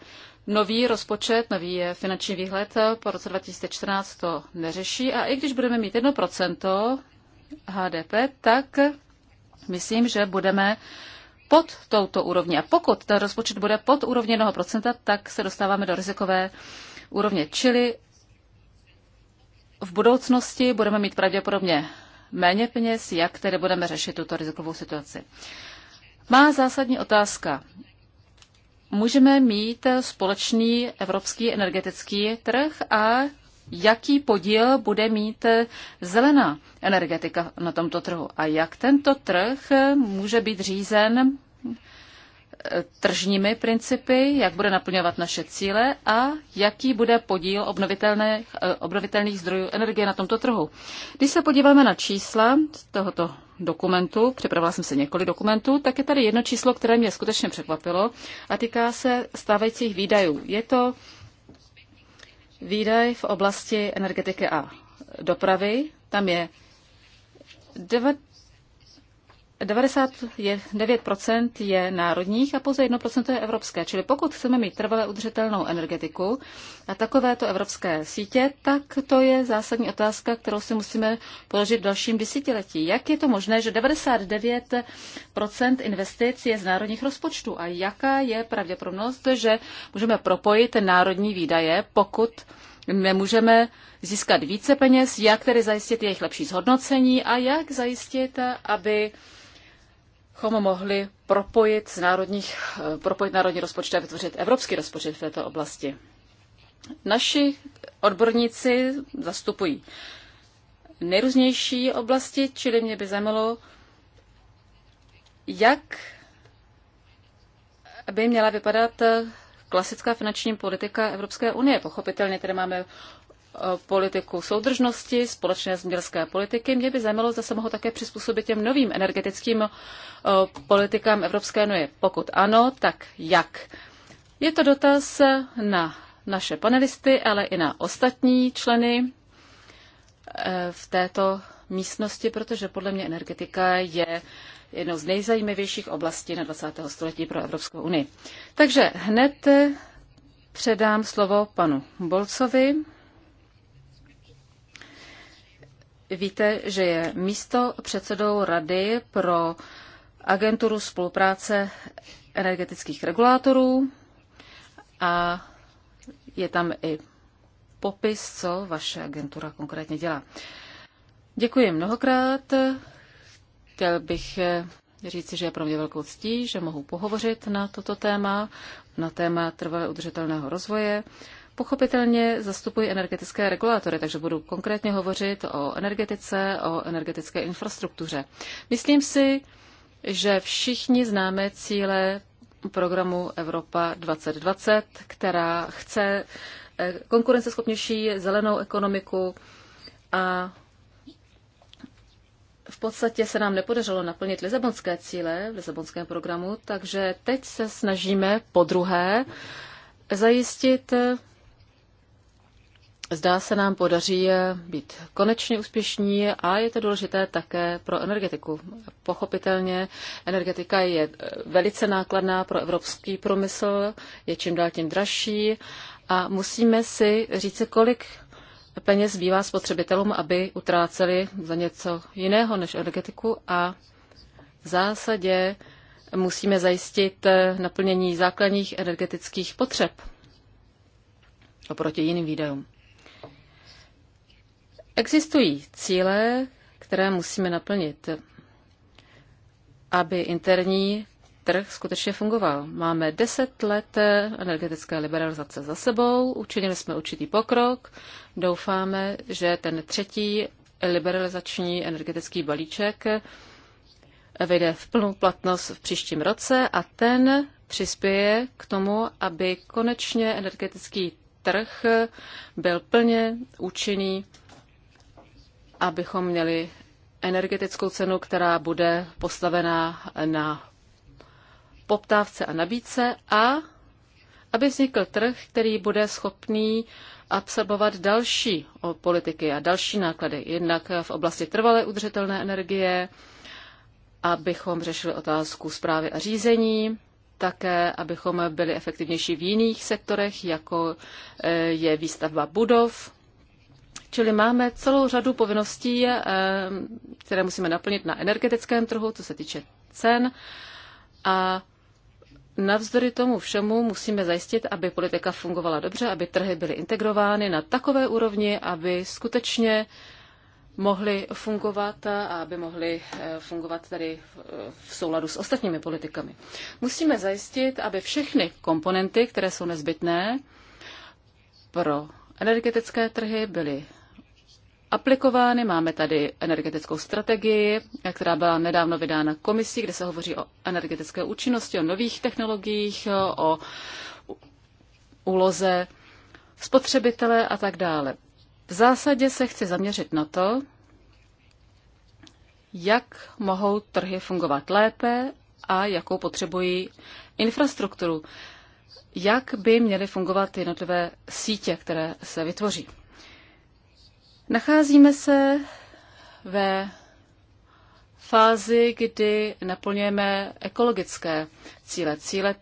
nový rozpočet, nový finanční výhled po roce 2014 to neřeší a i když budeme mít 1% HDP, tak myslím, že budeme pod touto úrovní. A pokud ten rozpočet bude pod úrovně 1%, tak se dostáváme do rizikové úrovně. Čili v budoucnosti budeme mít pravděpodobně méně peněz, jak tedy budeme řešit tuto rizikovou situaci. Má zásadní otázka. Můžeme mít společný evropský energetický trh a jaký podíl bude mít zelená energetika na tomto trhu a jak tento trh může být řízen tržními principy, jak bude naplňovat naše cíle a jaký bude podíl obnovitelných, eh, obnovitelných zdrojů energie na tomto trhu. Když se podíváme na čísla z tohoto dokumentu, připravila jsem se několik dokumentů, tak je tady jedno číslo, které mě skutečně překvapilo a týká se stávajících výdajů. Je to výdaj v oblasti energetiky a dopravy. Tam je 99% je národních a pouze 1% je evropské. Čili pokud chceme mít trvale udržitelnou energetiku a takovéto evropské sítě, tak to je zásadní otázka, kterou si musíme položit v dalším desetiletí. Jak je to možné, že 99% investic je z národních rozpočtů a jaká je pravděpodobnost, že můžeme propojit národní výdaje, pokud nemůžeme získat více peněz, jak tedy zajistit jejich lepší zhodnocení a jak zajistit, aby bychom mohli propojit, z národních, eh, propojit národní rozpočty a vytvořit evropský rozpočet v této oblasti. Naši odborníci zastupují nejrůznější oblasti, čili mě by zajímalo, jak by měla vypadat eh, klasická finanční politika Evropské unie. Pochopitelně tady máme Eh, politiku soudržnosti, společné zemědělské politiky. Mě by zajímalo, zda se mohou také přizpůsobit těm novým energetickým eh, politikám Evropské unie. Pokud ano, tak jak? Je to dotaz na naše panelisty, ale i na ostatní členy eh, v této místnosti, protože podle mě energetika je jednou z nejzajímavějších oblastí na 20. století pro Evropskou unii. Takže hned předám slovo panu Bolcovi. víte, že je místo předsedou Rady pro agenturu spolupráce energetických regulátorů a je tam i popis, co vaše agentura konkrétně dělá. Děkuji mnohokrát. Chtěl bych říci, že je pro mě velkou ctí, že mohu pohovořit na toto téma, na téma trvale udržitelného rozvoje. Pochopitelně zastupuji energetické regulátory, takže budu konkrétně hovořit o energetice, o energetické infrastruktuře. Myslím si, že všichni známe cíle programu Evropa 2020, která chce eh, konkurenceschopnější zelenou ekonomiku a v podstatě se nám nepodařilo naplnit Lisabonské cíle v Lisabonském programu, takže teď se snažíme po druhé zajistit zdá se nám podaří být konečně úspěšní a je to důležité také pro energetiku. Pochopitelně energetika je eh, velice nákladná pro evropský průmysl, je čím dál tím dražší a musíme si říct, kolik peněz bývá spotřebitelům, aby utráceli za něco jiného než energetiku a v zásadě musíme zajistit eh, naplnění základních energetických potřeb oproti jiným výdajům. Existují cíle, které musíme naplnit, aby interní trh skutečně fungoval. Máme deset let energetické liberalizace za sebou, učinili jsme určitý pokrok, doufáme, že ten třetí liberalizační energetický balíček vyjde v plnou platnost v příštím roce a ten přispěje k tomu, aby konečně energetický trh byl plně účinný abychom měli energetickou cenu, která bude postavená na poptávce a nabídce a aby vznikl trh, který bude schopný absorbovat další politiky a další náklady, jednak v oblasti trvalé udržitelné energie, abychom řešili otázku zprávy a řízení, také abychom byli efektivnější v jiných sektorech, jako e, je výstavba budov, Čili máme celou řadu povinností, eh, které musíme naplnit na energetickém trhu, co se týče cen. A navzdory tomu všemu musíme zajistit, aby politika fungovala dobře, aby trhy byly integrovány na takové úrovni, aby skutečně mohly fungovat a aby mohly eh, fungovat tady v souladu s ostatními politikami. Musíme zajistit, aby všechny komponenty, které jsou nezbytné pro energetické trhy, byly aplikovány. Máme tady energetickou strategii, která byla nedávno vydána komisí, kde se hovoří o energetické účinnosti, o nových technologiích, o úloze spotřebitele a tak dále. V zásadě se chci zaměřit na to, jak mohou trhy fungovat lépe a jakou potřebují infrastrukturu. Jak by měly fungovat jednotlivé sítě, které se vytvoří. Nacházíme se ve fázi, kdy naplňujeme ekologické cíle, cíle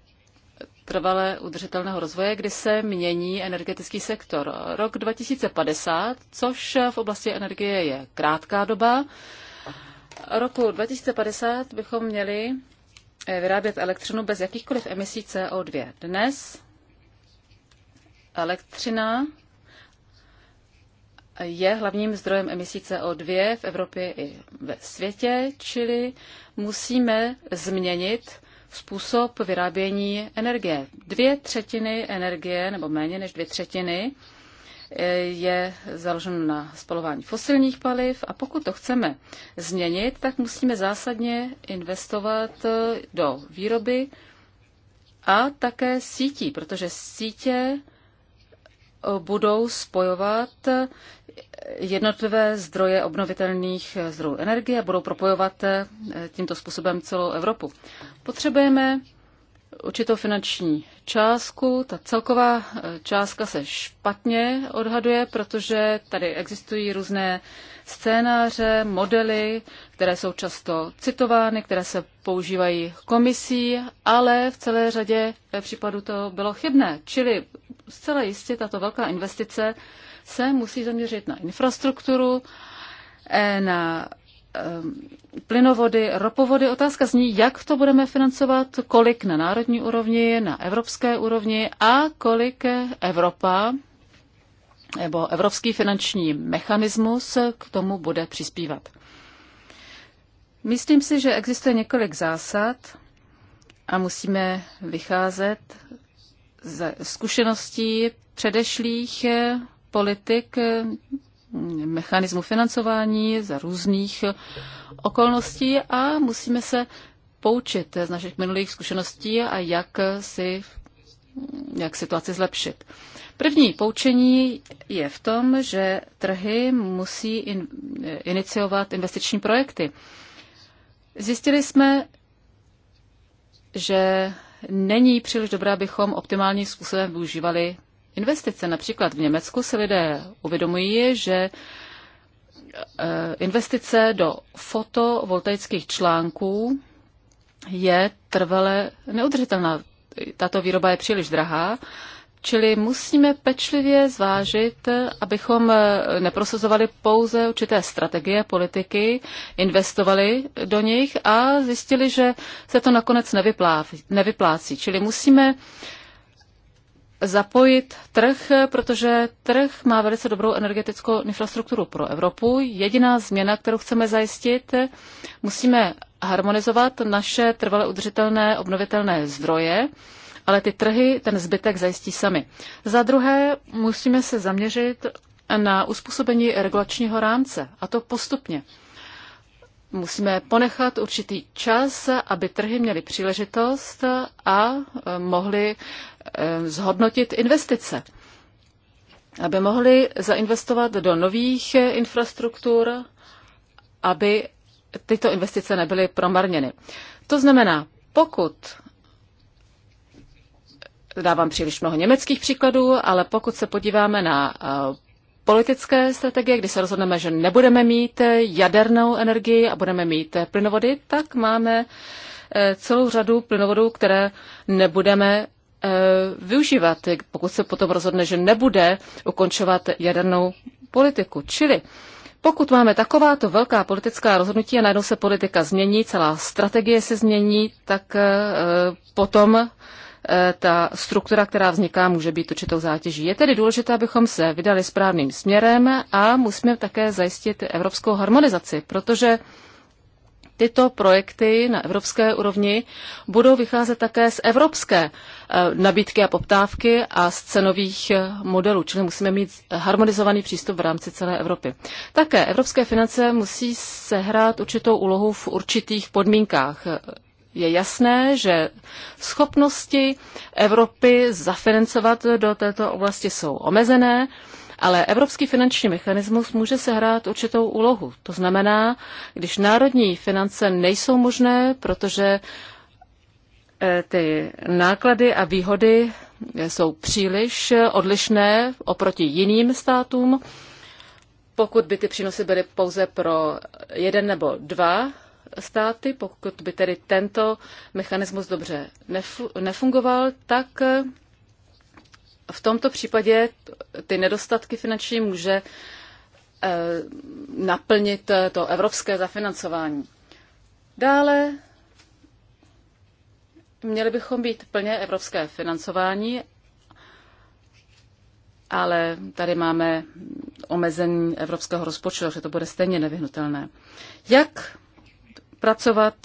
trvale udržitelného rozvoje, kdy se mění energetický sektor. Rok 2050, což v oblasti energie je krátká doba, roku 2050 bychom měli eh, vyrábět elektřinu bez jakýchkoliv emisí CO2. Dnes elektřina je hlavním zdrojem emisí CO2 v Evropě i ve světě, čili musíme změnit způsob vyrábění energie. Dvě třetiny energie, nebo méně než dvě třetiny, eh, je založeno na spalování fosilních paliv a pokud to chceme změnit, tak musíme zásadně investovat eh, do výroby a také sítí, protože sítě eh, budou spojovat jednotlivé zdroje obnovitelných zdrojů energie a budou propojovat eh, tímto způsobem celou Evropu. Potřebujeme určitou finanční částku. Ta celková eh, částka se špatně odhaduje, protože tady existují různé scénáře, modely, které jsou často citovány, které se používají komisí, ale v celé řadě případů to bylo chybné. Čili zcela jistě tato velká investice se musí zaměřit na infrastrukturu, eh, na eh, plynovody, ropovody. Otázka zní, jak to budeme financovat, kolik na národní úrovni, na evropské úrovni a kolik Evropa nebo evropský finanční mechanismus k tomu bude přispívat. Myslím si, že existuje několik zásad a musíme vycházet ze zkušeností předešlých politik, eh, mechanismu financování za různých okolností a musíme se poučit z našich minulých zkušeností a jak si jak situaci zlepšit. První poučení je v tom, že trhy musí in, eh, iniciovat investiční projekty. Zjistili jsme, že není příliš dobré, abychom optimálním způsobem využívali investice. Například v Německu se lidé uvědomují, že e, investice do fotovoltaických článků je trvale neudržitelná. Tato výroba je příliš drahá, čili musíme pečlivě zvážit, abychom e, neprosazovali pouze určité strategie, politiky, investovali do nich a zjistili, že se to nakonec nevyplácí. Čili musíme zapojit trh, protože trh má velice dobrou energetickou infrastrukturu pro Evropu. Jediná změna, kterou chceme zajistit, musíme harmonizovat naše trvale udržitelné obnovitelné zdroje, ale ty trhy ten zbytek zajistí sami. Za druhé, musíme se zaměřit na uspůsobení regulačního rámce, a to postupně. Musíme ponechat určitý čas, aby trhy měly příležitost a mohly Eh, zhodnotit investice, aby mohli zainvestovat do nových eh, infrastruktur, aby tyto investice nebyly promarněny. To znamená, pokud dávám příliš mnoho německých příkladů, ale pokud se podíváme na eh, politické strategie, kdy se rozhodneme, že nebudeme mít jadernou energii a budeme mít plynovody, tak máme celou řadu plynovodů, které nebudeme Eh, využívat, pokud se potom rozhodne, že nebude ukončovat jadernou politiku. Čili pokud máme takováto velká politická rozhodnutí a najednou se politika změní, celá strategie se změní, tak eh, potom eh, ta struktura, která vzniká, může být určitou zátěží. Je tedy důležité, abychom se vydali správným směrem a musíme také zajistit evropskou harmonizaci, protože tyto projekty na evropské úrovni budou vycházet také z evropské eh, nabídky a poptávky a z cenových eh, modelů, čili musíme mít harmonizovaný přístup v rámci celé Evropy. Také evropské finance musí sehrát určitou úlohu v určitých podmínkách. Je jasné, že schopnosti Evropy zafinancovat do této oblasti jsou omezené. Ale evropský finanční mechanismus může se hrát určitou úlohu. To znamená, když národní finance nejsou možné, protože eh, ty náklady a výhody eh, jsou příliš eh, odlišné oproti jiným státům. Pokud by ty přínosy byly pouze pro jeden nebo dva státy, pokud by tedy tento mechanismus dobře nefungoval, tak v tomto případě ty nedostatky finanční může eh, naplnit to evropské zafinancování. Dále měli bychom být plně evropské financování, ale tady máme omezení evropského rozpočtu, že to bude stejně nevyhnutelné. Jak pracovat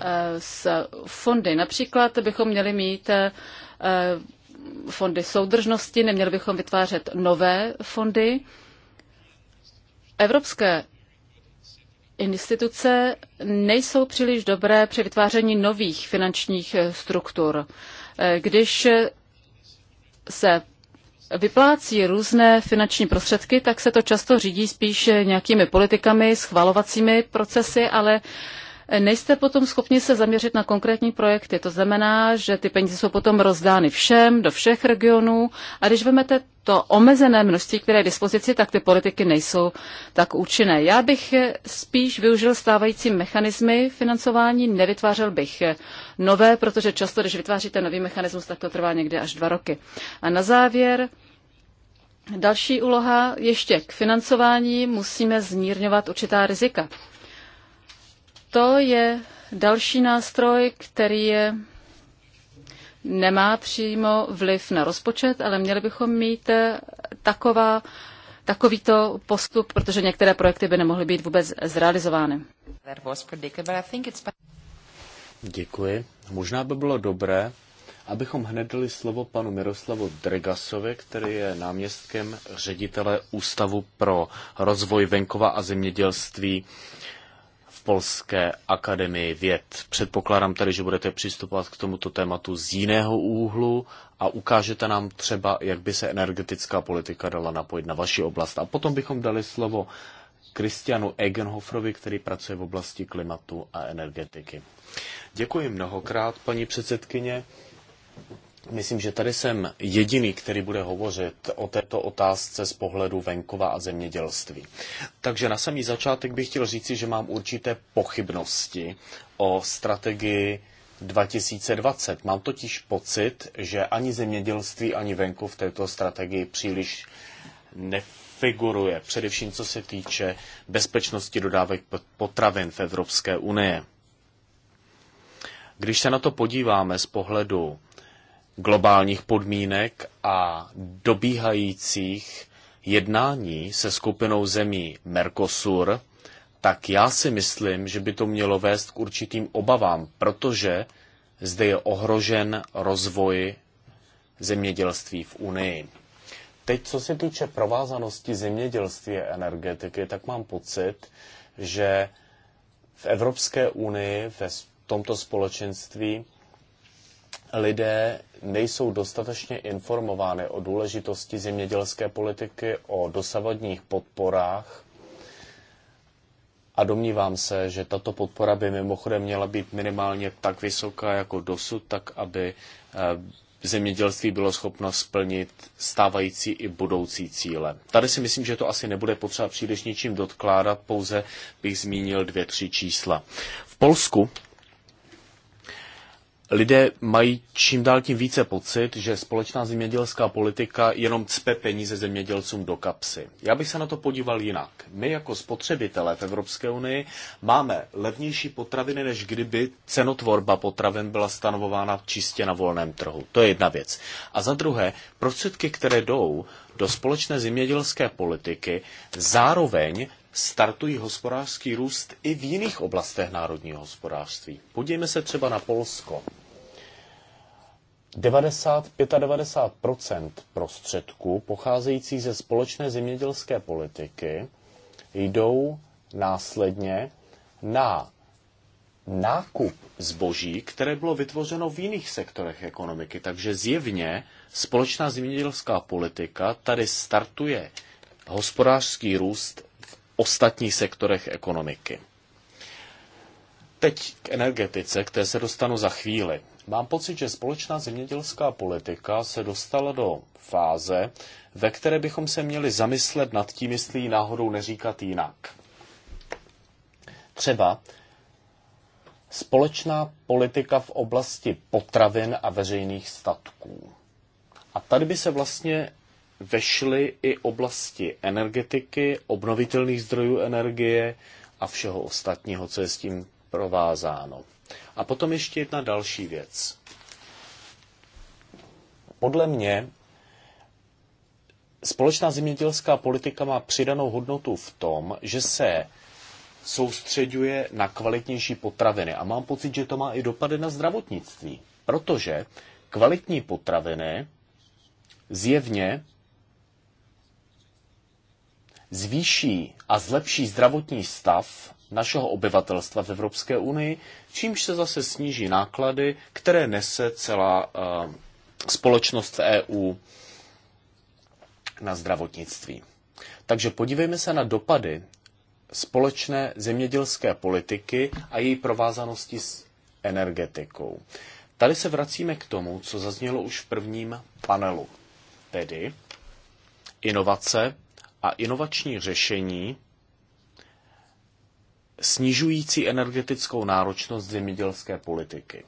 Eh, s fondy. Například bychom měli mít eh, fondy soudržnosti, neměli bychom vytvářet nové fondy. Evropské instituce nejsou příliš dobré při vytváření nových finančních struktur. Eh, když se vyplácí různé finanční prostředky, tak se to často řídí spíš nějakými politikami, schvalovacími procesy, ale nejste potom schopni se zaměřit na konkrétní projekty. To znamená, že ty peníze jsou potom rozdány všem, do všech regionů a když vemete to omezené množství, které je dispozici, tak ty politiky nejsou tak účinné. Já bych spíš využil stávající mechanismy financování, nevytvářel bych nové, protože často, když vytváříte nový mechanismus, tak to trvá někde až dva roky. A na závěr Další úloha ještě k financování musíme zmírňovat určitá rizika. To je další nástroj, který je, nemá přímo vliv na rozpočet, ale měli bychom mít eh, taková, takovýto postup, protože některé projekty by nemohly být vůbec zrealizovány. Děkuji. Možná by bylo dobré, abychom hned dali slovo panu Miroslavu Dregasovi, který je náměstkem ředitele Ústavu pro rozvoj venkova a zemědělství Polské akademii věd. Předpokládám tady, že budete přistupovat k tomuto tématu z jiného úhlu a ukážete nám třeba, jak by se energetická politika dala napojit na vaši oblast. A potom bychom dali slovo Kristianu Egenhoferovi, který pracuje v oblasti klimatu a energetiky. Děkuji mnohokrát, paní předsedkyně. Myslím, že tady jsem jediný, který bude hovořit o této otázce z pohledu venkova a zemědělství. Takže na samý začátek bych chtěl říci, že mám určité pochybnosti o strategii 2020. Mám totiž pocit, že ani zemědělství, ani venkov v této strategii příliš nefiguruje, především co se týče bezpečnosti dodávek potravin v Evropské unie. Když se na to podíváme z pohledu globálních podmínek a dobíhajících jednání se skupinou zemí Mercosur, tak já si myslím, že by to mělo vést k určitým obavám, protože zde je ohrožen rozvoj zemědělství v Unii. Teď, co se týče provázanosti zemědělství a energetiky, tak mám pocit, že v Evropské unii, v tomto společenství, lidé nejsou dostatečně informovány o důležitosti zemědělské politiky, o dosavadních podporách a domnívám se, že tato podpora by mimochodem měla být minimálně tak vysoká jako dosud, tak aby eh, zemědělství bylo schopno splnit stávající i budoucí cíle. Tady si myslím, že to asi nebude potřeba příliš ničím dotkládat, pouze bych zmínil dvě, tři čísla. V Polsku lidé mají čím dál tím více pocit, že společná zemědělská politika jenom cpe peníze zemědělcům do kapsy. Já bych se na to podíval jinak. My jako spotřebitelé v Evropské unii máme levnější potraviny, než kdyby cenotvorba potravin byla stanovována čistě na volném trhu. To je jedna věc. A za druhé, prostředky, které jdou do společné zemědělské politiky, zároveň startují hospodářský růst i v jiných oblastech národního hospodářství. Podívejme se třeba na Polsko. 90, 95 prostředků pocházejících ze společné zemědělské politiky jdou následně na nákup zboží, které bylo vytvořeno v jiných sektorech ekonomiky. Takže zjevně společná zemědělská politika tady startuje hospodářský růst v ostatních sektorech ekonomiky. Teď k energetice, které se dostanu za chvíli. Mám pocit, že společná zemědělská politika se dostala do fáze, ve které bychom se měli zamyslet nad tím, jestli ji náhodou neříkat jinak. Třeba společná politika v oblasti potravin a veřejných statků. A tady by se vlastně vešly i oblasti energetiky, obnovitelných zdrojů energie a všeho ostatního, co je s tím provázáno. A potom ještě jedna další věc. Podle mě společná zemědělská politika má přidanou hodnotu v tom, že se soustředuje na kvalitnější potraviny. A mám pocit, že to má i dopady na zdravotnictví, protože kvalitní potraviny zjevně zvýší a zlepší zdravotní stav našeho obyvatelstva v Evropské unii, čímž se zase sníží náklady, které nese celá eh, společnost v EU na zdravotnictví. Takže podívejme se na dopady společné zemědělské politiky a její provázanosti s energetikou. Tady se vracíme k tomu, co zaznělo už v prvním panelu, tedy inovace a inovační řešení snižující energetickou náročnost zemědělské politiky.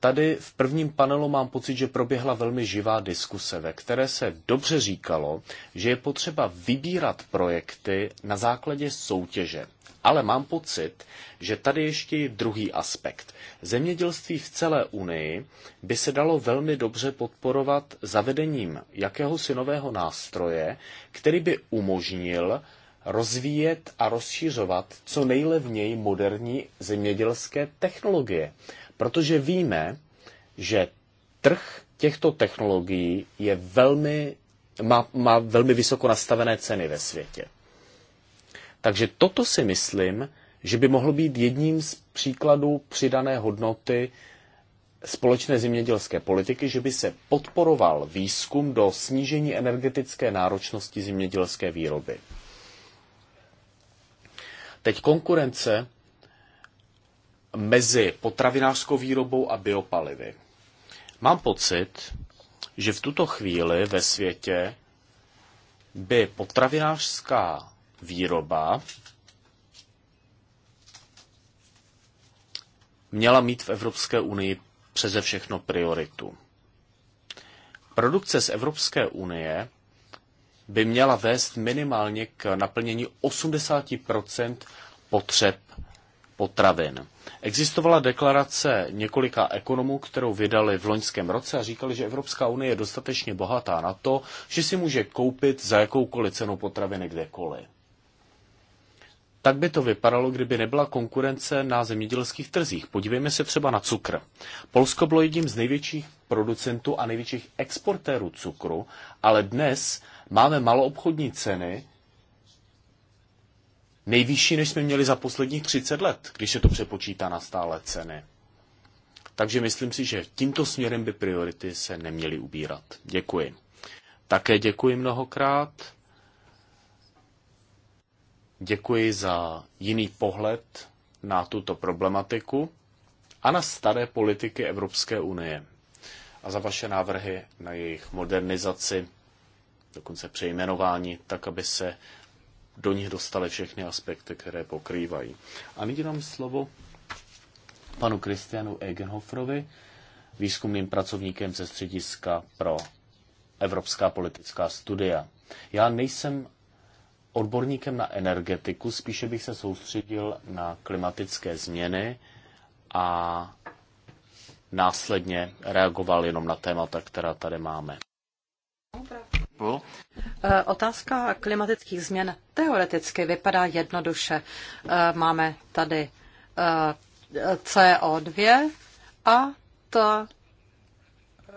Tady v prvním panelu mám pocit, že proběhla velmi živá diskuse, ve které se dobře říkalo, že je potřeba vybírat projekty na základě soutěže. Ale mám pocit, že tady ještě je druhý aspekt. Zemědělství v celé Unii by se dalo velmi dobře podporovat zavedením jakéhosi nového nástroje, který by umožnil rozvíjet a rozšiřovat co nejlevněji moderní zemědělské technologie. Protože víme, že trh těchto technologií je velmi, má, má velmi vysoko nastavené ceny ve světě. Takže toto si myslím, že by mohlo být jedním z příkladů přidané hodnoty společné zemědělské politiky, že by se podporoval výzkum do snížení energetické náročnosti zemědělské výroby. Teď konkurence mezi potravinářskou výrobou a biopalivy. Mám pocit, že v tuto chvíli ve světě by potravinářská výroba měla mít v Evropské unii přeze všechno prioritu. Produkce z Evropské unie by měla vést minimálně k naplnění 80 potřeb potravin. Existovala deklarace několika ekonomů, kterou vydali v loňském roce a říkali, že Evropská unie je dostatečně bohatá na to, že si může koupit za jakoukoliv cenu potraviny kdekoliv. Tak by to vypadalo, kdyby nebyla konkurence na zemědělských trzích. Podívejme se třeba na cukr. Polsko bylo jedním z největších producentů a největších exportérů cukru, ale dnes Máme maloobchodní ceny nejvyšší, než jsme měli za posledních 30 let, když se to přepočítá na stále ceny. Takže myslím si, že tímto směrem by priority se neměly ubírat. Děkuji. Také děkuji mnohokrát. Děkuji za jiný pohled na tuto problematiku a na staré politiky Evropské unie a za vaše návrhy na jejich modernizaci dokonce přejmenování, tak aby se do nich dostaly všechny aspekty, které pokrývají. A nyní dám slovo panu Kristianu Egenhoferovi, výzkumným pracovníkem ze střediska pro evropská politická studia. Já nejsem odborníkem na energetiku, spíše bych se soustředil na klimatické změny a následně reagoval jenom na témata, která tady máme. Eh, otázka klimatických změn teoreticky vypadá jednoduše. Eh, máme tady eh, CO2 a to.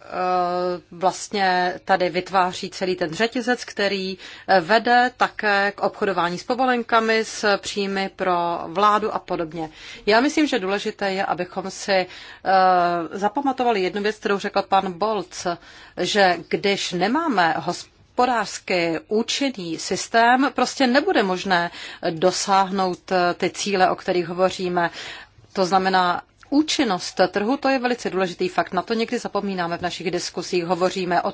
Eh, vlastně tady vytváří celý ten řetězec, který eh, vede také k obchodování s povolenkami, s příjmy pro vládu a podobně. Já myslím, že důležité je, abychom si eh, zapamatovali jednu věc, kterou řekl pan Bolc, že když nemáme hospodářsky účinný systém, prostě nebude možné dosáhnout ty cíle, o kterých hovoříme. To znamená Účinnost trhu, to je velice důležitý fakt. Na to někdy zapomínáme v našich diskusích. Hovoříme o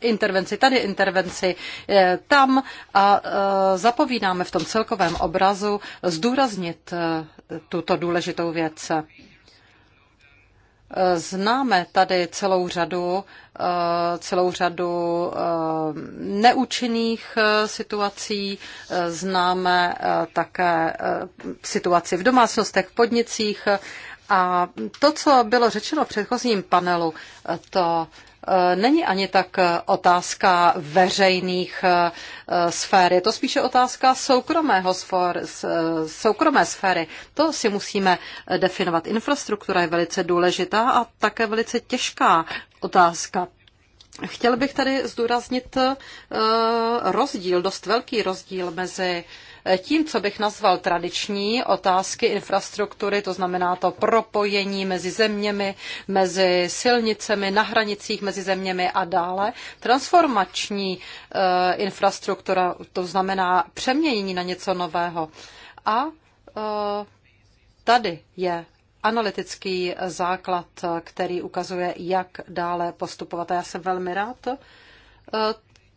intervenci tady, intervenci eh, tam a eh, zapovídáme v tom celkovém obrazu zdůraznit eh, tuto důležitou věc. Známe tady celou řadu, celou řadu neúčinných situací, známe také situaci v domácnostech, v podnicích a to, co bylo řečeno v předchozím panelu, to e, není ani tak e, otázka veřejných e, sfér, je to spíše otázka soukromého sfor, soukromé sféry. To si musíme definovat. Infrastruktura je velice důležitá a také velice těžká otázka. Chtěl bych tady zdůraznit rozdíl, dost velký rozdíl mezi tím, co bych nazval tradiční otázky infrastruktury, to znamená to propojení mezi zeměmi, mezi silnicemi, na hranicích mezi zeměmi a dále. Transformační eh, infrastruktura, to znamená přeměnění na něco nového. A eh, tady je analytický základ, který ukazuje, jak dále postupovat. A já jsem velmi rád eh,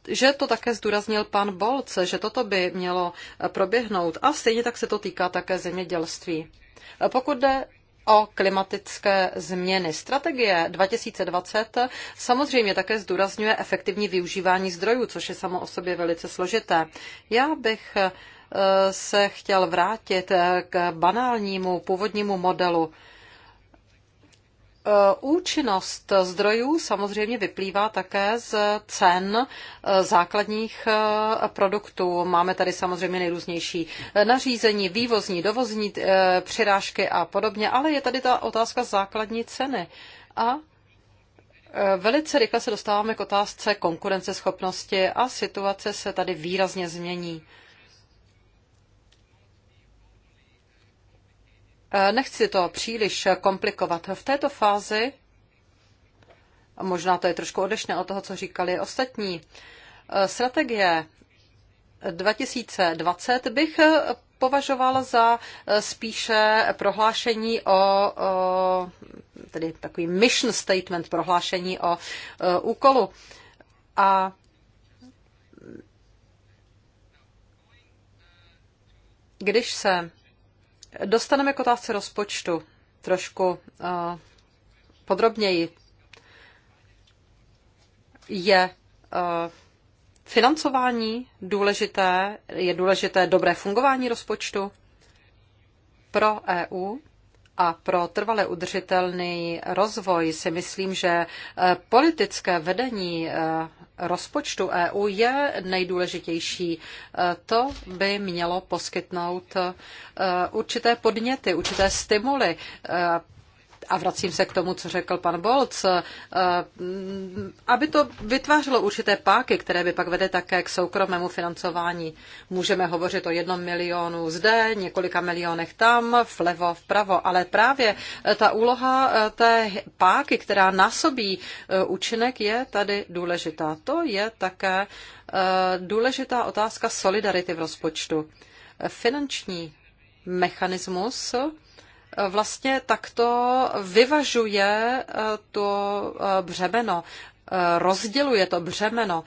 že to také zdůraznil pan Bolce, že toto by mělo proběhnout a stejně tak se to týká také zemědělství. Pokud jde o klimatické změny. Strategie 2020 samozřejmě také zdůrazňuje efektivní využívání zdrojů, což je samo o sobě velice složité. Já bych eh, se chtěl vrátit eh, k banálnímu původnímu modelu Eh, účinnost zdrojů samozřejmě vyplývá také z cen eh, základních eh, produktů. Máme tady samozřejmě nejrůznější nařízení, vývozní, dovozní přirážky a podobně, ale je tady ta otázka základní ceny. A velice rychle se dostáváme k otázce konkurenceschopnosti a situace se tady výrazně změní. Nechci to příliš komplikovat. V této fázi, a možná to je trošku odešné od toho, co říkali ostatní, eh, strategie 2020 bych eh, považovala za eh, spíše prohlášení o, o tedy takový mission statement, prohlášení o, o úkolu. A když se dostaneme k otázce rozpočtu trošku eh, podrobněji. Je eh, financování důležité? Je důležité dobré fungování rozpočtu pro EU? A pro trvale udržitelný rozvoj si myslím, že eh, politické vedení eh, rozpočtu EU je nejdůležitější. Eh, to by mělo poskytnout určité podněty, určité stimuly a vracím se k tomu, co řekl pan Bolc, eh, aby to vytvářelo určité páky, které by pak vede také k soukromému financování. Můžeme hovořit o jednom milionu zde, několika milionech tam, vlevo, vpravo, ale právě eh, ta úloha eh, té páky, která násobí účinek, je tady důležitá. To je také důležitá otázka solidarity v rozpočtu. Finanční mechanismus vlastně takto vyvažuje eh, to eh, břemeno, eh, rozděluje to břemeno.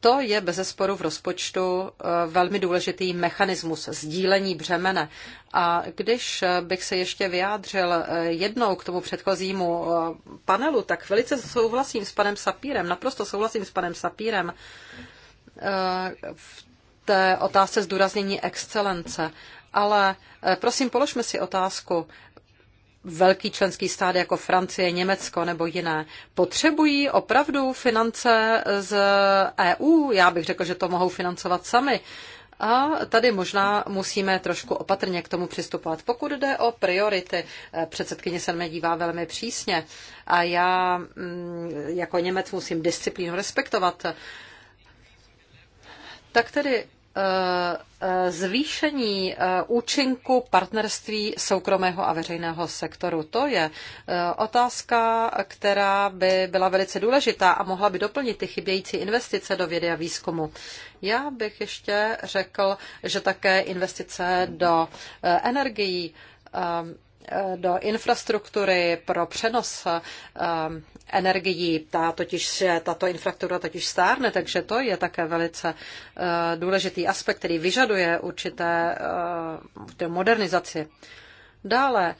To je bez zesporu v rozpočtu velmi důležitý mechanismus sdílení břemene. A když bych se ještě vyjádřil jednou k tomu předchozímu panelu, tak velice souhlasím s panem Sapírem, naprosto souhlasím s panem Sapírem v té otázce zdůraznění excelence. Ale eh, prosím, položme si otázku, velký členský stát jako Francie, Německo nebo jiné, potřebují opravdu finance z EU? Já bych řekl, že to mohou financovat sami. A tady možná musíme trošku opatrně k tomu přistupovat. Pokud jde o priority, eh, předsedkyně se mě dívá velmi přísně a já mm, jako Němec musím disciplínu respektovat. Tak tedy Eh, eh, zvýšení eh, účinku partnerství soukromého a veřejného sektoru. To je otázka, která by byla velice důležitá a mohla by doplnit ty chybějící investice do vědy a výzkumu. Já bych ještě řekl, že také investice do energií Eh, do infrastruktury pro přenos eh, energií. Ta totiž, tato infrastruktura totiž stárne, takže to je také velice eh, důležitý aspekt, který vyžaduje určité, modernizaci. Dále,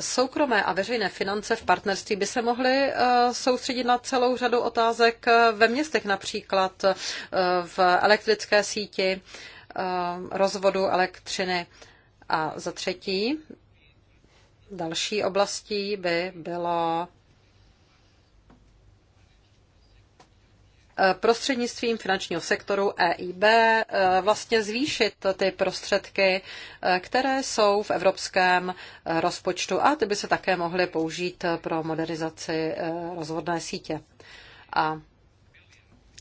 soukromé a veřejné finance v partnerství by se mohly soustředit na celou řadu otázek ve městech, například v elektrické síti, rozvodu elektřiny. A za třetí, Další oblastí by bylo eh, prostřednictvím finančního sektoru EIB eh, vlastně zvýšit ty prostředky, eh, které jsou v evropském rozpočtu a ty by se také mohly použít pro modernizaci rozvodné sítě. A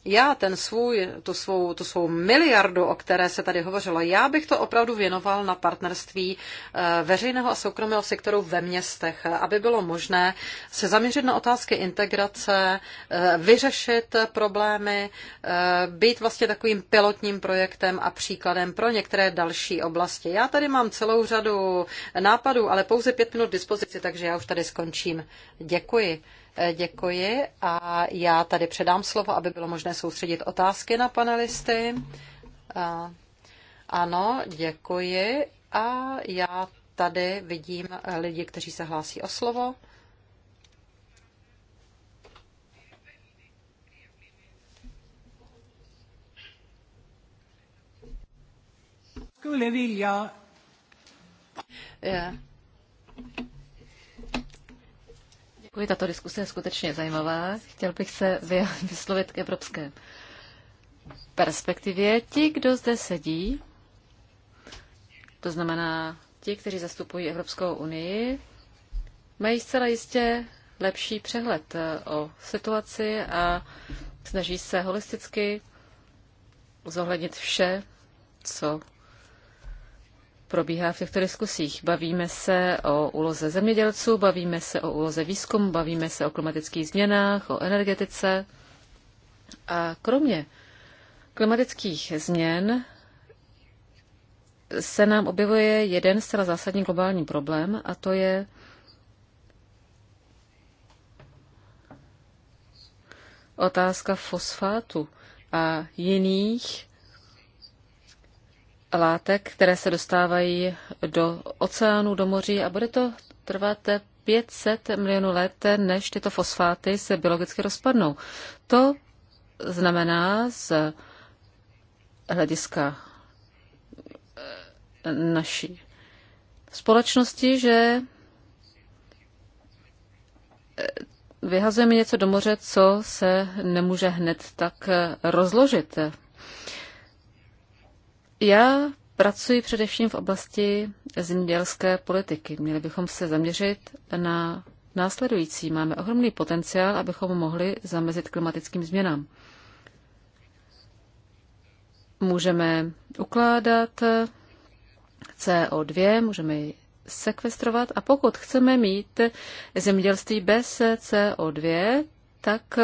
já ten svůj, tu svou, tu svou miliardu, o které se tady hovořilo, já bych to opravdu věnoval na partnerství eh, veřejného a soukromého sektoru ve městech, aby bylo možné se zaměřit na otázky integrace, eh, vyřešit problémy, eh, být vlastně takovým pilotním projektem a příkladem pro některé další oblasti. Já tady mám celou řadu nápadů, ale pouze pět minut dispozici, takže já už tady skončím. Děkuji. Děkuji a já tady předám slovo, aby bylo možné soustředit otázky na panelisty. Ano, děkuji a já tady vidím lidi, kteří se hlásí o slovo. Skulle Yeah. Děkuji, tato diskuse je skutečně zajímavá. Chtěl bych se vyslovit k evropské perspektivě. Ti, kdo zde sedí, to znamená ti, kteří zastupují Evropskou unii, mají zcela jistě lepší přehled eh, o situaci a snaží se holisticky zohlednit vše, co probíhá v těchto diskusích. Bavíme se o úloze zemědělců, bavíme se o úloze výzkumu, bavíme se o klimatických změnách, o energetice. A kromě klimatických změn se nám objevuje jeden zcela zásadní globální problém, a to je otázka fosfátu a jiných látek, které se dostávají do oceánu, do moří a bude to trvat 500 milionů let, než tyto fosfáty se biologicky rozpadnou. To znamená z hlediska eh, naší společnosti, že eh, vyhazujeme něco do moře, co se nemůže hned tak eh, rozložit. Já pracuji především v oblasti zemědělské politiky. Měli bychom se zaměřit na následující. Máme ohromný potenciál, abychom mohli zamezit klimatickým změnám. Můžeme ukládat CO2, můžeme ji sekvestrovat a pokud chceme mít zemědělství bez CO2, tak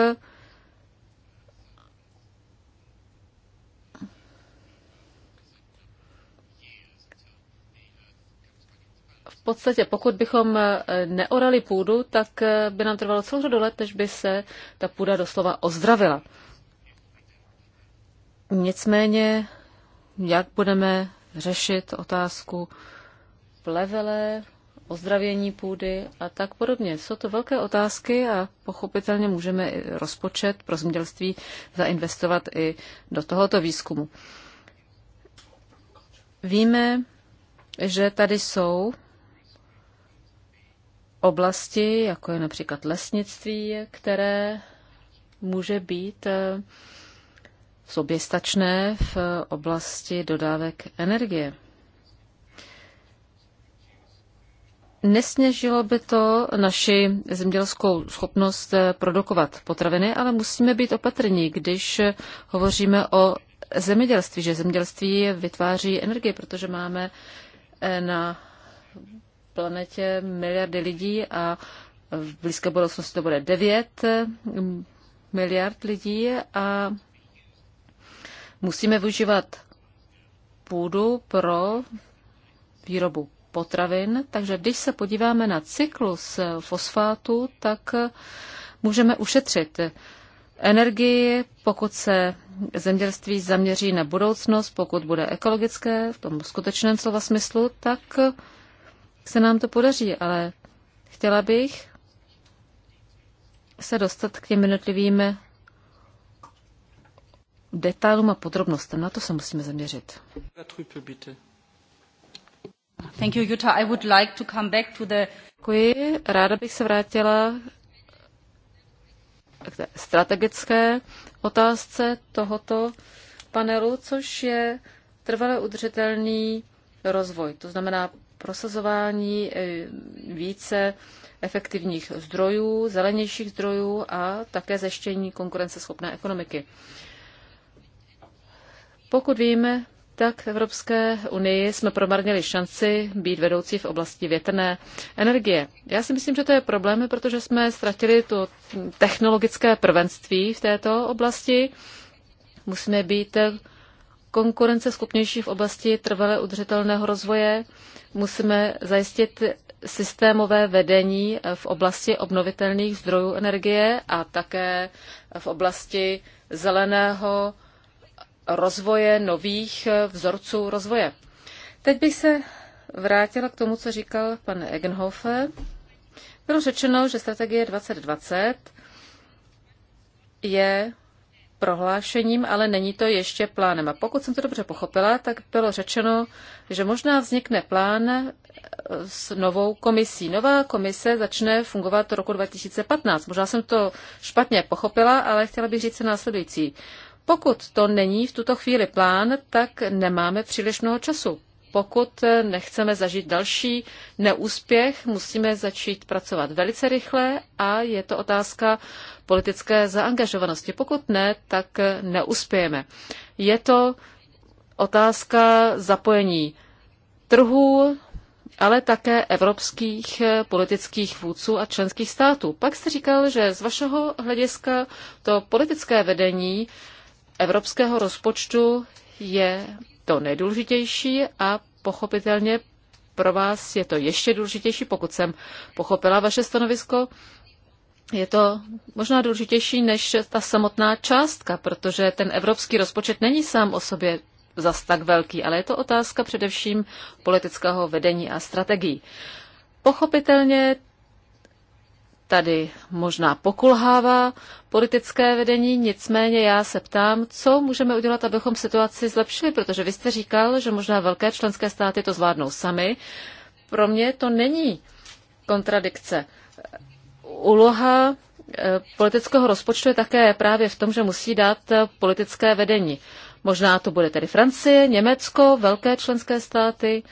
podstatě, pokud bychom eh, neorali půdu, tak eh, by nám trvalo celou řadu let, než by se ta půda doslova ozdravila. Nicméně, jak budeme řešit otázku plevele, ozdravění půdy a tak podobně. Jsou to velké otázky a pochopitelně můžeme i rozpočet pro zemědělství zainvestovat i do tohoto výzkumu. Víme, že tady jsou oblasti, jako je například lesnictví, které může být eh, soběstačné v oblasti dodávek energie. Nesněžilo by to naši zemědělskou schopnost eh, produkovat potraviny, ale musíme být opatrní, když hovoříme o zemědělství, že zemědělství vytváří energie, protože máme eh, na planetě miliardy lidí a v blízké budoucnosti to bude 9 miliard lidí a musíme využívat půdu pro výrobu potravin. Takže když se podíváme na cyklus fosfátu, tak můžeme ušetřit energii, pokud se zemědělství zaměří na budoucnost, pokud bude ekologické v tom skutečném slova smyslu, tak se nám to podaří, ale chtěla bych se dostat k těm jednotlivým detailům a podrobnostem. Na to se musíme zaměřit. Thank you, Jutta. I would like to come back to the... Děkuji. Ráda bych se vrátila k té strategické otázce tohoto panelu, což je trvale udržitelný rozvoj. To znamená prosazování eh, více efektivních zdrojů, zelenějších zdrojů a také zeštění konkurenceschopné ekonomiky. Pokud víme, tak v Evropské unii jsme promarnili šanci být vedoucí v oblasti větrné energie. Já si myslím, že to je problém, protože jsme ztratili to technologické prvenství v této oblasti. Musíme být konkurenceschopnější v oblasti trvale udržitelného rozvoje. Musíme zajistit systémové vedení v oblasti obnovitelných zdrojů energie a také v oblasti zeleného rozvoje nových vzorců rozvoje. Teď bych se vrátila k tomu, co říkal pan Egenhofe. Bylo řečeno, že strategie 2020 je prohlášením, ale není to ještě plánem. A pokud jsem to dobře pochopila, tak bylo řečeno, že možná vznikne plán eh, s novou komisí. Nová komise začne fungovat roku 2015. Možná jsem to špatně pochopila, ale chtěla bych říct se následující. Pokud to není v tuto chvíli plán, tak nemáme příliš mnoho času pokud nechceme zažít další neúspěch, musíme začít pracovat velice rychle a je to otázka politické zaangažovanosti. Pokud ne, tak neuspějeme. Je to otázka zapojení trhů, ale také evropských politických vůdců a členských států. Pak jste říkal, že z vašeho hlediska to politické vedení evropského rozpočtu je to nejdůležitější a pochopitelně pro vás je to ještě důležitější, pokud jsem pochopila vaše stanovisko. Je to možná důležitější než ta samotná částka, protože ten evropský rozpočet není sám o sobě zas tak velký, ale je to otázka především politického vedení a strategií. Pochopitelně tady možná pokulhává politické vedení, nicméně já se ptám, co můžeme udělat, abychom situaci zlepšili, protože vy jste říkal, že možná velké členské státy to zvládnou sami. Pro mě to není kontradikce. Úloha eh, politického rozpočtu je také právě v tom, že musí dát eh, politické vedení. Možná to bude tedy Francie, Německo, velké členské státy.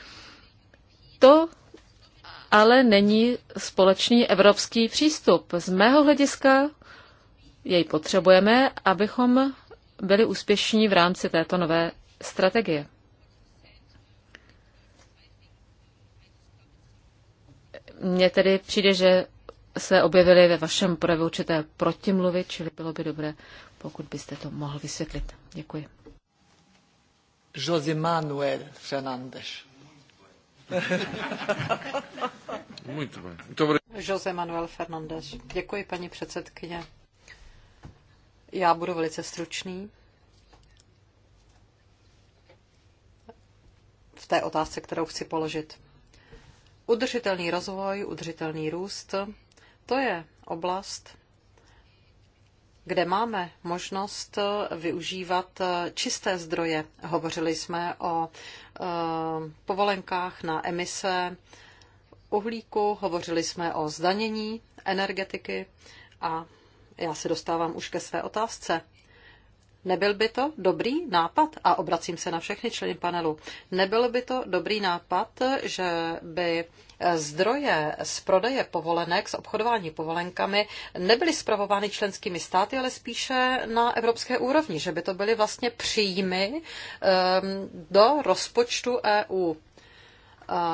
To ale není společný evropský přístup. Z mého hlediska jej potřebujeme, abychom byli úspěšní v rámci této nové strategie. Mně tedy přijde, že se objevily ve vašem projevu určité protimluvy, čili bylo by dobré, pokud byste to mohl vysvětlit. Děkuji. José Manuel Fernández. Muito bem. Muito José Manuel Fernández. Děkuji, paní předsedkyně. Já budu velice stručný. V té otázce, kterou chci položit. Udržitelný rozvoj, udržitelný růst, to je oblast, kde máme možnost eh, využívat eh, čisté zdroje. Hovořili jsme o eh, povolenkách na emise uhlíku, hovořili jsme o zdanění energetiky a já se dostávám už ke své otázce. Nebyl by to dobrý nápad, a obracím se na všechny členy panelu, nebyl by to dobrý nápad, že by eh, zdroje z prodeje povolenek, z obchodování povolenkami nebyly zpravovány členskými státy, ale spíše na evropské úrovni, že by to byly vlastně příjmy ehm, do rozpočtu EU.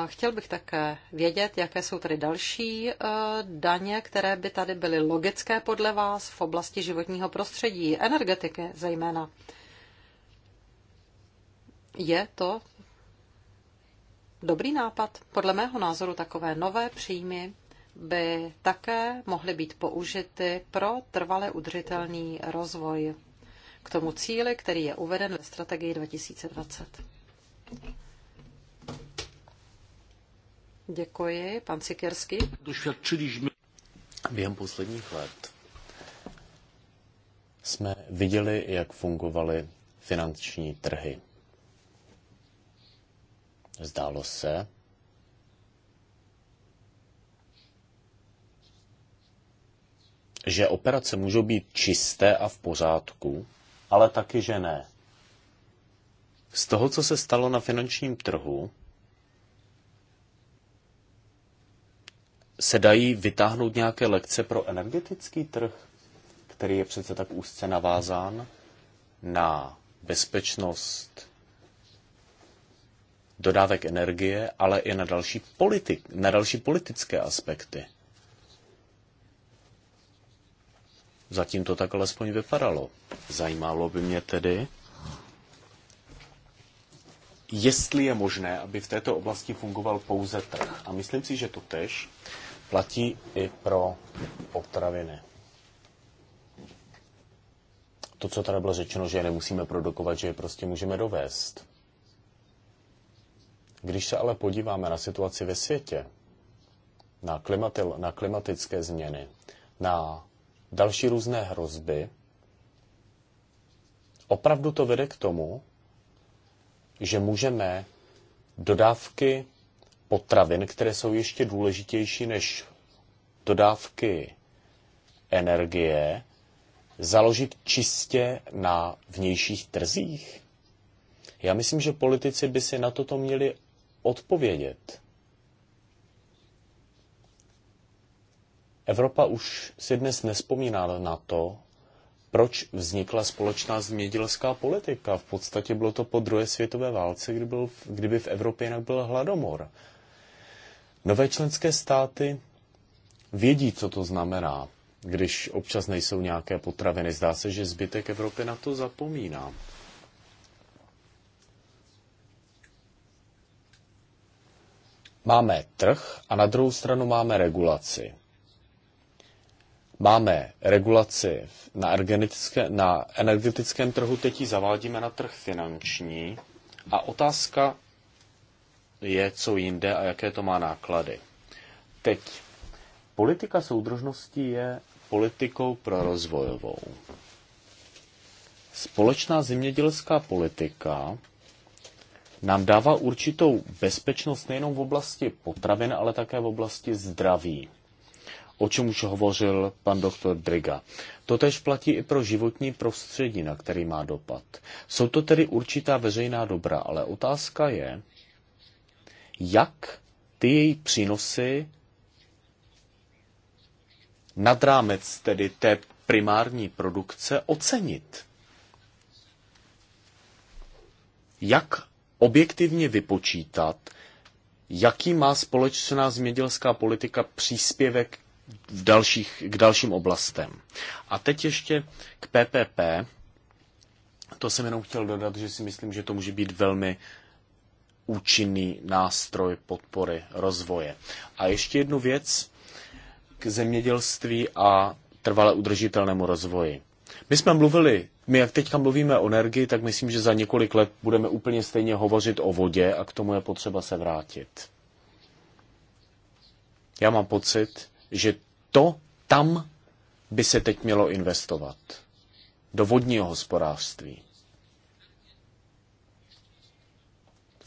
Chtěl bych také vědět, jaké jsou tady další e, daně, které by tady byly logické podle vás v oblasti životního prostředí, energetiky zejména. Je to dobrý nápad? Podle mého názoru takové nové příjmy by také mohly být použity pro trvale udržitelný rozvoj k tomu cíli, který je uveden ve strategii 2020. Děkuji. Pan Sikersky. během posledních let jsme viděli, jak fungovaly finanční trhy. Zdálo se, že operace můžou být čisté a v pořádku, ale taky, že ne. Z toho, co se stalo na finančním trhu, se dají vytáhnout nějaké lekce pro energetický trh, který je přece tak úzce navázán na bezpečnost dodávek energie, ale i na další, politik, na další politické aspekty. Zatím to tak alespoň vypadalo. Zajímalo by mě tedy, jestli je možné, aby v této oblasti fungoval pouze trh. A myslím si, že to tež platí i pro potraviny. To, co tady bylo řečeno, že je nemusíme produkovat, že je prostě můžeme dovést. Když se ale podíváme na situaci ve světě, na, klimatil, na klimatické změny, na další různé hrozby, opravdu to vede k tomu, že můžeme dodávky potravin, které jsou ještě důležitější než dodávky energie, založit čistě na vnějších trzích? Já myslím, že politici by si na toto měli odpovědět. Evropa už si dnes nespomíná na to, proč vznikla společná zemědělská politika. V podstatě bylo to po druhé světové válce, kdy byl, kdyby v Evropě jinak byl hladomor. Nové členské státy vědí, co to znamená, když občas nejsou nějaké potraviny. Zdá se, že zbytek Evropy na to zapomíná. Máme trh a na druhou stranu máme regulaci. Máme regulaci na, energetické, na energetickém trhu, teď ji zavádíme na trh finanční. A otázka je co jinde a jaké to má náklady. Teď, politika soudržnosti je politikou pro rozvojovou. Společná zemědělská politika nám dává určitou bezpečnost nejenom v oblasti potravin, ale také v oblasti zdraví, o čem už hovořil pan doktor Driga. Totež platí i pro životní prostředí, na který má dopad. Jsou to tedy určitá veřejná dobra, ale otázka je, jak ty její přínosy nad rámec tedy té primární produkce ocenit. Jak objektivně vypočítat, jaký má společná zemědělská politika příspěvek v dalších, k dalším oblastem. A teď ještě k PPP. To jsem jenom chtěl dodat, že si myslím, že to může být velmi účinný nástroj podpory rozvoje. A ještě jednu věc k zemědělství a trvale udržitelnému rozvoji. My jsme mluvili, my jak teďka mluvíme o energii, tak myslím, že za několik let budeme úplně stejně hovořit o vodě a k tomu je potřeba se vrátit. Já mám pocit, že to tam by se teď mělo investovat. Do vodního hospodářství.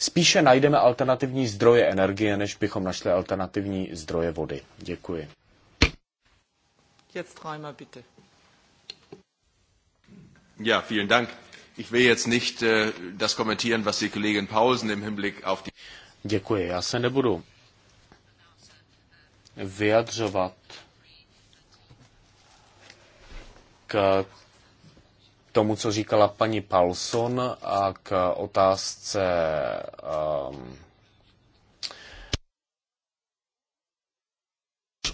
spíše najdeme alternativní zdroje energie, než bychom našli alternativní zdroje vody. Děkuji. Jetzt Reimer, bitte. Ja, vielen Dank. Ich will jetzt nicht äh, das kommentieren, was die Kollegin Paulsen im Hinblick auf die... Děkuji, já se nebudu vyjadřovat k tomu, co říkala paní Paulson a k otázce um,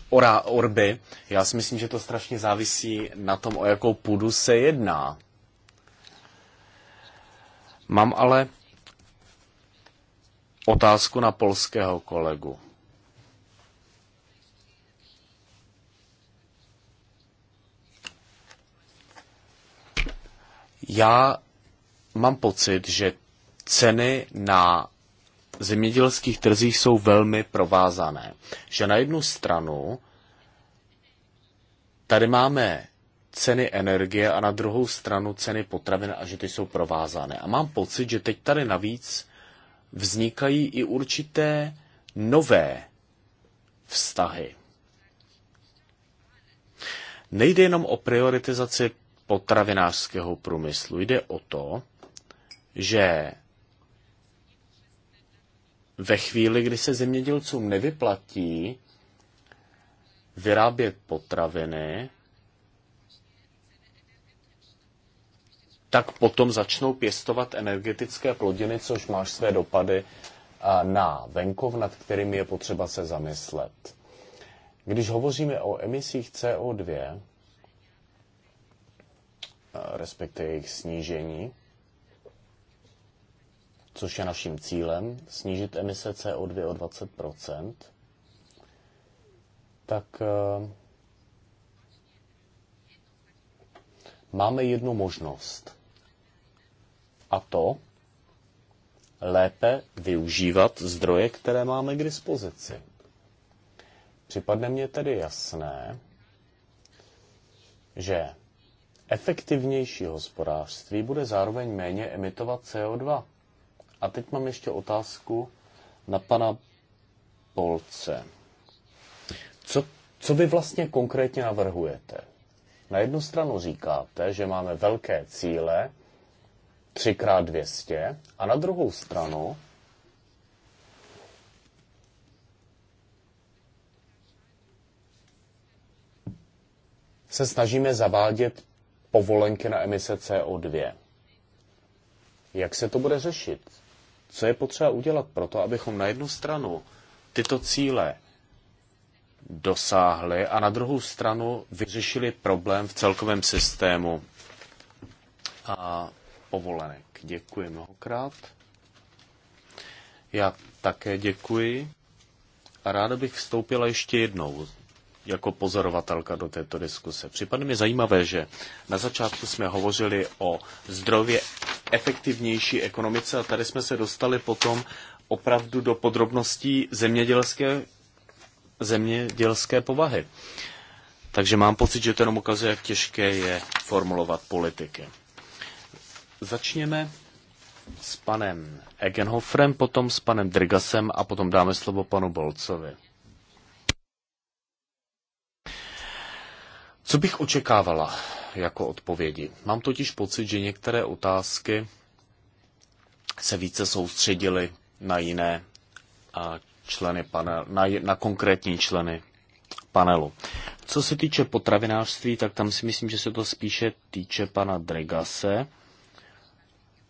orá, orby, já si myslím, že to strašně závisí na tom, o jakou půdu se jedná. Mám ale otázku na polského kolegu. Já mám pocit, že ceny na zemědělských trzích jsou velmi provázané. Že na jednu stranu tady máme ceny energie a na druhou stranu ceny potravin a že ty jsou provázané. A mám pocit, že teď tady navíc vznikají i určité nové vztahy. Nejde jenom o prioritizaci potravinářského průmyslu. Jde o to, že ve chvíli, kdy se zemědělcům nevyplatí vyrábět potraviny, tak potom začnou pěstovat energetické plodiny, což má své dopady na venkov, nad kterými je potřeba se zamyslet. Když hovoříme o emisích CO2, respektive jejich snížení, což je naším cílem, snížit emise CO2 o 20 tak eh, máme jednu možnost. A to lépe využívat zdroje, které máme k dispozici. Připadne mně tedy jasné, že Efektivnější hospodářství bude zároveň méně emitovat CO2. A teď mám ještě otázku na pana Polce. Co, co vy vlastně konkrétně navrhujete? Na jednu stranu říkáte, že máme velké cíle, 3x200, a na druhou stranu se snažíme zavádět povolenky na emise CO2. Jak se to bude řešit? Co je potřeba udělat pro to, abychom na jednu stranu tyto cíle dosáhli a na druhou stranu vyřešili problém v celkovém systému a povolenek. Děkuji mnohokrát. Já také děkuji a ráda bych vstoupila ještě jednou jako pozorovatelka do této diskuse. Připadne mi zajímavé, že na začátku jsme hovořili o zdrově efektivnější ekonomice a tady jsme se dostali potom opravdu do podrobností zemědělské, zemědělské povahy. Takže mám pocit, že to jenom ukazuje, jak těžké je formulovat politiky. Začněme s panem Egenhoffrem, potom s panem Drgasem a potom dáme slovo panu Bolcovi. Co bych očekávala jako odpovědi? Mám totiž pocit, že některé otázky se více soustředily na jiné členy panel, na, na konkrétní členy panelu. Co se týče potravinářství, tak tam si myslím, že se to spíše týče pana Dregase.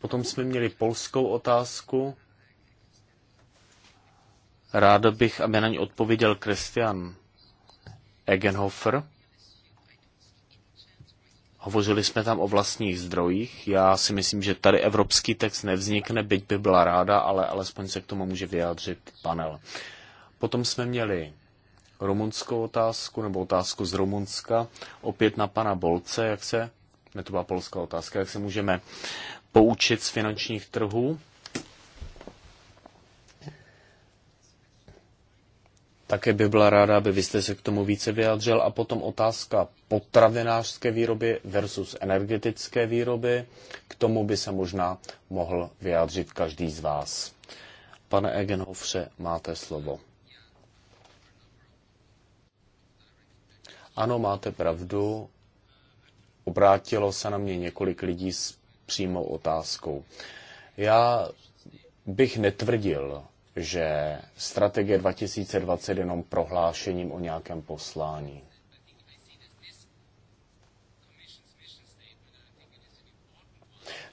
Potom jsme měli polskou otázku. Ráda bych, aby na ní odpověděl Christian Egenhofer. Hovořili jsme tam o vlastních zdrojích. Já si myslím, že tady evropský text nevznikne, byť by byla ráda, ale alespoň se k tomu může vyjádřit panel. Potom jsme měli rumunskou otázku, nebo otázku z Rumunska, opět na pana Bolce, jak se, ne to byla polská otázka, jak se můžeme poučit z finančních trhů. Také by byla ráda, aby vy jste se k tomu více vyjádřil. A potom otázka potravinářské výroby versus energetické výroby. K tomu by se možná mohl vyjádřit každý z vás. Pane Egenhofře, máte slovo. Ano, máte pravdu. Obrátilo se na mě několik lidí s přímou otázkou. Já bych netvrdil, že strategie 2020 je jenom prohlášením o nějakém poslání.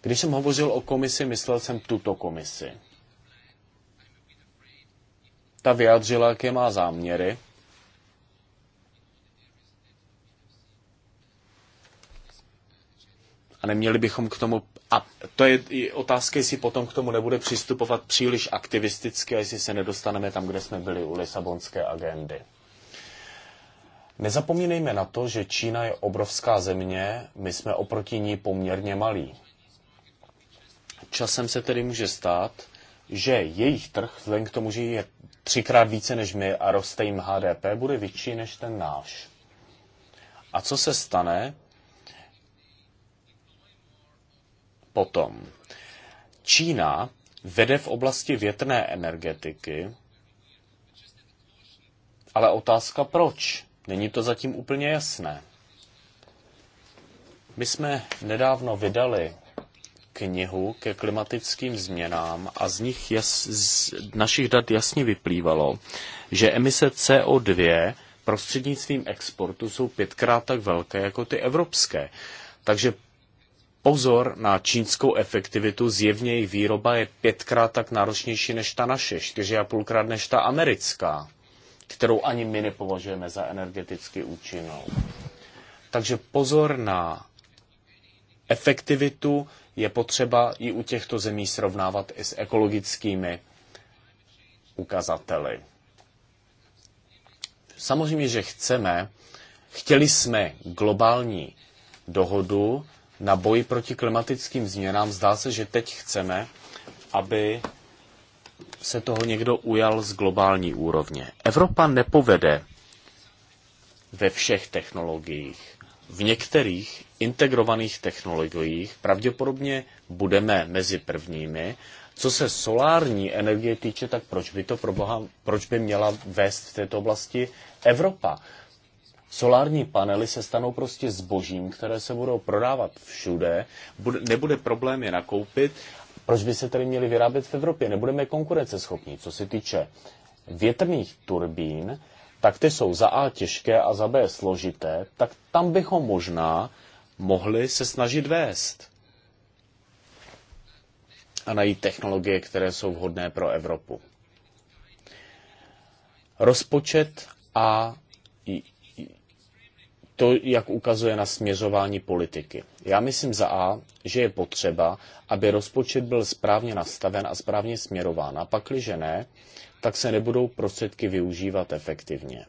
Když jsem hovořil o komisi, myslel jsem tuto komisi. Ta vyjádřila, jaké má záměry. A neměli bychom k tomu a to je i otázka, jestli potom k tomu nebude přistupovat příliš aktivisticky a jestli se nedostaneme tam, kde jsme byli u Lisabonské agendy. Nezapomínejme na to, že Čína je obrovská země, my jsme oproti ní poměrně malí. Časem se tedy může stát, že jejich trh, vzhledem k tomu, že je třikrát více než my a roste jim HDP, bude větší než ten náš. A co se stane, Potom, Čína vede v oblasti větrné energetiky, ale otázka proč? Není to zatím úplně jasné. My jsme nedávno vydali knihu ke klimatickým změnám a z nich jas, z našich dat jasně vyplývalo, že emise CO2 prostřednictvím exportu jsou pětkrát tak velké jako ty evropské. Takže pozor na čínskou efektivitu, zjevně jejich výroba je pětkrát tak náročnější než ta naše, čtyři a půlkrát než ta americká, kterou ani my nepovažujeme za energeticky účinnou. Takže pozor na efektivitu, je potřeba i u těchto zemí srovnávat i s ekologickými ukazateli. Samozřejmě, že chceme, chtěli jsme globální dohodu, na boji proti klimatickým změnám. Zdá se, že teď chceme, aby se toho někdo ujal z globální úrovně. Evropa nepovede ve všech technologiích. V některých integrovaných technologiích pravděpodobně budeme mezi prvními. Co se solární energie týče, tak proč by to pro boha, proč by měla vést v této oblasti Evropa? Solární panely se stanou prostě zbožím, které se budou prodávat všude, bude, nebude problém je nakoupit. Proč by se tedy měli vyrábět v Evropě? Nebudeme konkurenceschopní. Co se týče větrných turbín, tak ty jsou za A těžké a za B složité, tak tam bychom možná mohli se snažit vést a najít technologie, které jsou vhodné pro Evropu. Rozpočet a to, jak ukazuje na směřování politiky. Já myslím za A, že je potřeba, aby rozpočet byl správně nastaven a správně směrován. A pakliže ne, tak se nebudou prostředky využívat efektivně.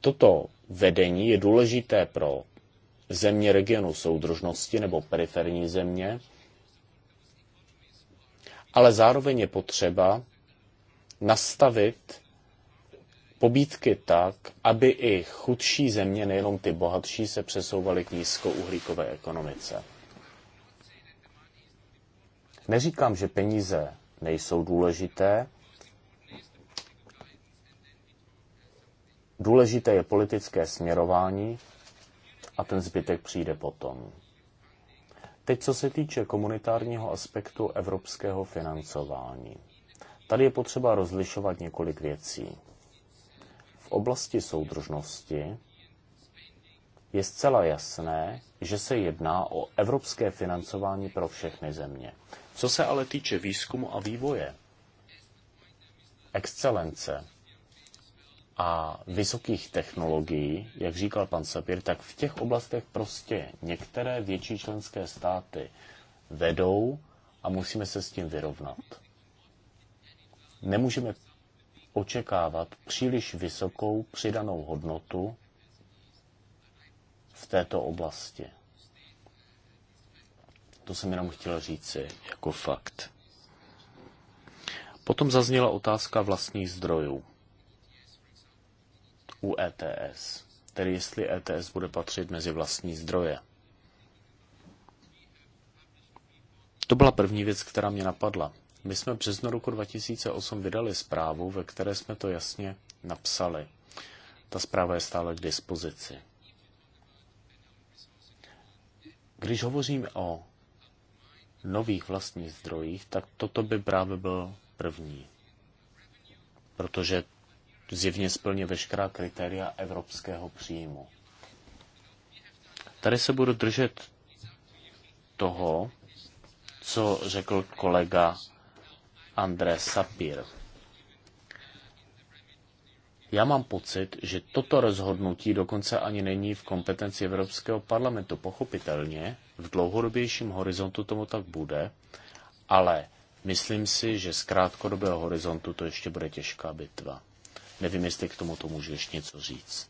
Toto vedení je důležité pro země regionu soudržnosti nebo periferní země, ale zároveň je potřeba nastavit pobídky tak, aby i chudší země, nejenom ty bohatší, se přesouvaly k nízkouhlíkové ekonomice. Neříkám, že peníze nejsou důležité. Důležité je politické směrování a ten zbytek přijde potom. Teď, co se týče komunitárního aspektu evropského financování. Tady je potřeba rozlišovat několik věcí. V oblasti soudržnosti je zcela jasné, že se jedná o evropské financování pro všechny země. Co se ale týče výzkumu a vývoje, excelence a vysokých technologií, jak říkal pan Sapir, tak v těch oblastech prostě některé větší členské státy vedou a musíme se s tím vyrovnat. Nemůžeme očekávat příliš vysokou přidanou hodnotu v této oblasti. To jsem jenom chtěl říci jako fakt. Potom zazněla otázka vlastních zdrojů u ETS, tedy jestli ETS bude patřit mezi vlastní zdroje. To byla první věc, která mě napadla. My jsme v březnu roku 2008 vydali zprávu, ve které jsme to jasně napsali. Ta zpráva je stále k dispozici. Když hovořím o nových vlastních zdrojích, tak toto by právě byl první. Protože zjevně splně veškerá kritéria evropského příjmu. Tady se budu držet toho, co řekl kolega André Sapir. Já mám pocit, že toto rozhodnutí dokonce ani není v kompetenci Evropského parlamentu. Pochopitelně v dlouhodobějším horizontu tomu tak bude, ale myslím si, že z krátkodobého horizontu to ještě bude těžká bitva. Nevím, jestli k tomu to můžu ještě něco říct.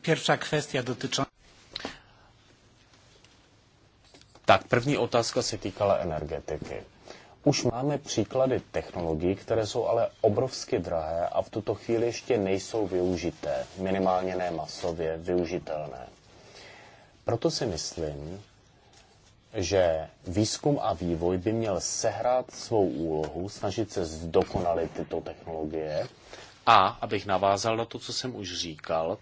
Pierwsza kwestia dotycząca Tak první otázka se týkala energetiky. Už máme příklady technologií, které jsou ale obrovsky drahé a v tuto chvíli ještě nejsou využité, minimálně ne masově využitelné. Proto si myslím, že výzkum a vývoj by měl sehrát svou úlohu, snažit se zdokonalit tyto technologie a, abych navázal na to, co jsem už říkal,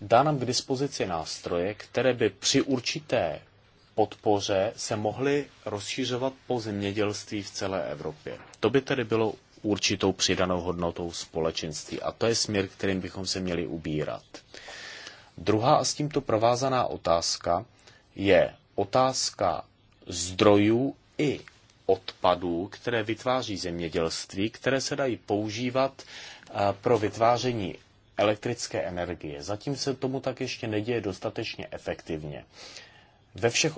dá nám k dispozici nástroje, které by při určité podpoře se mohly rozšířovat po zemědělství v celé Evropě. To by tedy bylo určitou přidanou hodnotou společenství a to je směr, kterým bychom se měli ubírat. Druhá a s tímto provázaná otázka je otázka zdrojů i odpadů, které vytváří zemědělství, které se dají používat eh, pro vytváření elektrické energie. Zatím se tomu tak ještě neděje dostatečně efektivně. Ve všech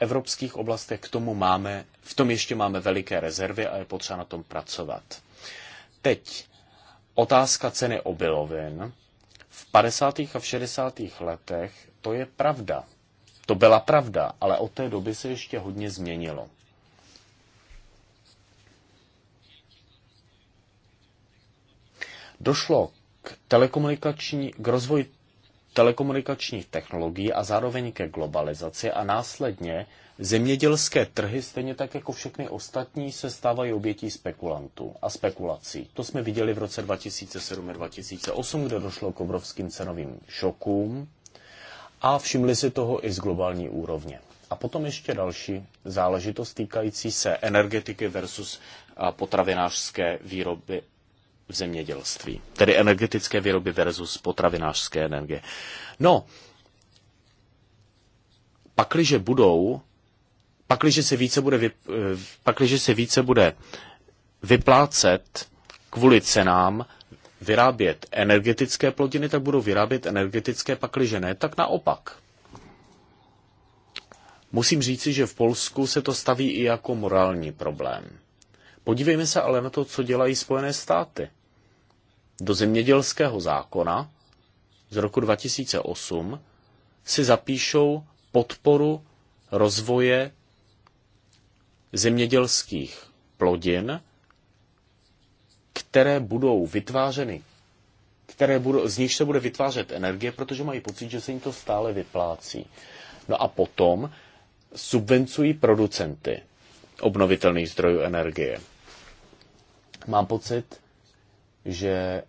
evropských oblastech k tomu máme, v tom ještě máme veliké rezervy a je potřeba na tom pracovat. Teď otázka ceny obilovin. V 50. a v 60. letech to je pravda. To byla pravda, ale od té doby se ještě hodně změnilo. Došlo k, telekomunikační, k rozvoji telekomunikačních technologií a zároveň ke globalizaci a následně zemědělské trhy, stejně tak jako všechny ostatní, se stávají obětí spekulantů a spekulací. To jsme viděli v roce 2007 a 2008, kde došlo k obrovským cenovým šokům a všimli si toho i z globální úrovně. A potom ještě další záležitost týkající se energetiky versus potravinářské výroby v zemědělství, tedy energetické výroby versus potravinářské energie. No, pakliže budou, pakliže se více bude, vyp, eh, pakliže se více bude vyplácet kvůli cenám vyrábět energetické plodiny, tak budou vyrábět energetické, pakliže ne, tak naopak. Musím říci, že v Polsku se to staví i jako morální problém. Podívejme se ale na to, co dělají Spojené státy do zemědělského zákona z roku 2008 si zapíšou podporu rozvoje zemědělských plodin, které budou vytvářeny, které budou, z nich se bude vytvářet energie, protože mají pocit, že se jim to stále vyplácí. No a potom subvencují producenty obnovitelných zdrojů energie. Mám pocit, že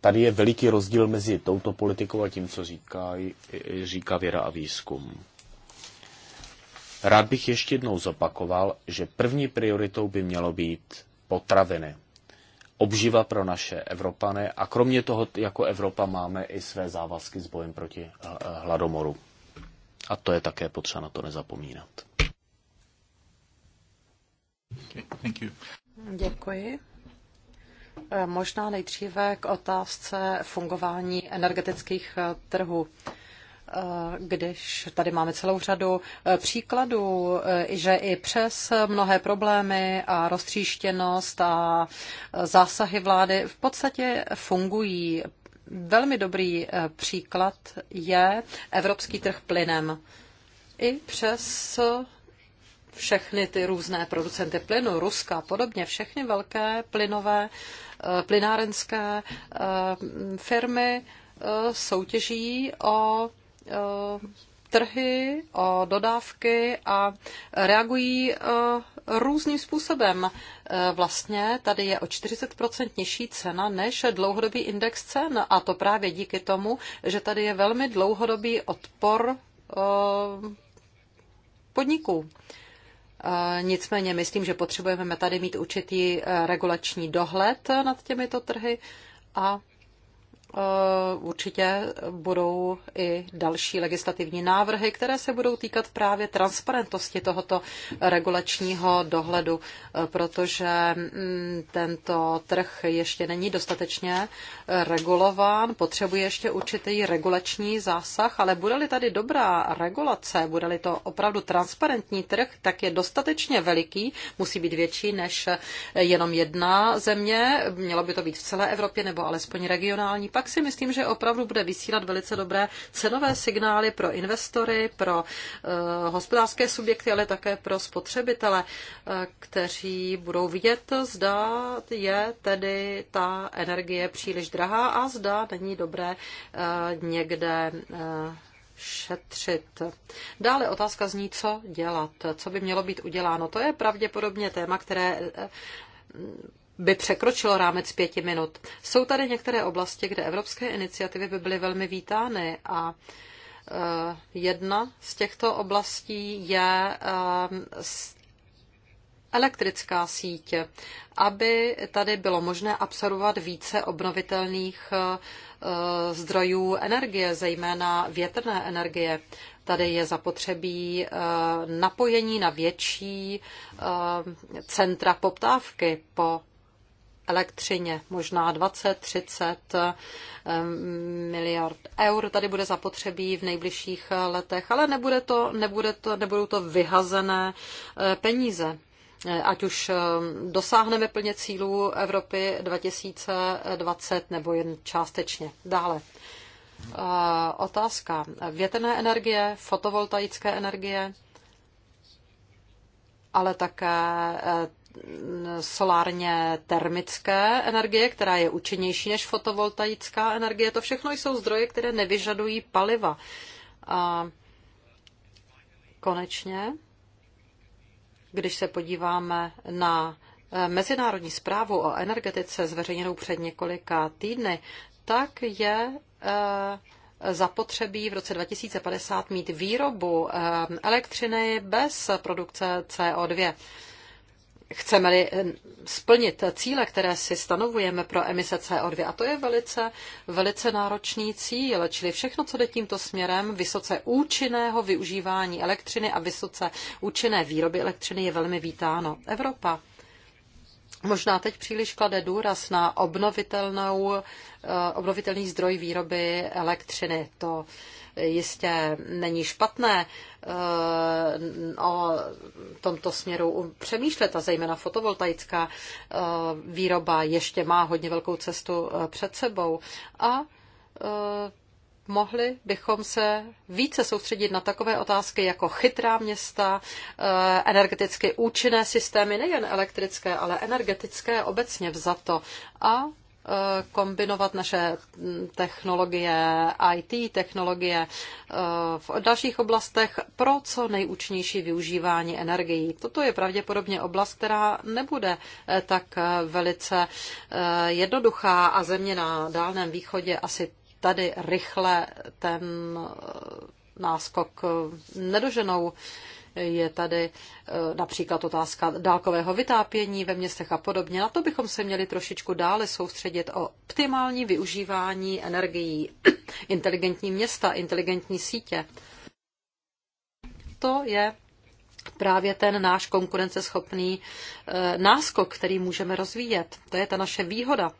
tady je veliký rozdíl mezi touto politikou a tím, co říká, říká věda a výzkum. Rád bych ještě jednou zopakoval, že první prioritou by mělo být potraviny. Obživa pro naše Evropané a kromě toho jako Evropa máme i své závazky s bojem proti eh, eh, hladomoru. A to je také potřeba na to nezapomínat. Okay, Děkuji. Možná nejdříve k otázce fungování energetických eh, trhů eh, když tady máme celou řadu eh, příkladů, že i přes mnohé problémy a roztříštěnost a zásahy vlády v podstatě fungují. Velmi dobrý příklad je evropský trh plynem. I přes všechny ty různé producenty plynu, Ruska a podobně, všechny velké plynové, eh, plynárenské eh, firmy eh, soutěží o trhy, o dodávky a reagují různým způsobem. Vlastně tady je o 40% nižší cena než dlouhodobý index cen a to právě díky tomu, že tady je velmi dlouhodobý odpor podniků. Eh, nicméně myslím, že potřebujeme tady mít určitý eh, regulační dohled nad těmito trhy a Eh, určitě budou i další legislativní návrhy, které se budou týkat právě transparentnosti tohoto regulačního dohledu, eh, protože mm, tento trh ještě není dostatečně eh, regulován, potřebuje ještě určitý regulační zásah, ale bude-li tady dobrá regulace, bude-li to opravdu transparentní trh, tak je dostatečně veliký, musí být větší než jenom jedna země, mělo by to být v celé Evropě nebo alespoň regionální, pak tak si myslím, že opravdu bude vysílat velice dobré cenové signály pro investory, pro eh, hospodářské subjekty, ale také pro spotřebitele, eh, kteří budou vidět, zda je tedy ta energie příliš drahá a zda není dobré eh, někde šetřit. Dále otázka zní, co dělat, co by mělo být uděláno. To je pravděpodobně téma, které by překročilo rámec pěti minut. Jsou tady některé oblasti, kde evropské iniciativy by byly velmi vítány a e, jedna z těchto oblastí je e, elektrická síť, aby tady bylo možné absorbovat více obnovitelných e, zdrojů energie, zejména větrné energie. Tady je zapotřebí napojení na větší centra poptávky po elektřině. Možná 20-30 miliard eur tady bude zapotřebí v nejbližších letech, ale nebude to, nebude to, nebudou to vyhazené eh, peníze eh, ať už dosáhneme plně cílů Evropy 2020 nebo jen částečně. Dále. Eh, otázka. Větrné energie, fotovoltaické energie, ale také solárně termické energie, která je účinnější než fotovoltaická energie. To všechno jsou zdroje, které nevyžadují paliva. A konečně, když se podíváme na eh, mezinárodní zprávu o energetice zveřejněnou před několika týdny, tak je eh, zapotřebí v roce 2050 mít výrobu eh, elektřiny bez produkce CO2 chceme-li eh, splnit cíle, které si stanovujeme pro emise CO2, a to je velice, velice náročný cíl, čili všechno, co jde tímto směrem, vysoce účinného využívání elektřiny a vysoce účinné výroby elektřiny je velmi vítáno. Evropa možná teď příliš klade důraz na obnovitelnou, eh, obnovitelný zdroj výroby elektřiny. To jistě není špatné eh, o tomto směru přemýšlet a zejména fotovoltaická eh, výroba ještě má hodně velkou cestu eh, před sebou a mohli bychom se více soustředit na takové otázky jako chytrá města, energeticky účinné systémy, nejen elektrické, ale energetické obecně vzato a kombinovat naše technologie, IT technologie eh, v dalších oblastech pro co nejúčinnější využívání energií. Toto je pravděpodobně oblast, která nebude eh, tak eh, velice jednoduchá a země na Dálném východě asi tady rychle ten náskok nedoženou. Je tady eh, například otázka dálkového vytápění ve městech a podobně. Na to bychom se měli trošičku dále soustředit o optimální využívání energií, inteligentní města, inteligentní sítě. To je právě ten náš konkurenceschopný eh, náskok, který můžeme rozvíjet. To je ta naše výhoda.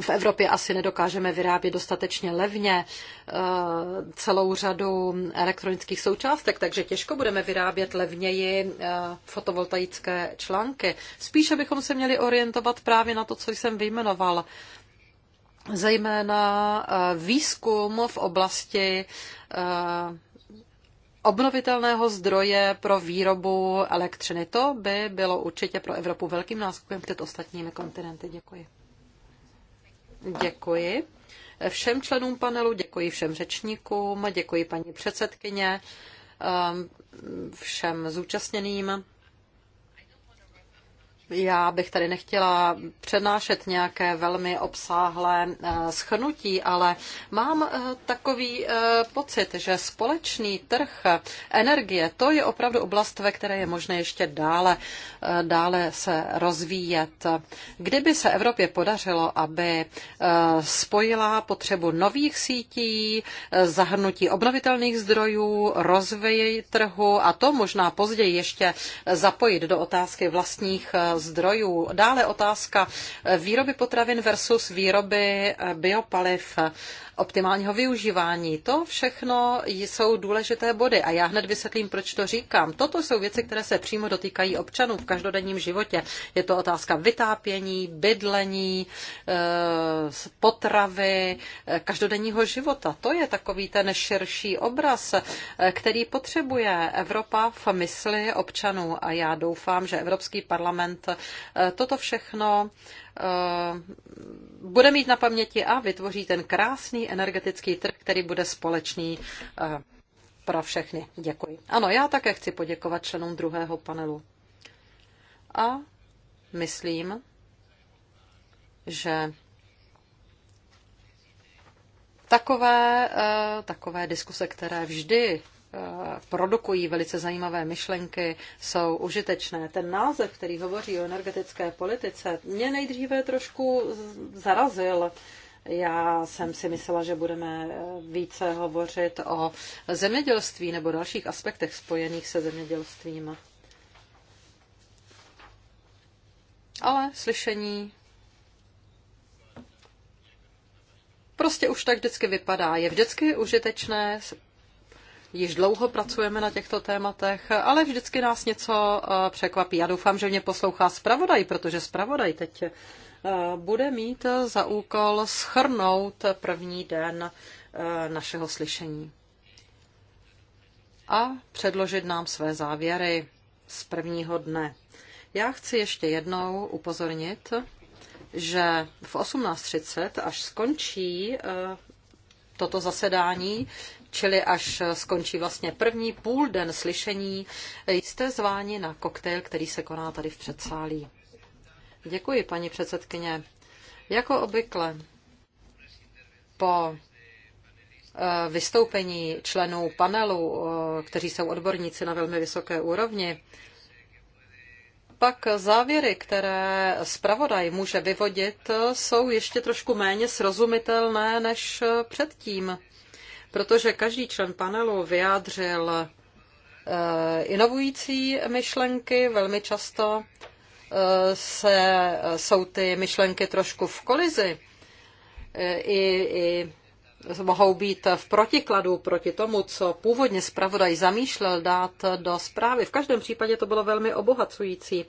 v Evropě asi nedokážeme vyrábět dostatečně levně eh, celou řadu elektronických součástek, takže těžko budeme vyrábět levněji eh, fotovoltaické články. Spíše bychom se měli orientovat právě na to, co jsem vyjmenoval, zejména eh, výzkum v oblasti obnovitelného zdroje pro výrobu elektřiny. To by bylo určitě pro Evropu velkým náskokem před ostatními kontinenty. Děkuji. Děkuji všem členům panelu, děkuji všem řečníkům, děkuji paní předsedkyně, ehm, všem zúčastněným. Já bych tady nechtěla přednášet nějaké velmi obsáhlé eh, schnutí, ale mám eh, takový eh, pocit, že společný trh energie, to je opravdu oblast, ve které je možné ještě dále, dále se rozvíjet. Kdyby se Evropě podařilo, aby spojila potřebu nových sítí, zahrnutí obnovitelných zdrojů, rozvoj trhu a to možná později ještě zapojit do otázky vlastních zdrojů. Dále otázka výroby potravin versus výroby eh, biopaliv, eh, optimálního využívání. To všechno jsou důležité body a já hned vysvětlím, proč to říkám. Toto jsou věci, které se přímo dotýkají občanů v každodenním životě. Je to otázka vytápění, bydlení, eh, potravy, každodenního života. To je takový ten širší obraz, který potřebuje Evropa v mysli občanů a já doufám, že Evropský parlament Eh, toto všechno eh, bude mít na paměti a vytvoří ten krásný energetický trh, který bude společný eh, pro všechny. Děkuji. Ano, já také chci poděkovat členům druhého panelu. A myslím, že takové, takové diskuse, které vždy Eh, produkují velice zajímavé myšlenky, jsou užitečné. Ten název, který hovoří o energetické politice, mě nejdříve trošku zarazil. Já jsem si myslela, že budeme eh, více hovořit o zemědělství nebo dalších aspektech spojených se zemědělstvím. Ale slyšení prostě už tak vždycky vypadá. Je vždycky užitečné Již dlouho pracujeme na těchto tématech, ale vždycky nás něco eh, překvapí. Já doufám, že mě poslouchá zpravodaj, protože zpravodaj teď eh, bude mít za úkol schrnout první den eh, našeho slyšení a předložit nám své závěry z prvního dne. Já chci ještě jednou upozornit, že v 18.30, až skončí toto zasedání, čili až skončí vlastně první půl den slyšení, jste zváni na koktejl, který se koná tady v předsálí. Děkuji, paní předsedkyně. Jako obvykle, po eh, vystoupení členů panelu, eh, kteří jsou odborníci na velmi vysoké úrovni, pak závěry, které zpravodaj může vyvodit, jsou ještě trošku méně srozumitelné než předtím protože každý člen panelu vyjádřil eh, inovující myšlenky, velmi často eh, se, eh, jsou ty myšlenky trošku v kolizi. I, i mohou být v protikladu proti tomu, co původně zpravodaj zamýšlel dát do zprávy. V každém případě to bylo velmi obohacující.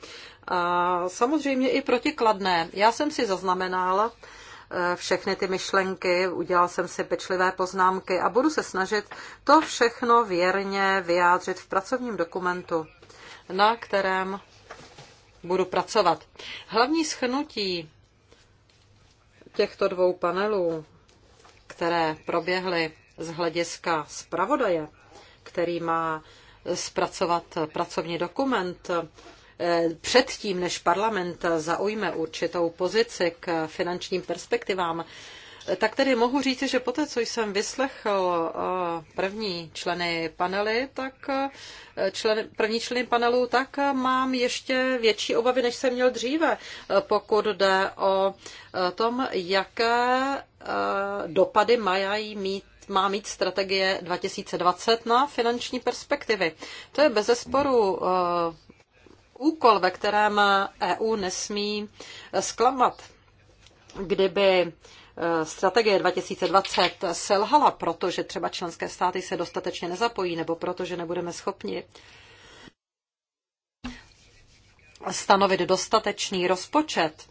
A samozřejmě i protikladné. Já jsem si zaznamenala, všechny ty myšlenky, udělal jsem si pečlivé poznámky a budu se snažit to všechno věrně vyjádřit v pracovním dokumentu, na kterém budu pracovat. Hlavní schnutí těchto dvou panelů, které proběhly z hlediska zpravodaje, který má zpracovat pracovní dokument, Eh, předtím, než parlament zaujme určitou pozici k finančním perspektivám, eh, tak tedy mohu říci, že poté, co jsem vyslechl eh, první členy panely, tak člen, první členy panelu, tak mám ještě větší obavy, než jsem měl dříve, pokud jde o tom, jaké dopady mají mít má mít strategie 2020 na finanční perspektivy. To je bezesporu úkol, ve kterém EU nesmí eh, zklamat. Kdyby eh, strategie 2020 selhala, protože třeba členské státy se dostatečně nezapojí nebo protože nebudeme schopni stanovit dostatečný rozpočet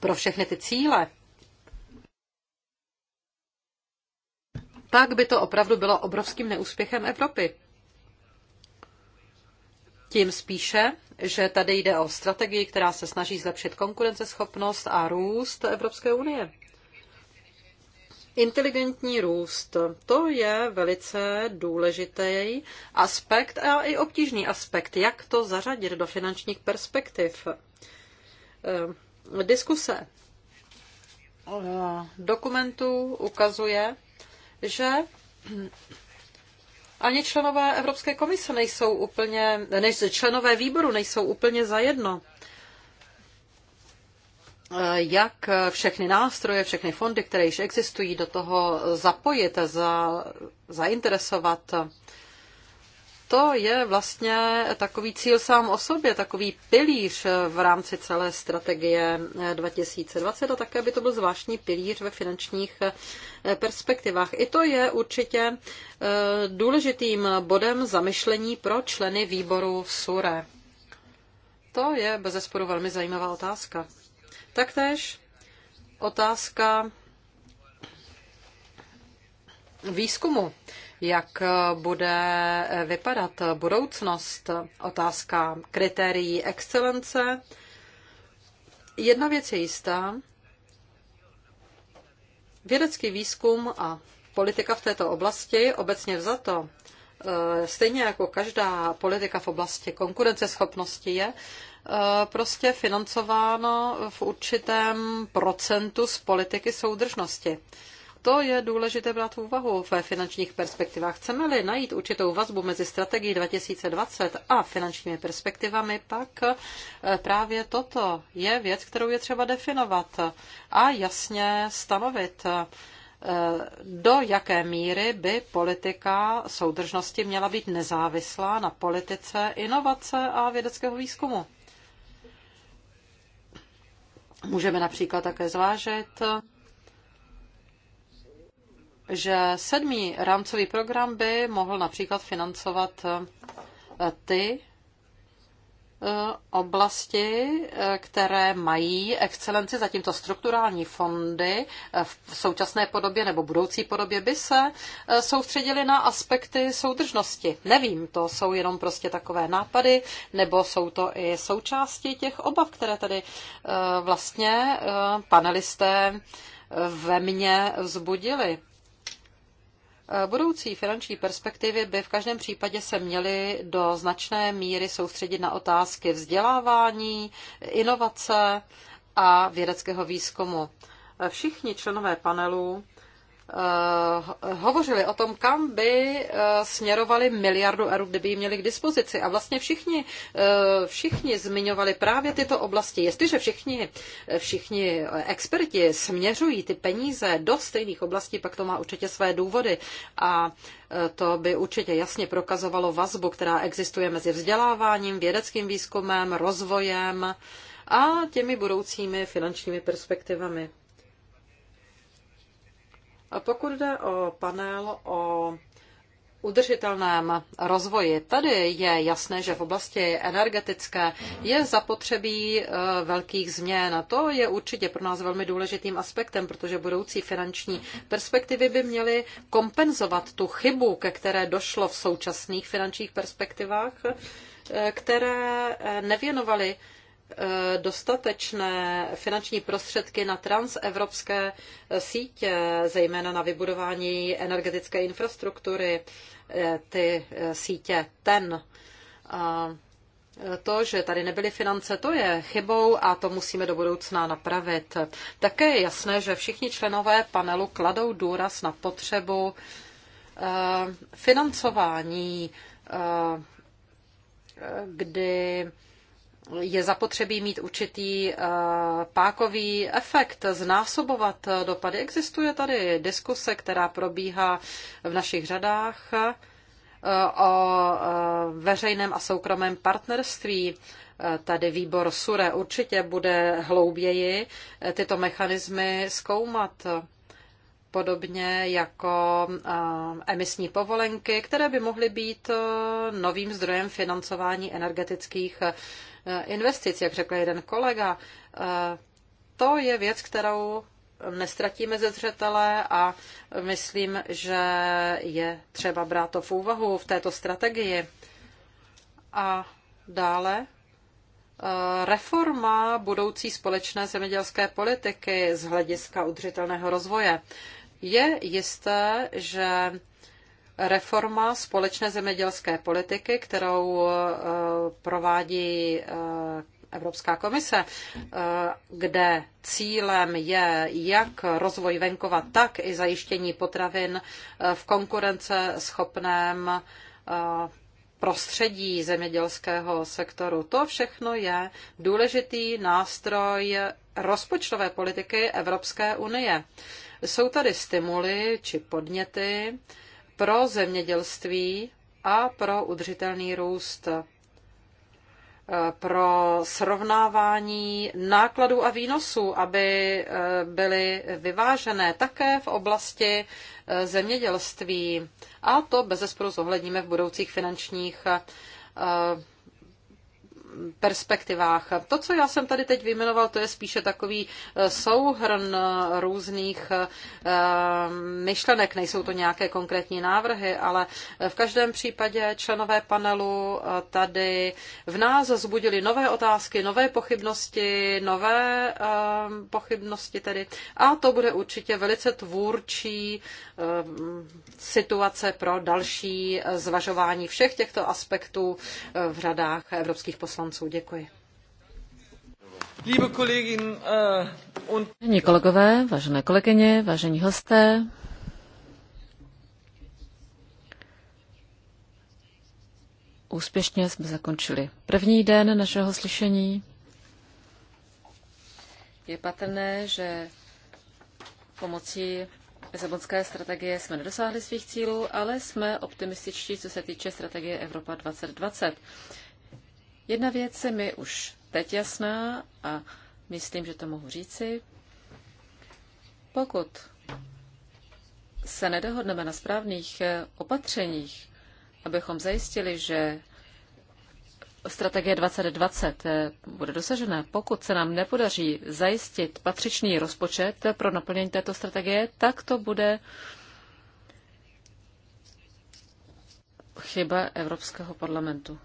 pro všechny ty cíle, tak by to opravdu bylo obrovským neúspěchem Evropy. Tím spíše, že tady jde o strategii, která se snaží zlepšit konkurenceschopnost a růst Evropské unie. Inteligentní růst, to je velice důležitý aspekt a i obtížný aspekt, jak to zařadit do finančních perspektiv. Eh, diskuse dokumentů ukazuje, že ani členové Evropské komise nejsou úplně, než členové výboru nejsou úplně zajedno jak všechny nástroje, všechny fondy, které již existují, do toho zapojit, za, zainteresovat to je vlastně takový cíl sám o sobě, takový pilíř v rámci celé strategie 2020 a také by to byl zvláštní pilíř ve finančních eh, perspektivách. I to je určitě eh, důležitým bodem zamyšlení pro členy výboru SURE. To je bezesporu velmi zajímavá otázka. Taktéž otázka výzkumu jak bude vypadat budoucnost, otázka kritérií excelence. Jedna věc je jistá. Vědecký výzkum a politika v této oblasti obecně vzato, eh, stejně jako každá politika v oblasti konkurenceschopnosti je, eh, prostě financováno v určitém procentu z politiky soudržnosti. To je důležité brát v úvahu ve finančních perspektivách. Chceme-li najít určitou vazbu mezi strategií 2020 a finančními perspektivami, pak eh, právě toto je věc, kterou je třeba definovat a jasně stanovit eh, do jaké míry by politika soudržnosti měla být nezávislá na politice inovace a vědeckého výzkumu. Můžeme například také zvážit že sedmý rámcový program by mohl například financovat eh, ty eh, oblasti, eh, které mají excelenci, zatímto strukturální fondy v současné podobě nebo budoucí podobě by se soustředili na aspekty soudržnosti. Nevím, to jsou jenom prostě takové nápady, nebo jsou to i součásti těch obav, které tady vlastně panelisté ve mně vzbudili. Eh, budoucí finanční perspektivy by v každém případě se měly do značné míry soustředit na otázky vzdělávání, inovace a vědeckého výzkumu. Eh, všichni členové panelu Eh, hovořili o tom, kam by eh, směrovali miliardu eur, kdyby ji měli k dispozici. A vlastně všichni, eh, všichni zmiňovali právě tyto oblasti. Jestliže všichni, všichni experti směřují ty peníze do stejných oblastí, pak to má určitě své důvody. A to by určitě jasně prokazovalo vazbu, která existuje mezi vzděláváním, vědeckým výzkumem, rozvojem a těmi budoucími finančními perspektivami. A pokud jde o panel o udržitelném rozvoji. Tady je jasné, že v oblasti energetické je zapotřebí e, velkých změn. To je určitě pro nás velmi důležitým aspektem, protože budoucí finanční perspektivy by měly kompenzovat tu chybu, ke které došlo v současných finančních perspektivách, e, které e, nevěnovaly Eh, dostatečné finanční prostředky na transevropské sítě, zejména na vybudování energetické infrastruktury, eh, ty eh, sítě TEN. A to, že tady nebyly finance, to je chybou a to musíme do budoucna napravit. Také je jasné, že všichni členové panelu kladou důraz na potřebu financování, kdy je zapotřebí mít určitý eh, pákový efekt, znásobovat eh, dopady. Existuje tady diskuse, která probíhá v našich řadách eh, o veřejném a soukromém partnerství. Tady výbor SURE určitě bude hlouběji tyto mechanismy zkoumat podobně jako emisní povolenky, které by mohly být novým zdrojem financování energetických Eh, investic, jak řekl jeden kolega. Eh, to je věc, kterou nestratíme ze zřetele a myslím, že je třeba brát to v úvahu v této strategii. A dále eh, reforma budoucí společné zemědělské politiky z hlediska udržitelného rozvoje. Je jisté, že reforma společné zemědělské politiky, kterou eh, provádí eh, Evropská komise, eh, kde cílem je jak rozvoj venkova, tak i zajištění potravin v konkurence schopném prostředí zemědělského sektoru. To všechno je důležitý nástroj rozpočtové politiky Evropské unie. Jsou tady stimuly či podněty, pro zemědělství a pro udržitelný růst, eh, pro srovnávání nákladů a výnosů, aby eh, byly vyvážené také v oblasti eh, zemědělství. A to bezesporu zohledníme v budoucích finančních perspektivách. To, co já jsem tady teď vyjmenoval, to je spíše takový eh, souhrn eh, různých eh, myšlenek. Nejsou to nějaké konkrétní návrhy, ale v každém případě členové panelu tady v nás zbudili nové otázky, nové pochybnosti, nové pochybnosti tedy. A to bude určitě velice tvůrčí situace pro další zvažování všech těchto aspektů v řadách evropských poslanců poslanců. Děkuji. Eh, vážení kolegové, vážené kolegyně, vážení hosté, úspěšně jsme zakončili první den našeho slyšení. Je patrné, že pomocí Lisabonské strategie jsme nedosáhli svých cílů, ale jsme optimističtí, co se týče strategie Evropa 2020. Jedna věc je mi už teď jasná a myslím, že to mohu říci. Pokud se nedohodneme na správných eh, opatřeních, abychom zajistili, že strategie 2020 eh, bude dosažena, pokud se nám nepodaří zajistit patřičný rozpočet pro naplnění této strategie, tak to bude chyba Evropského parlamentu.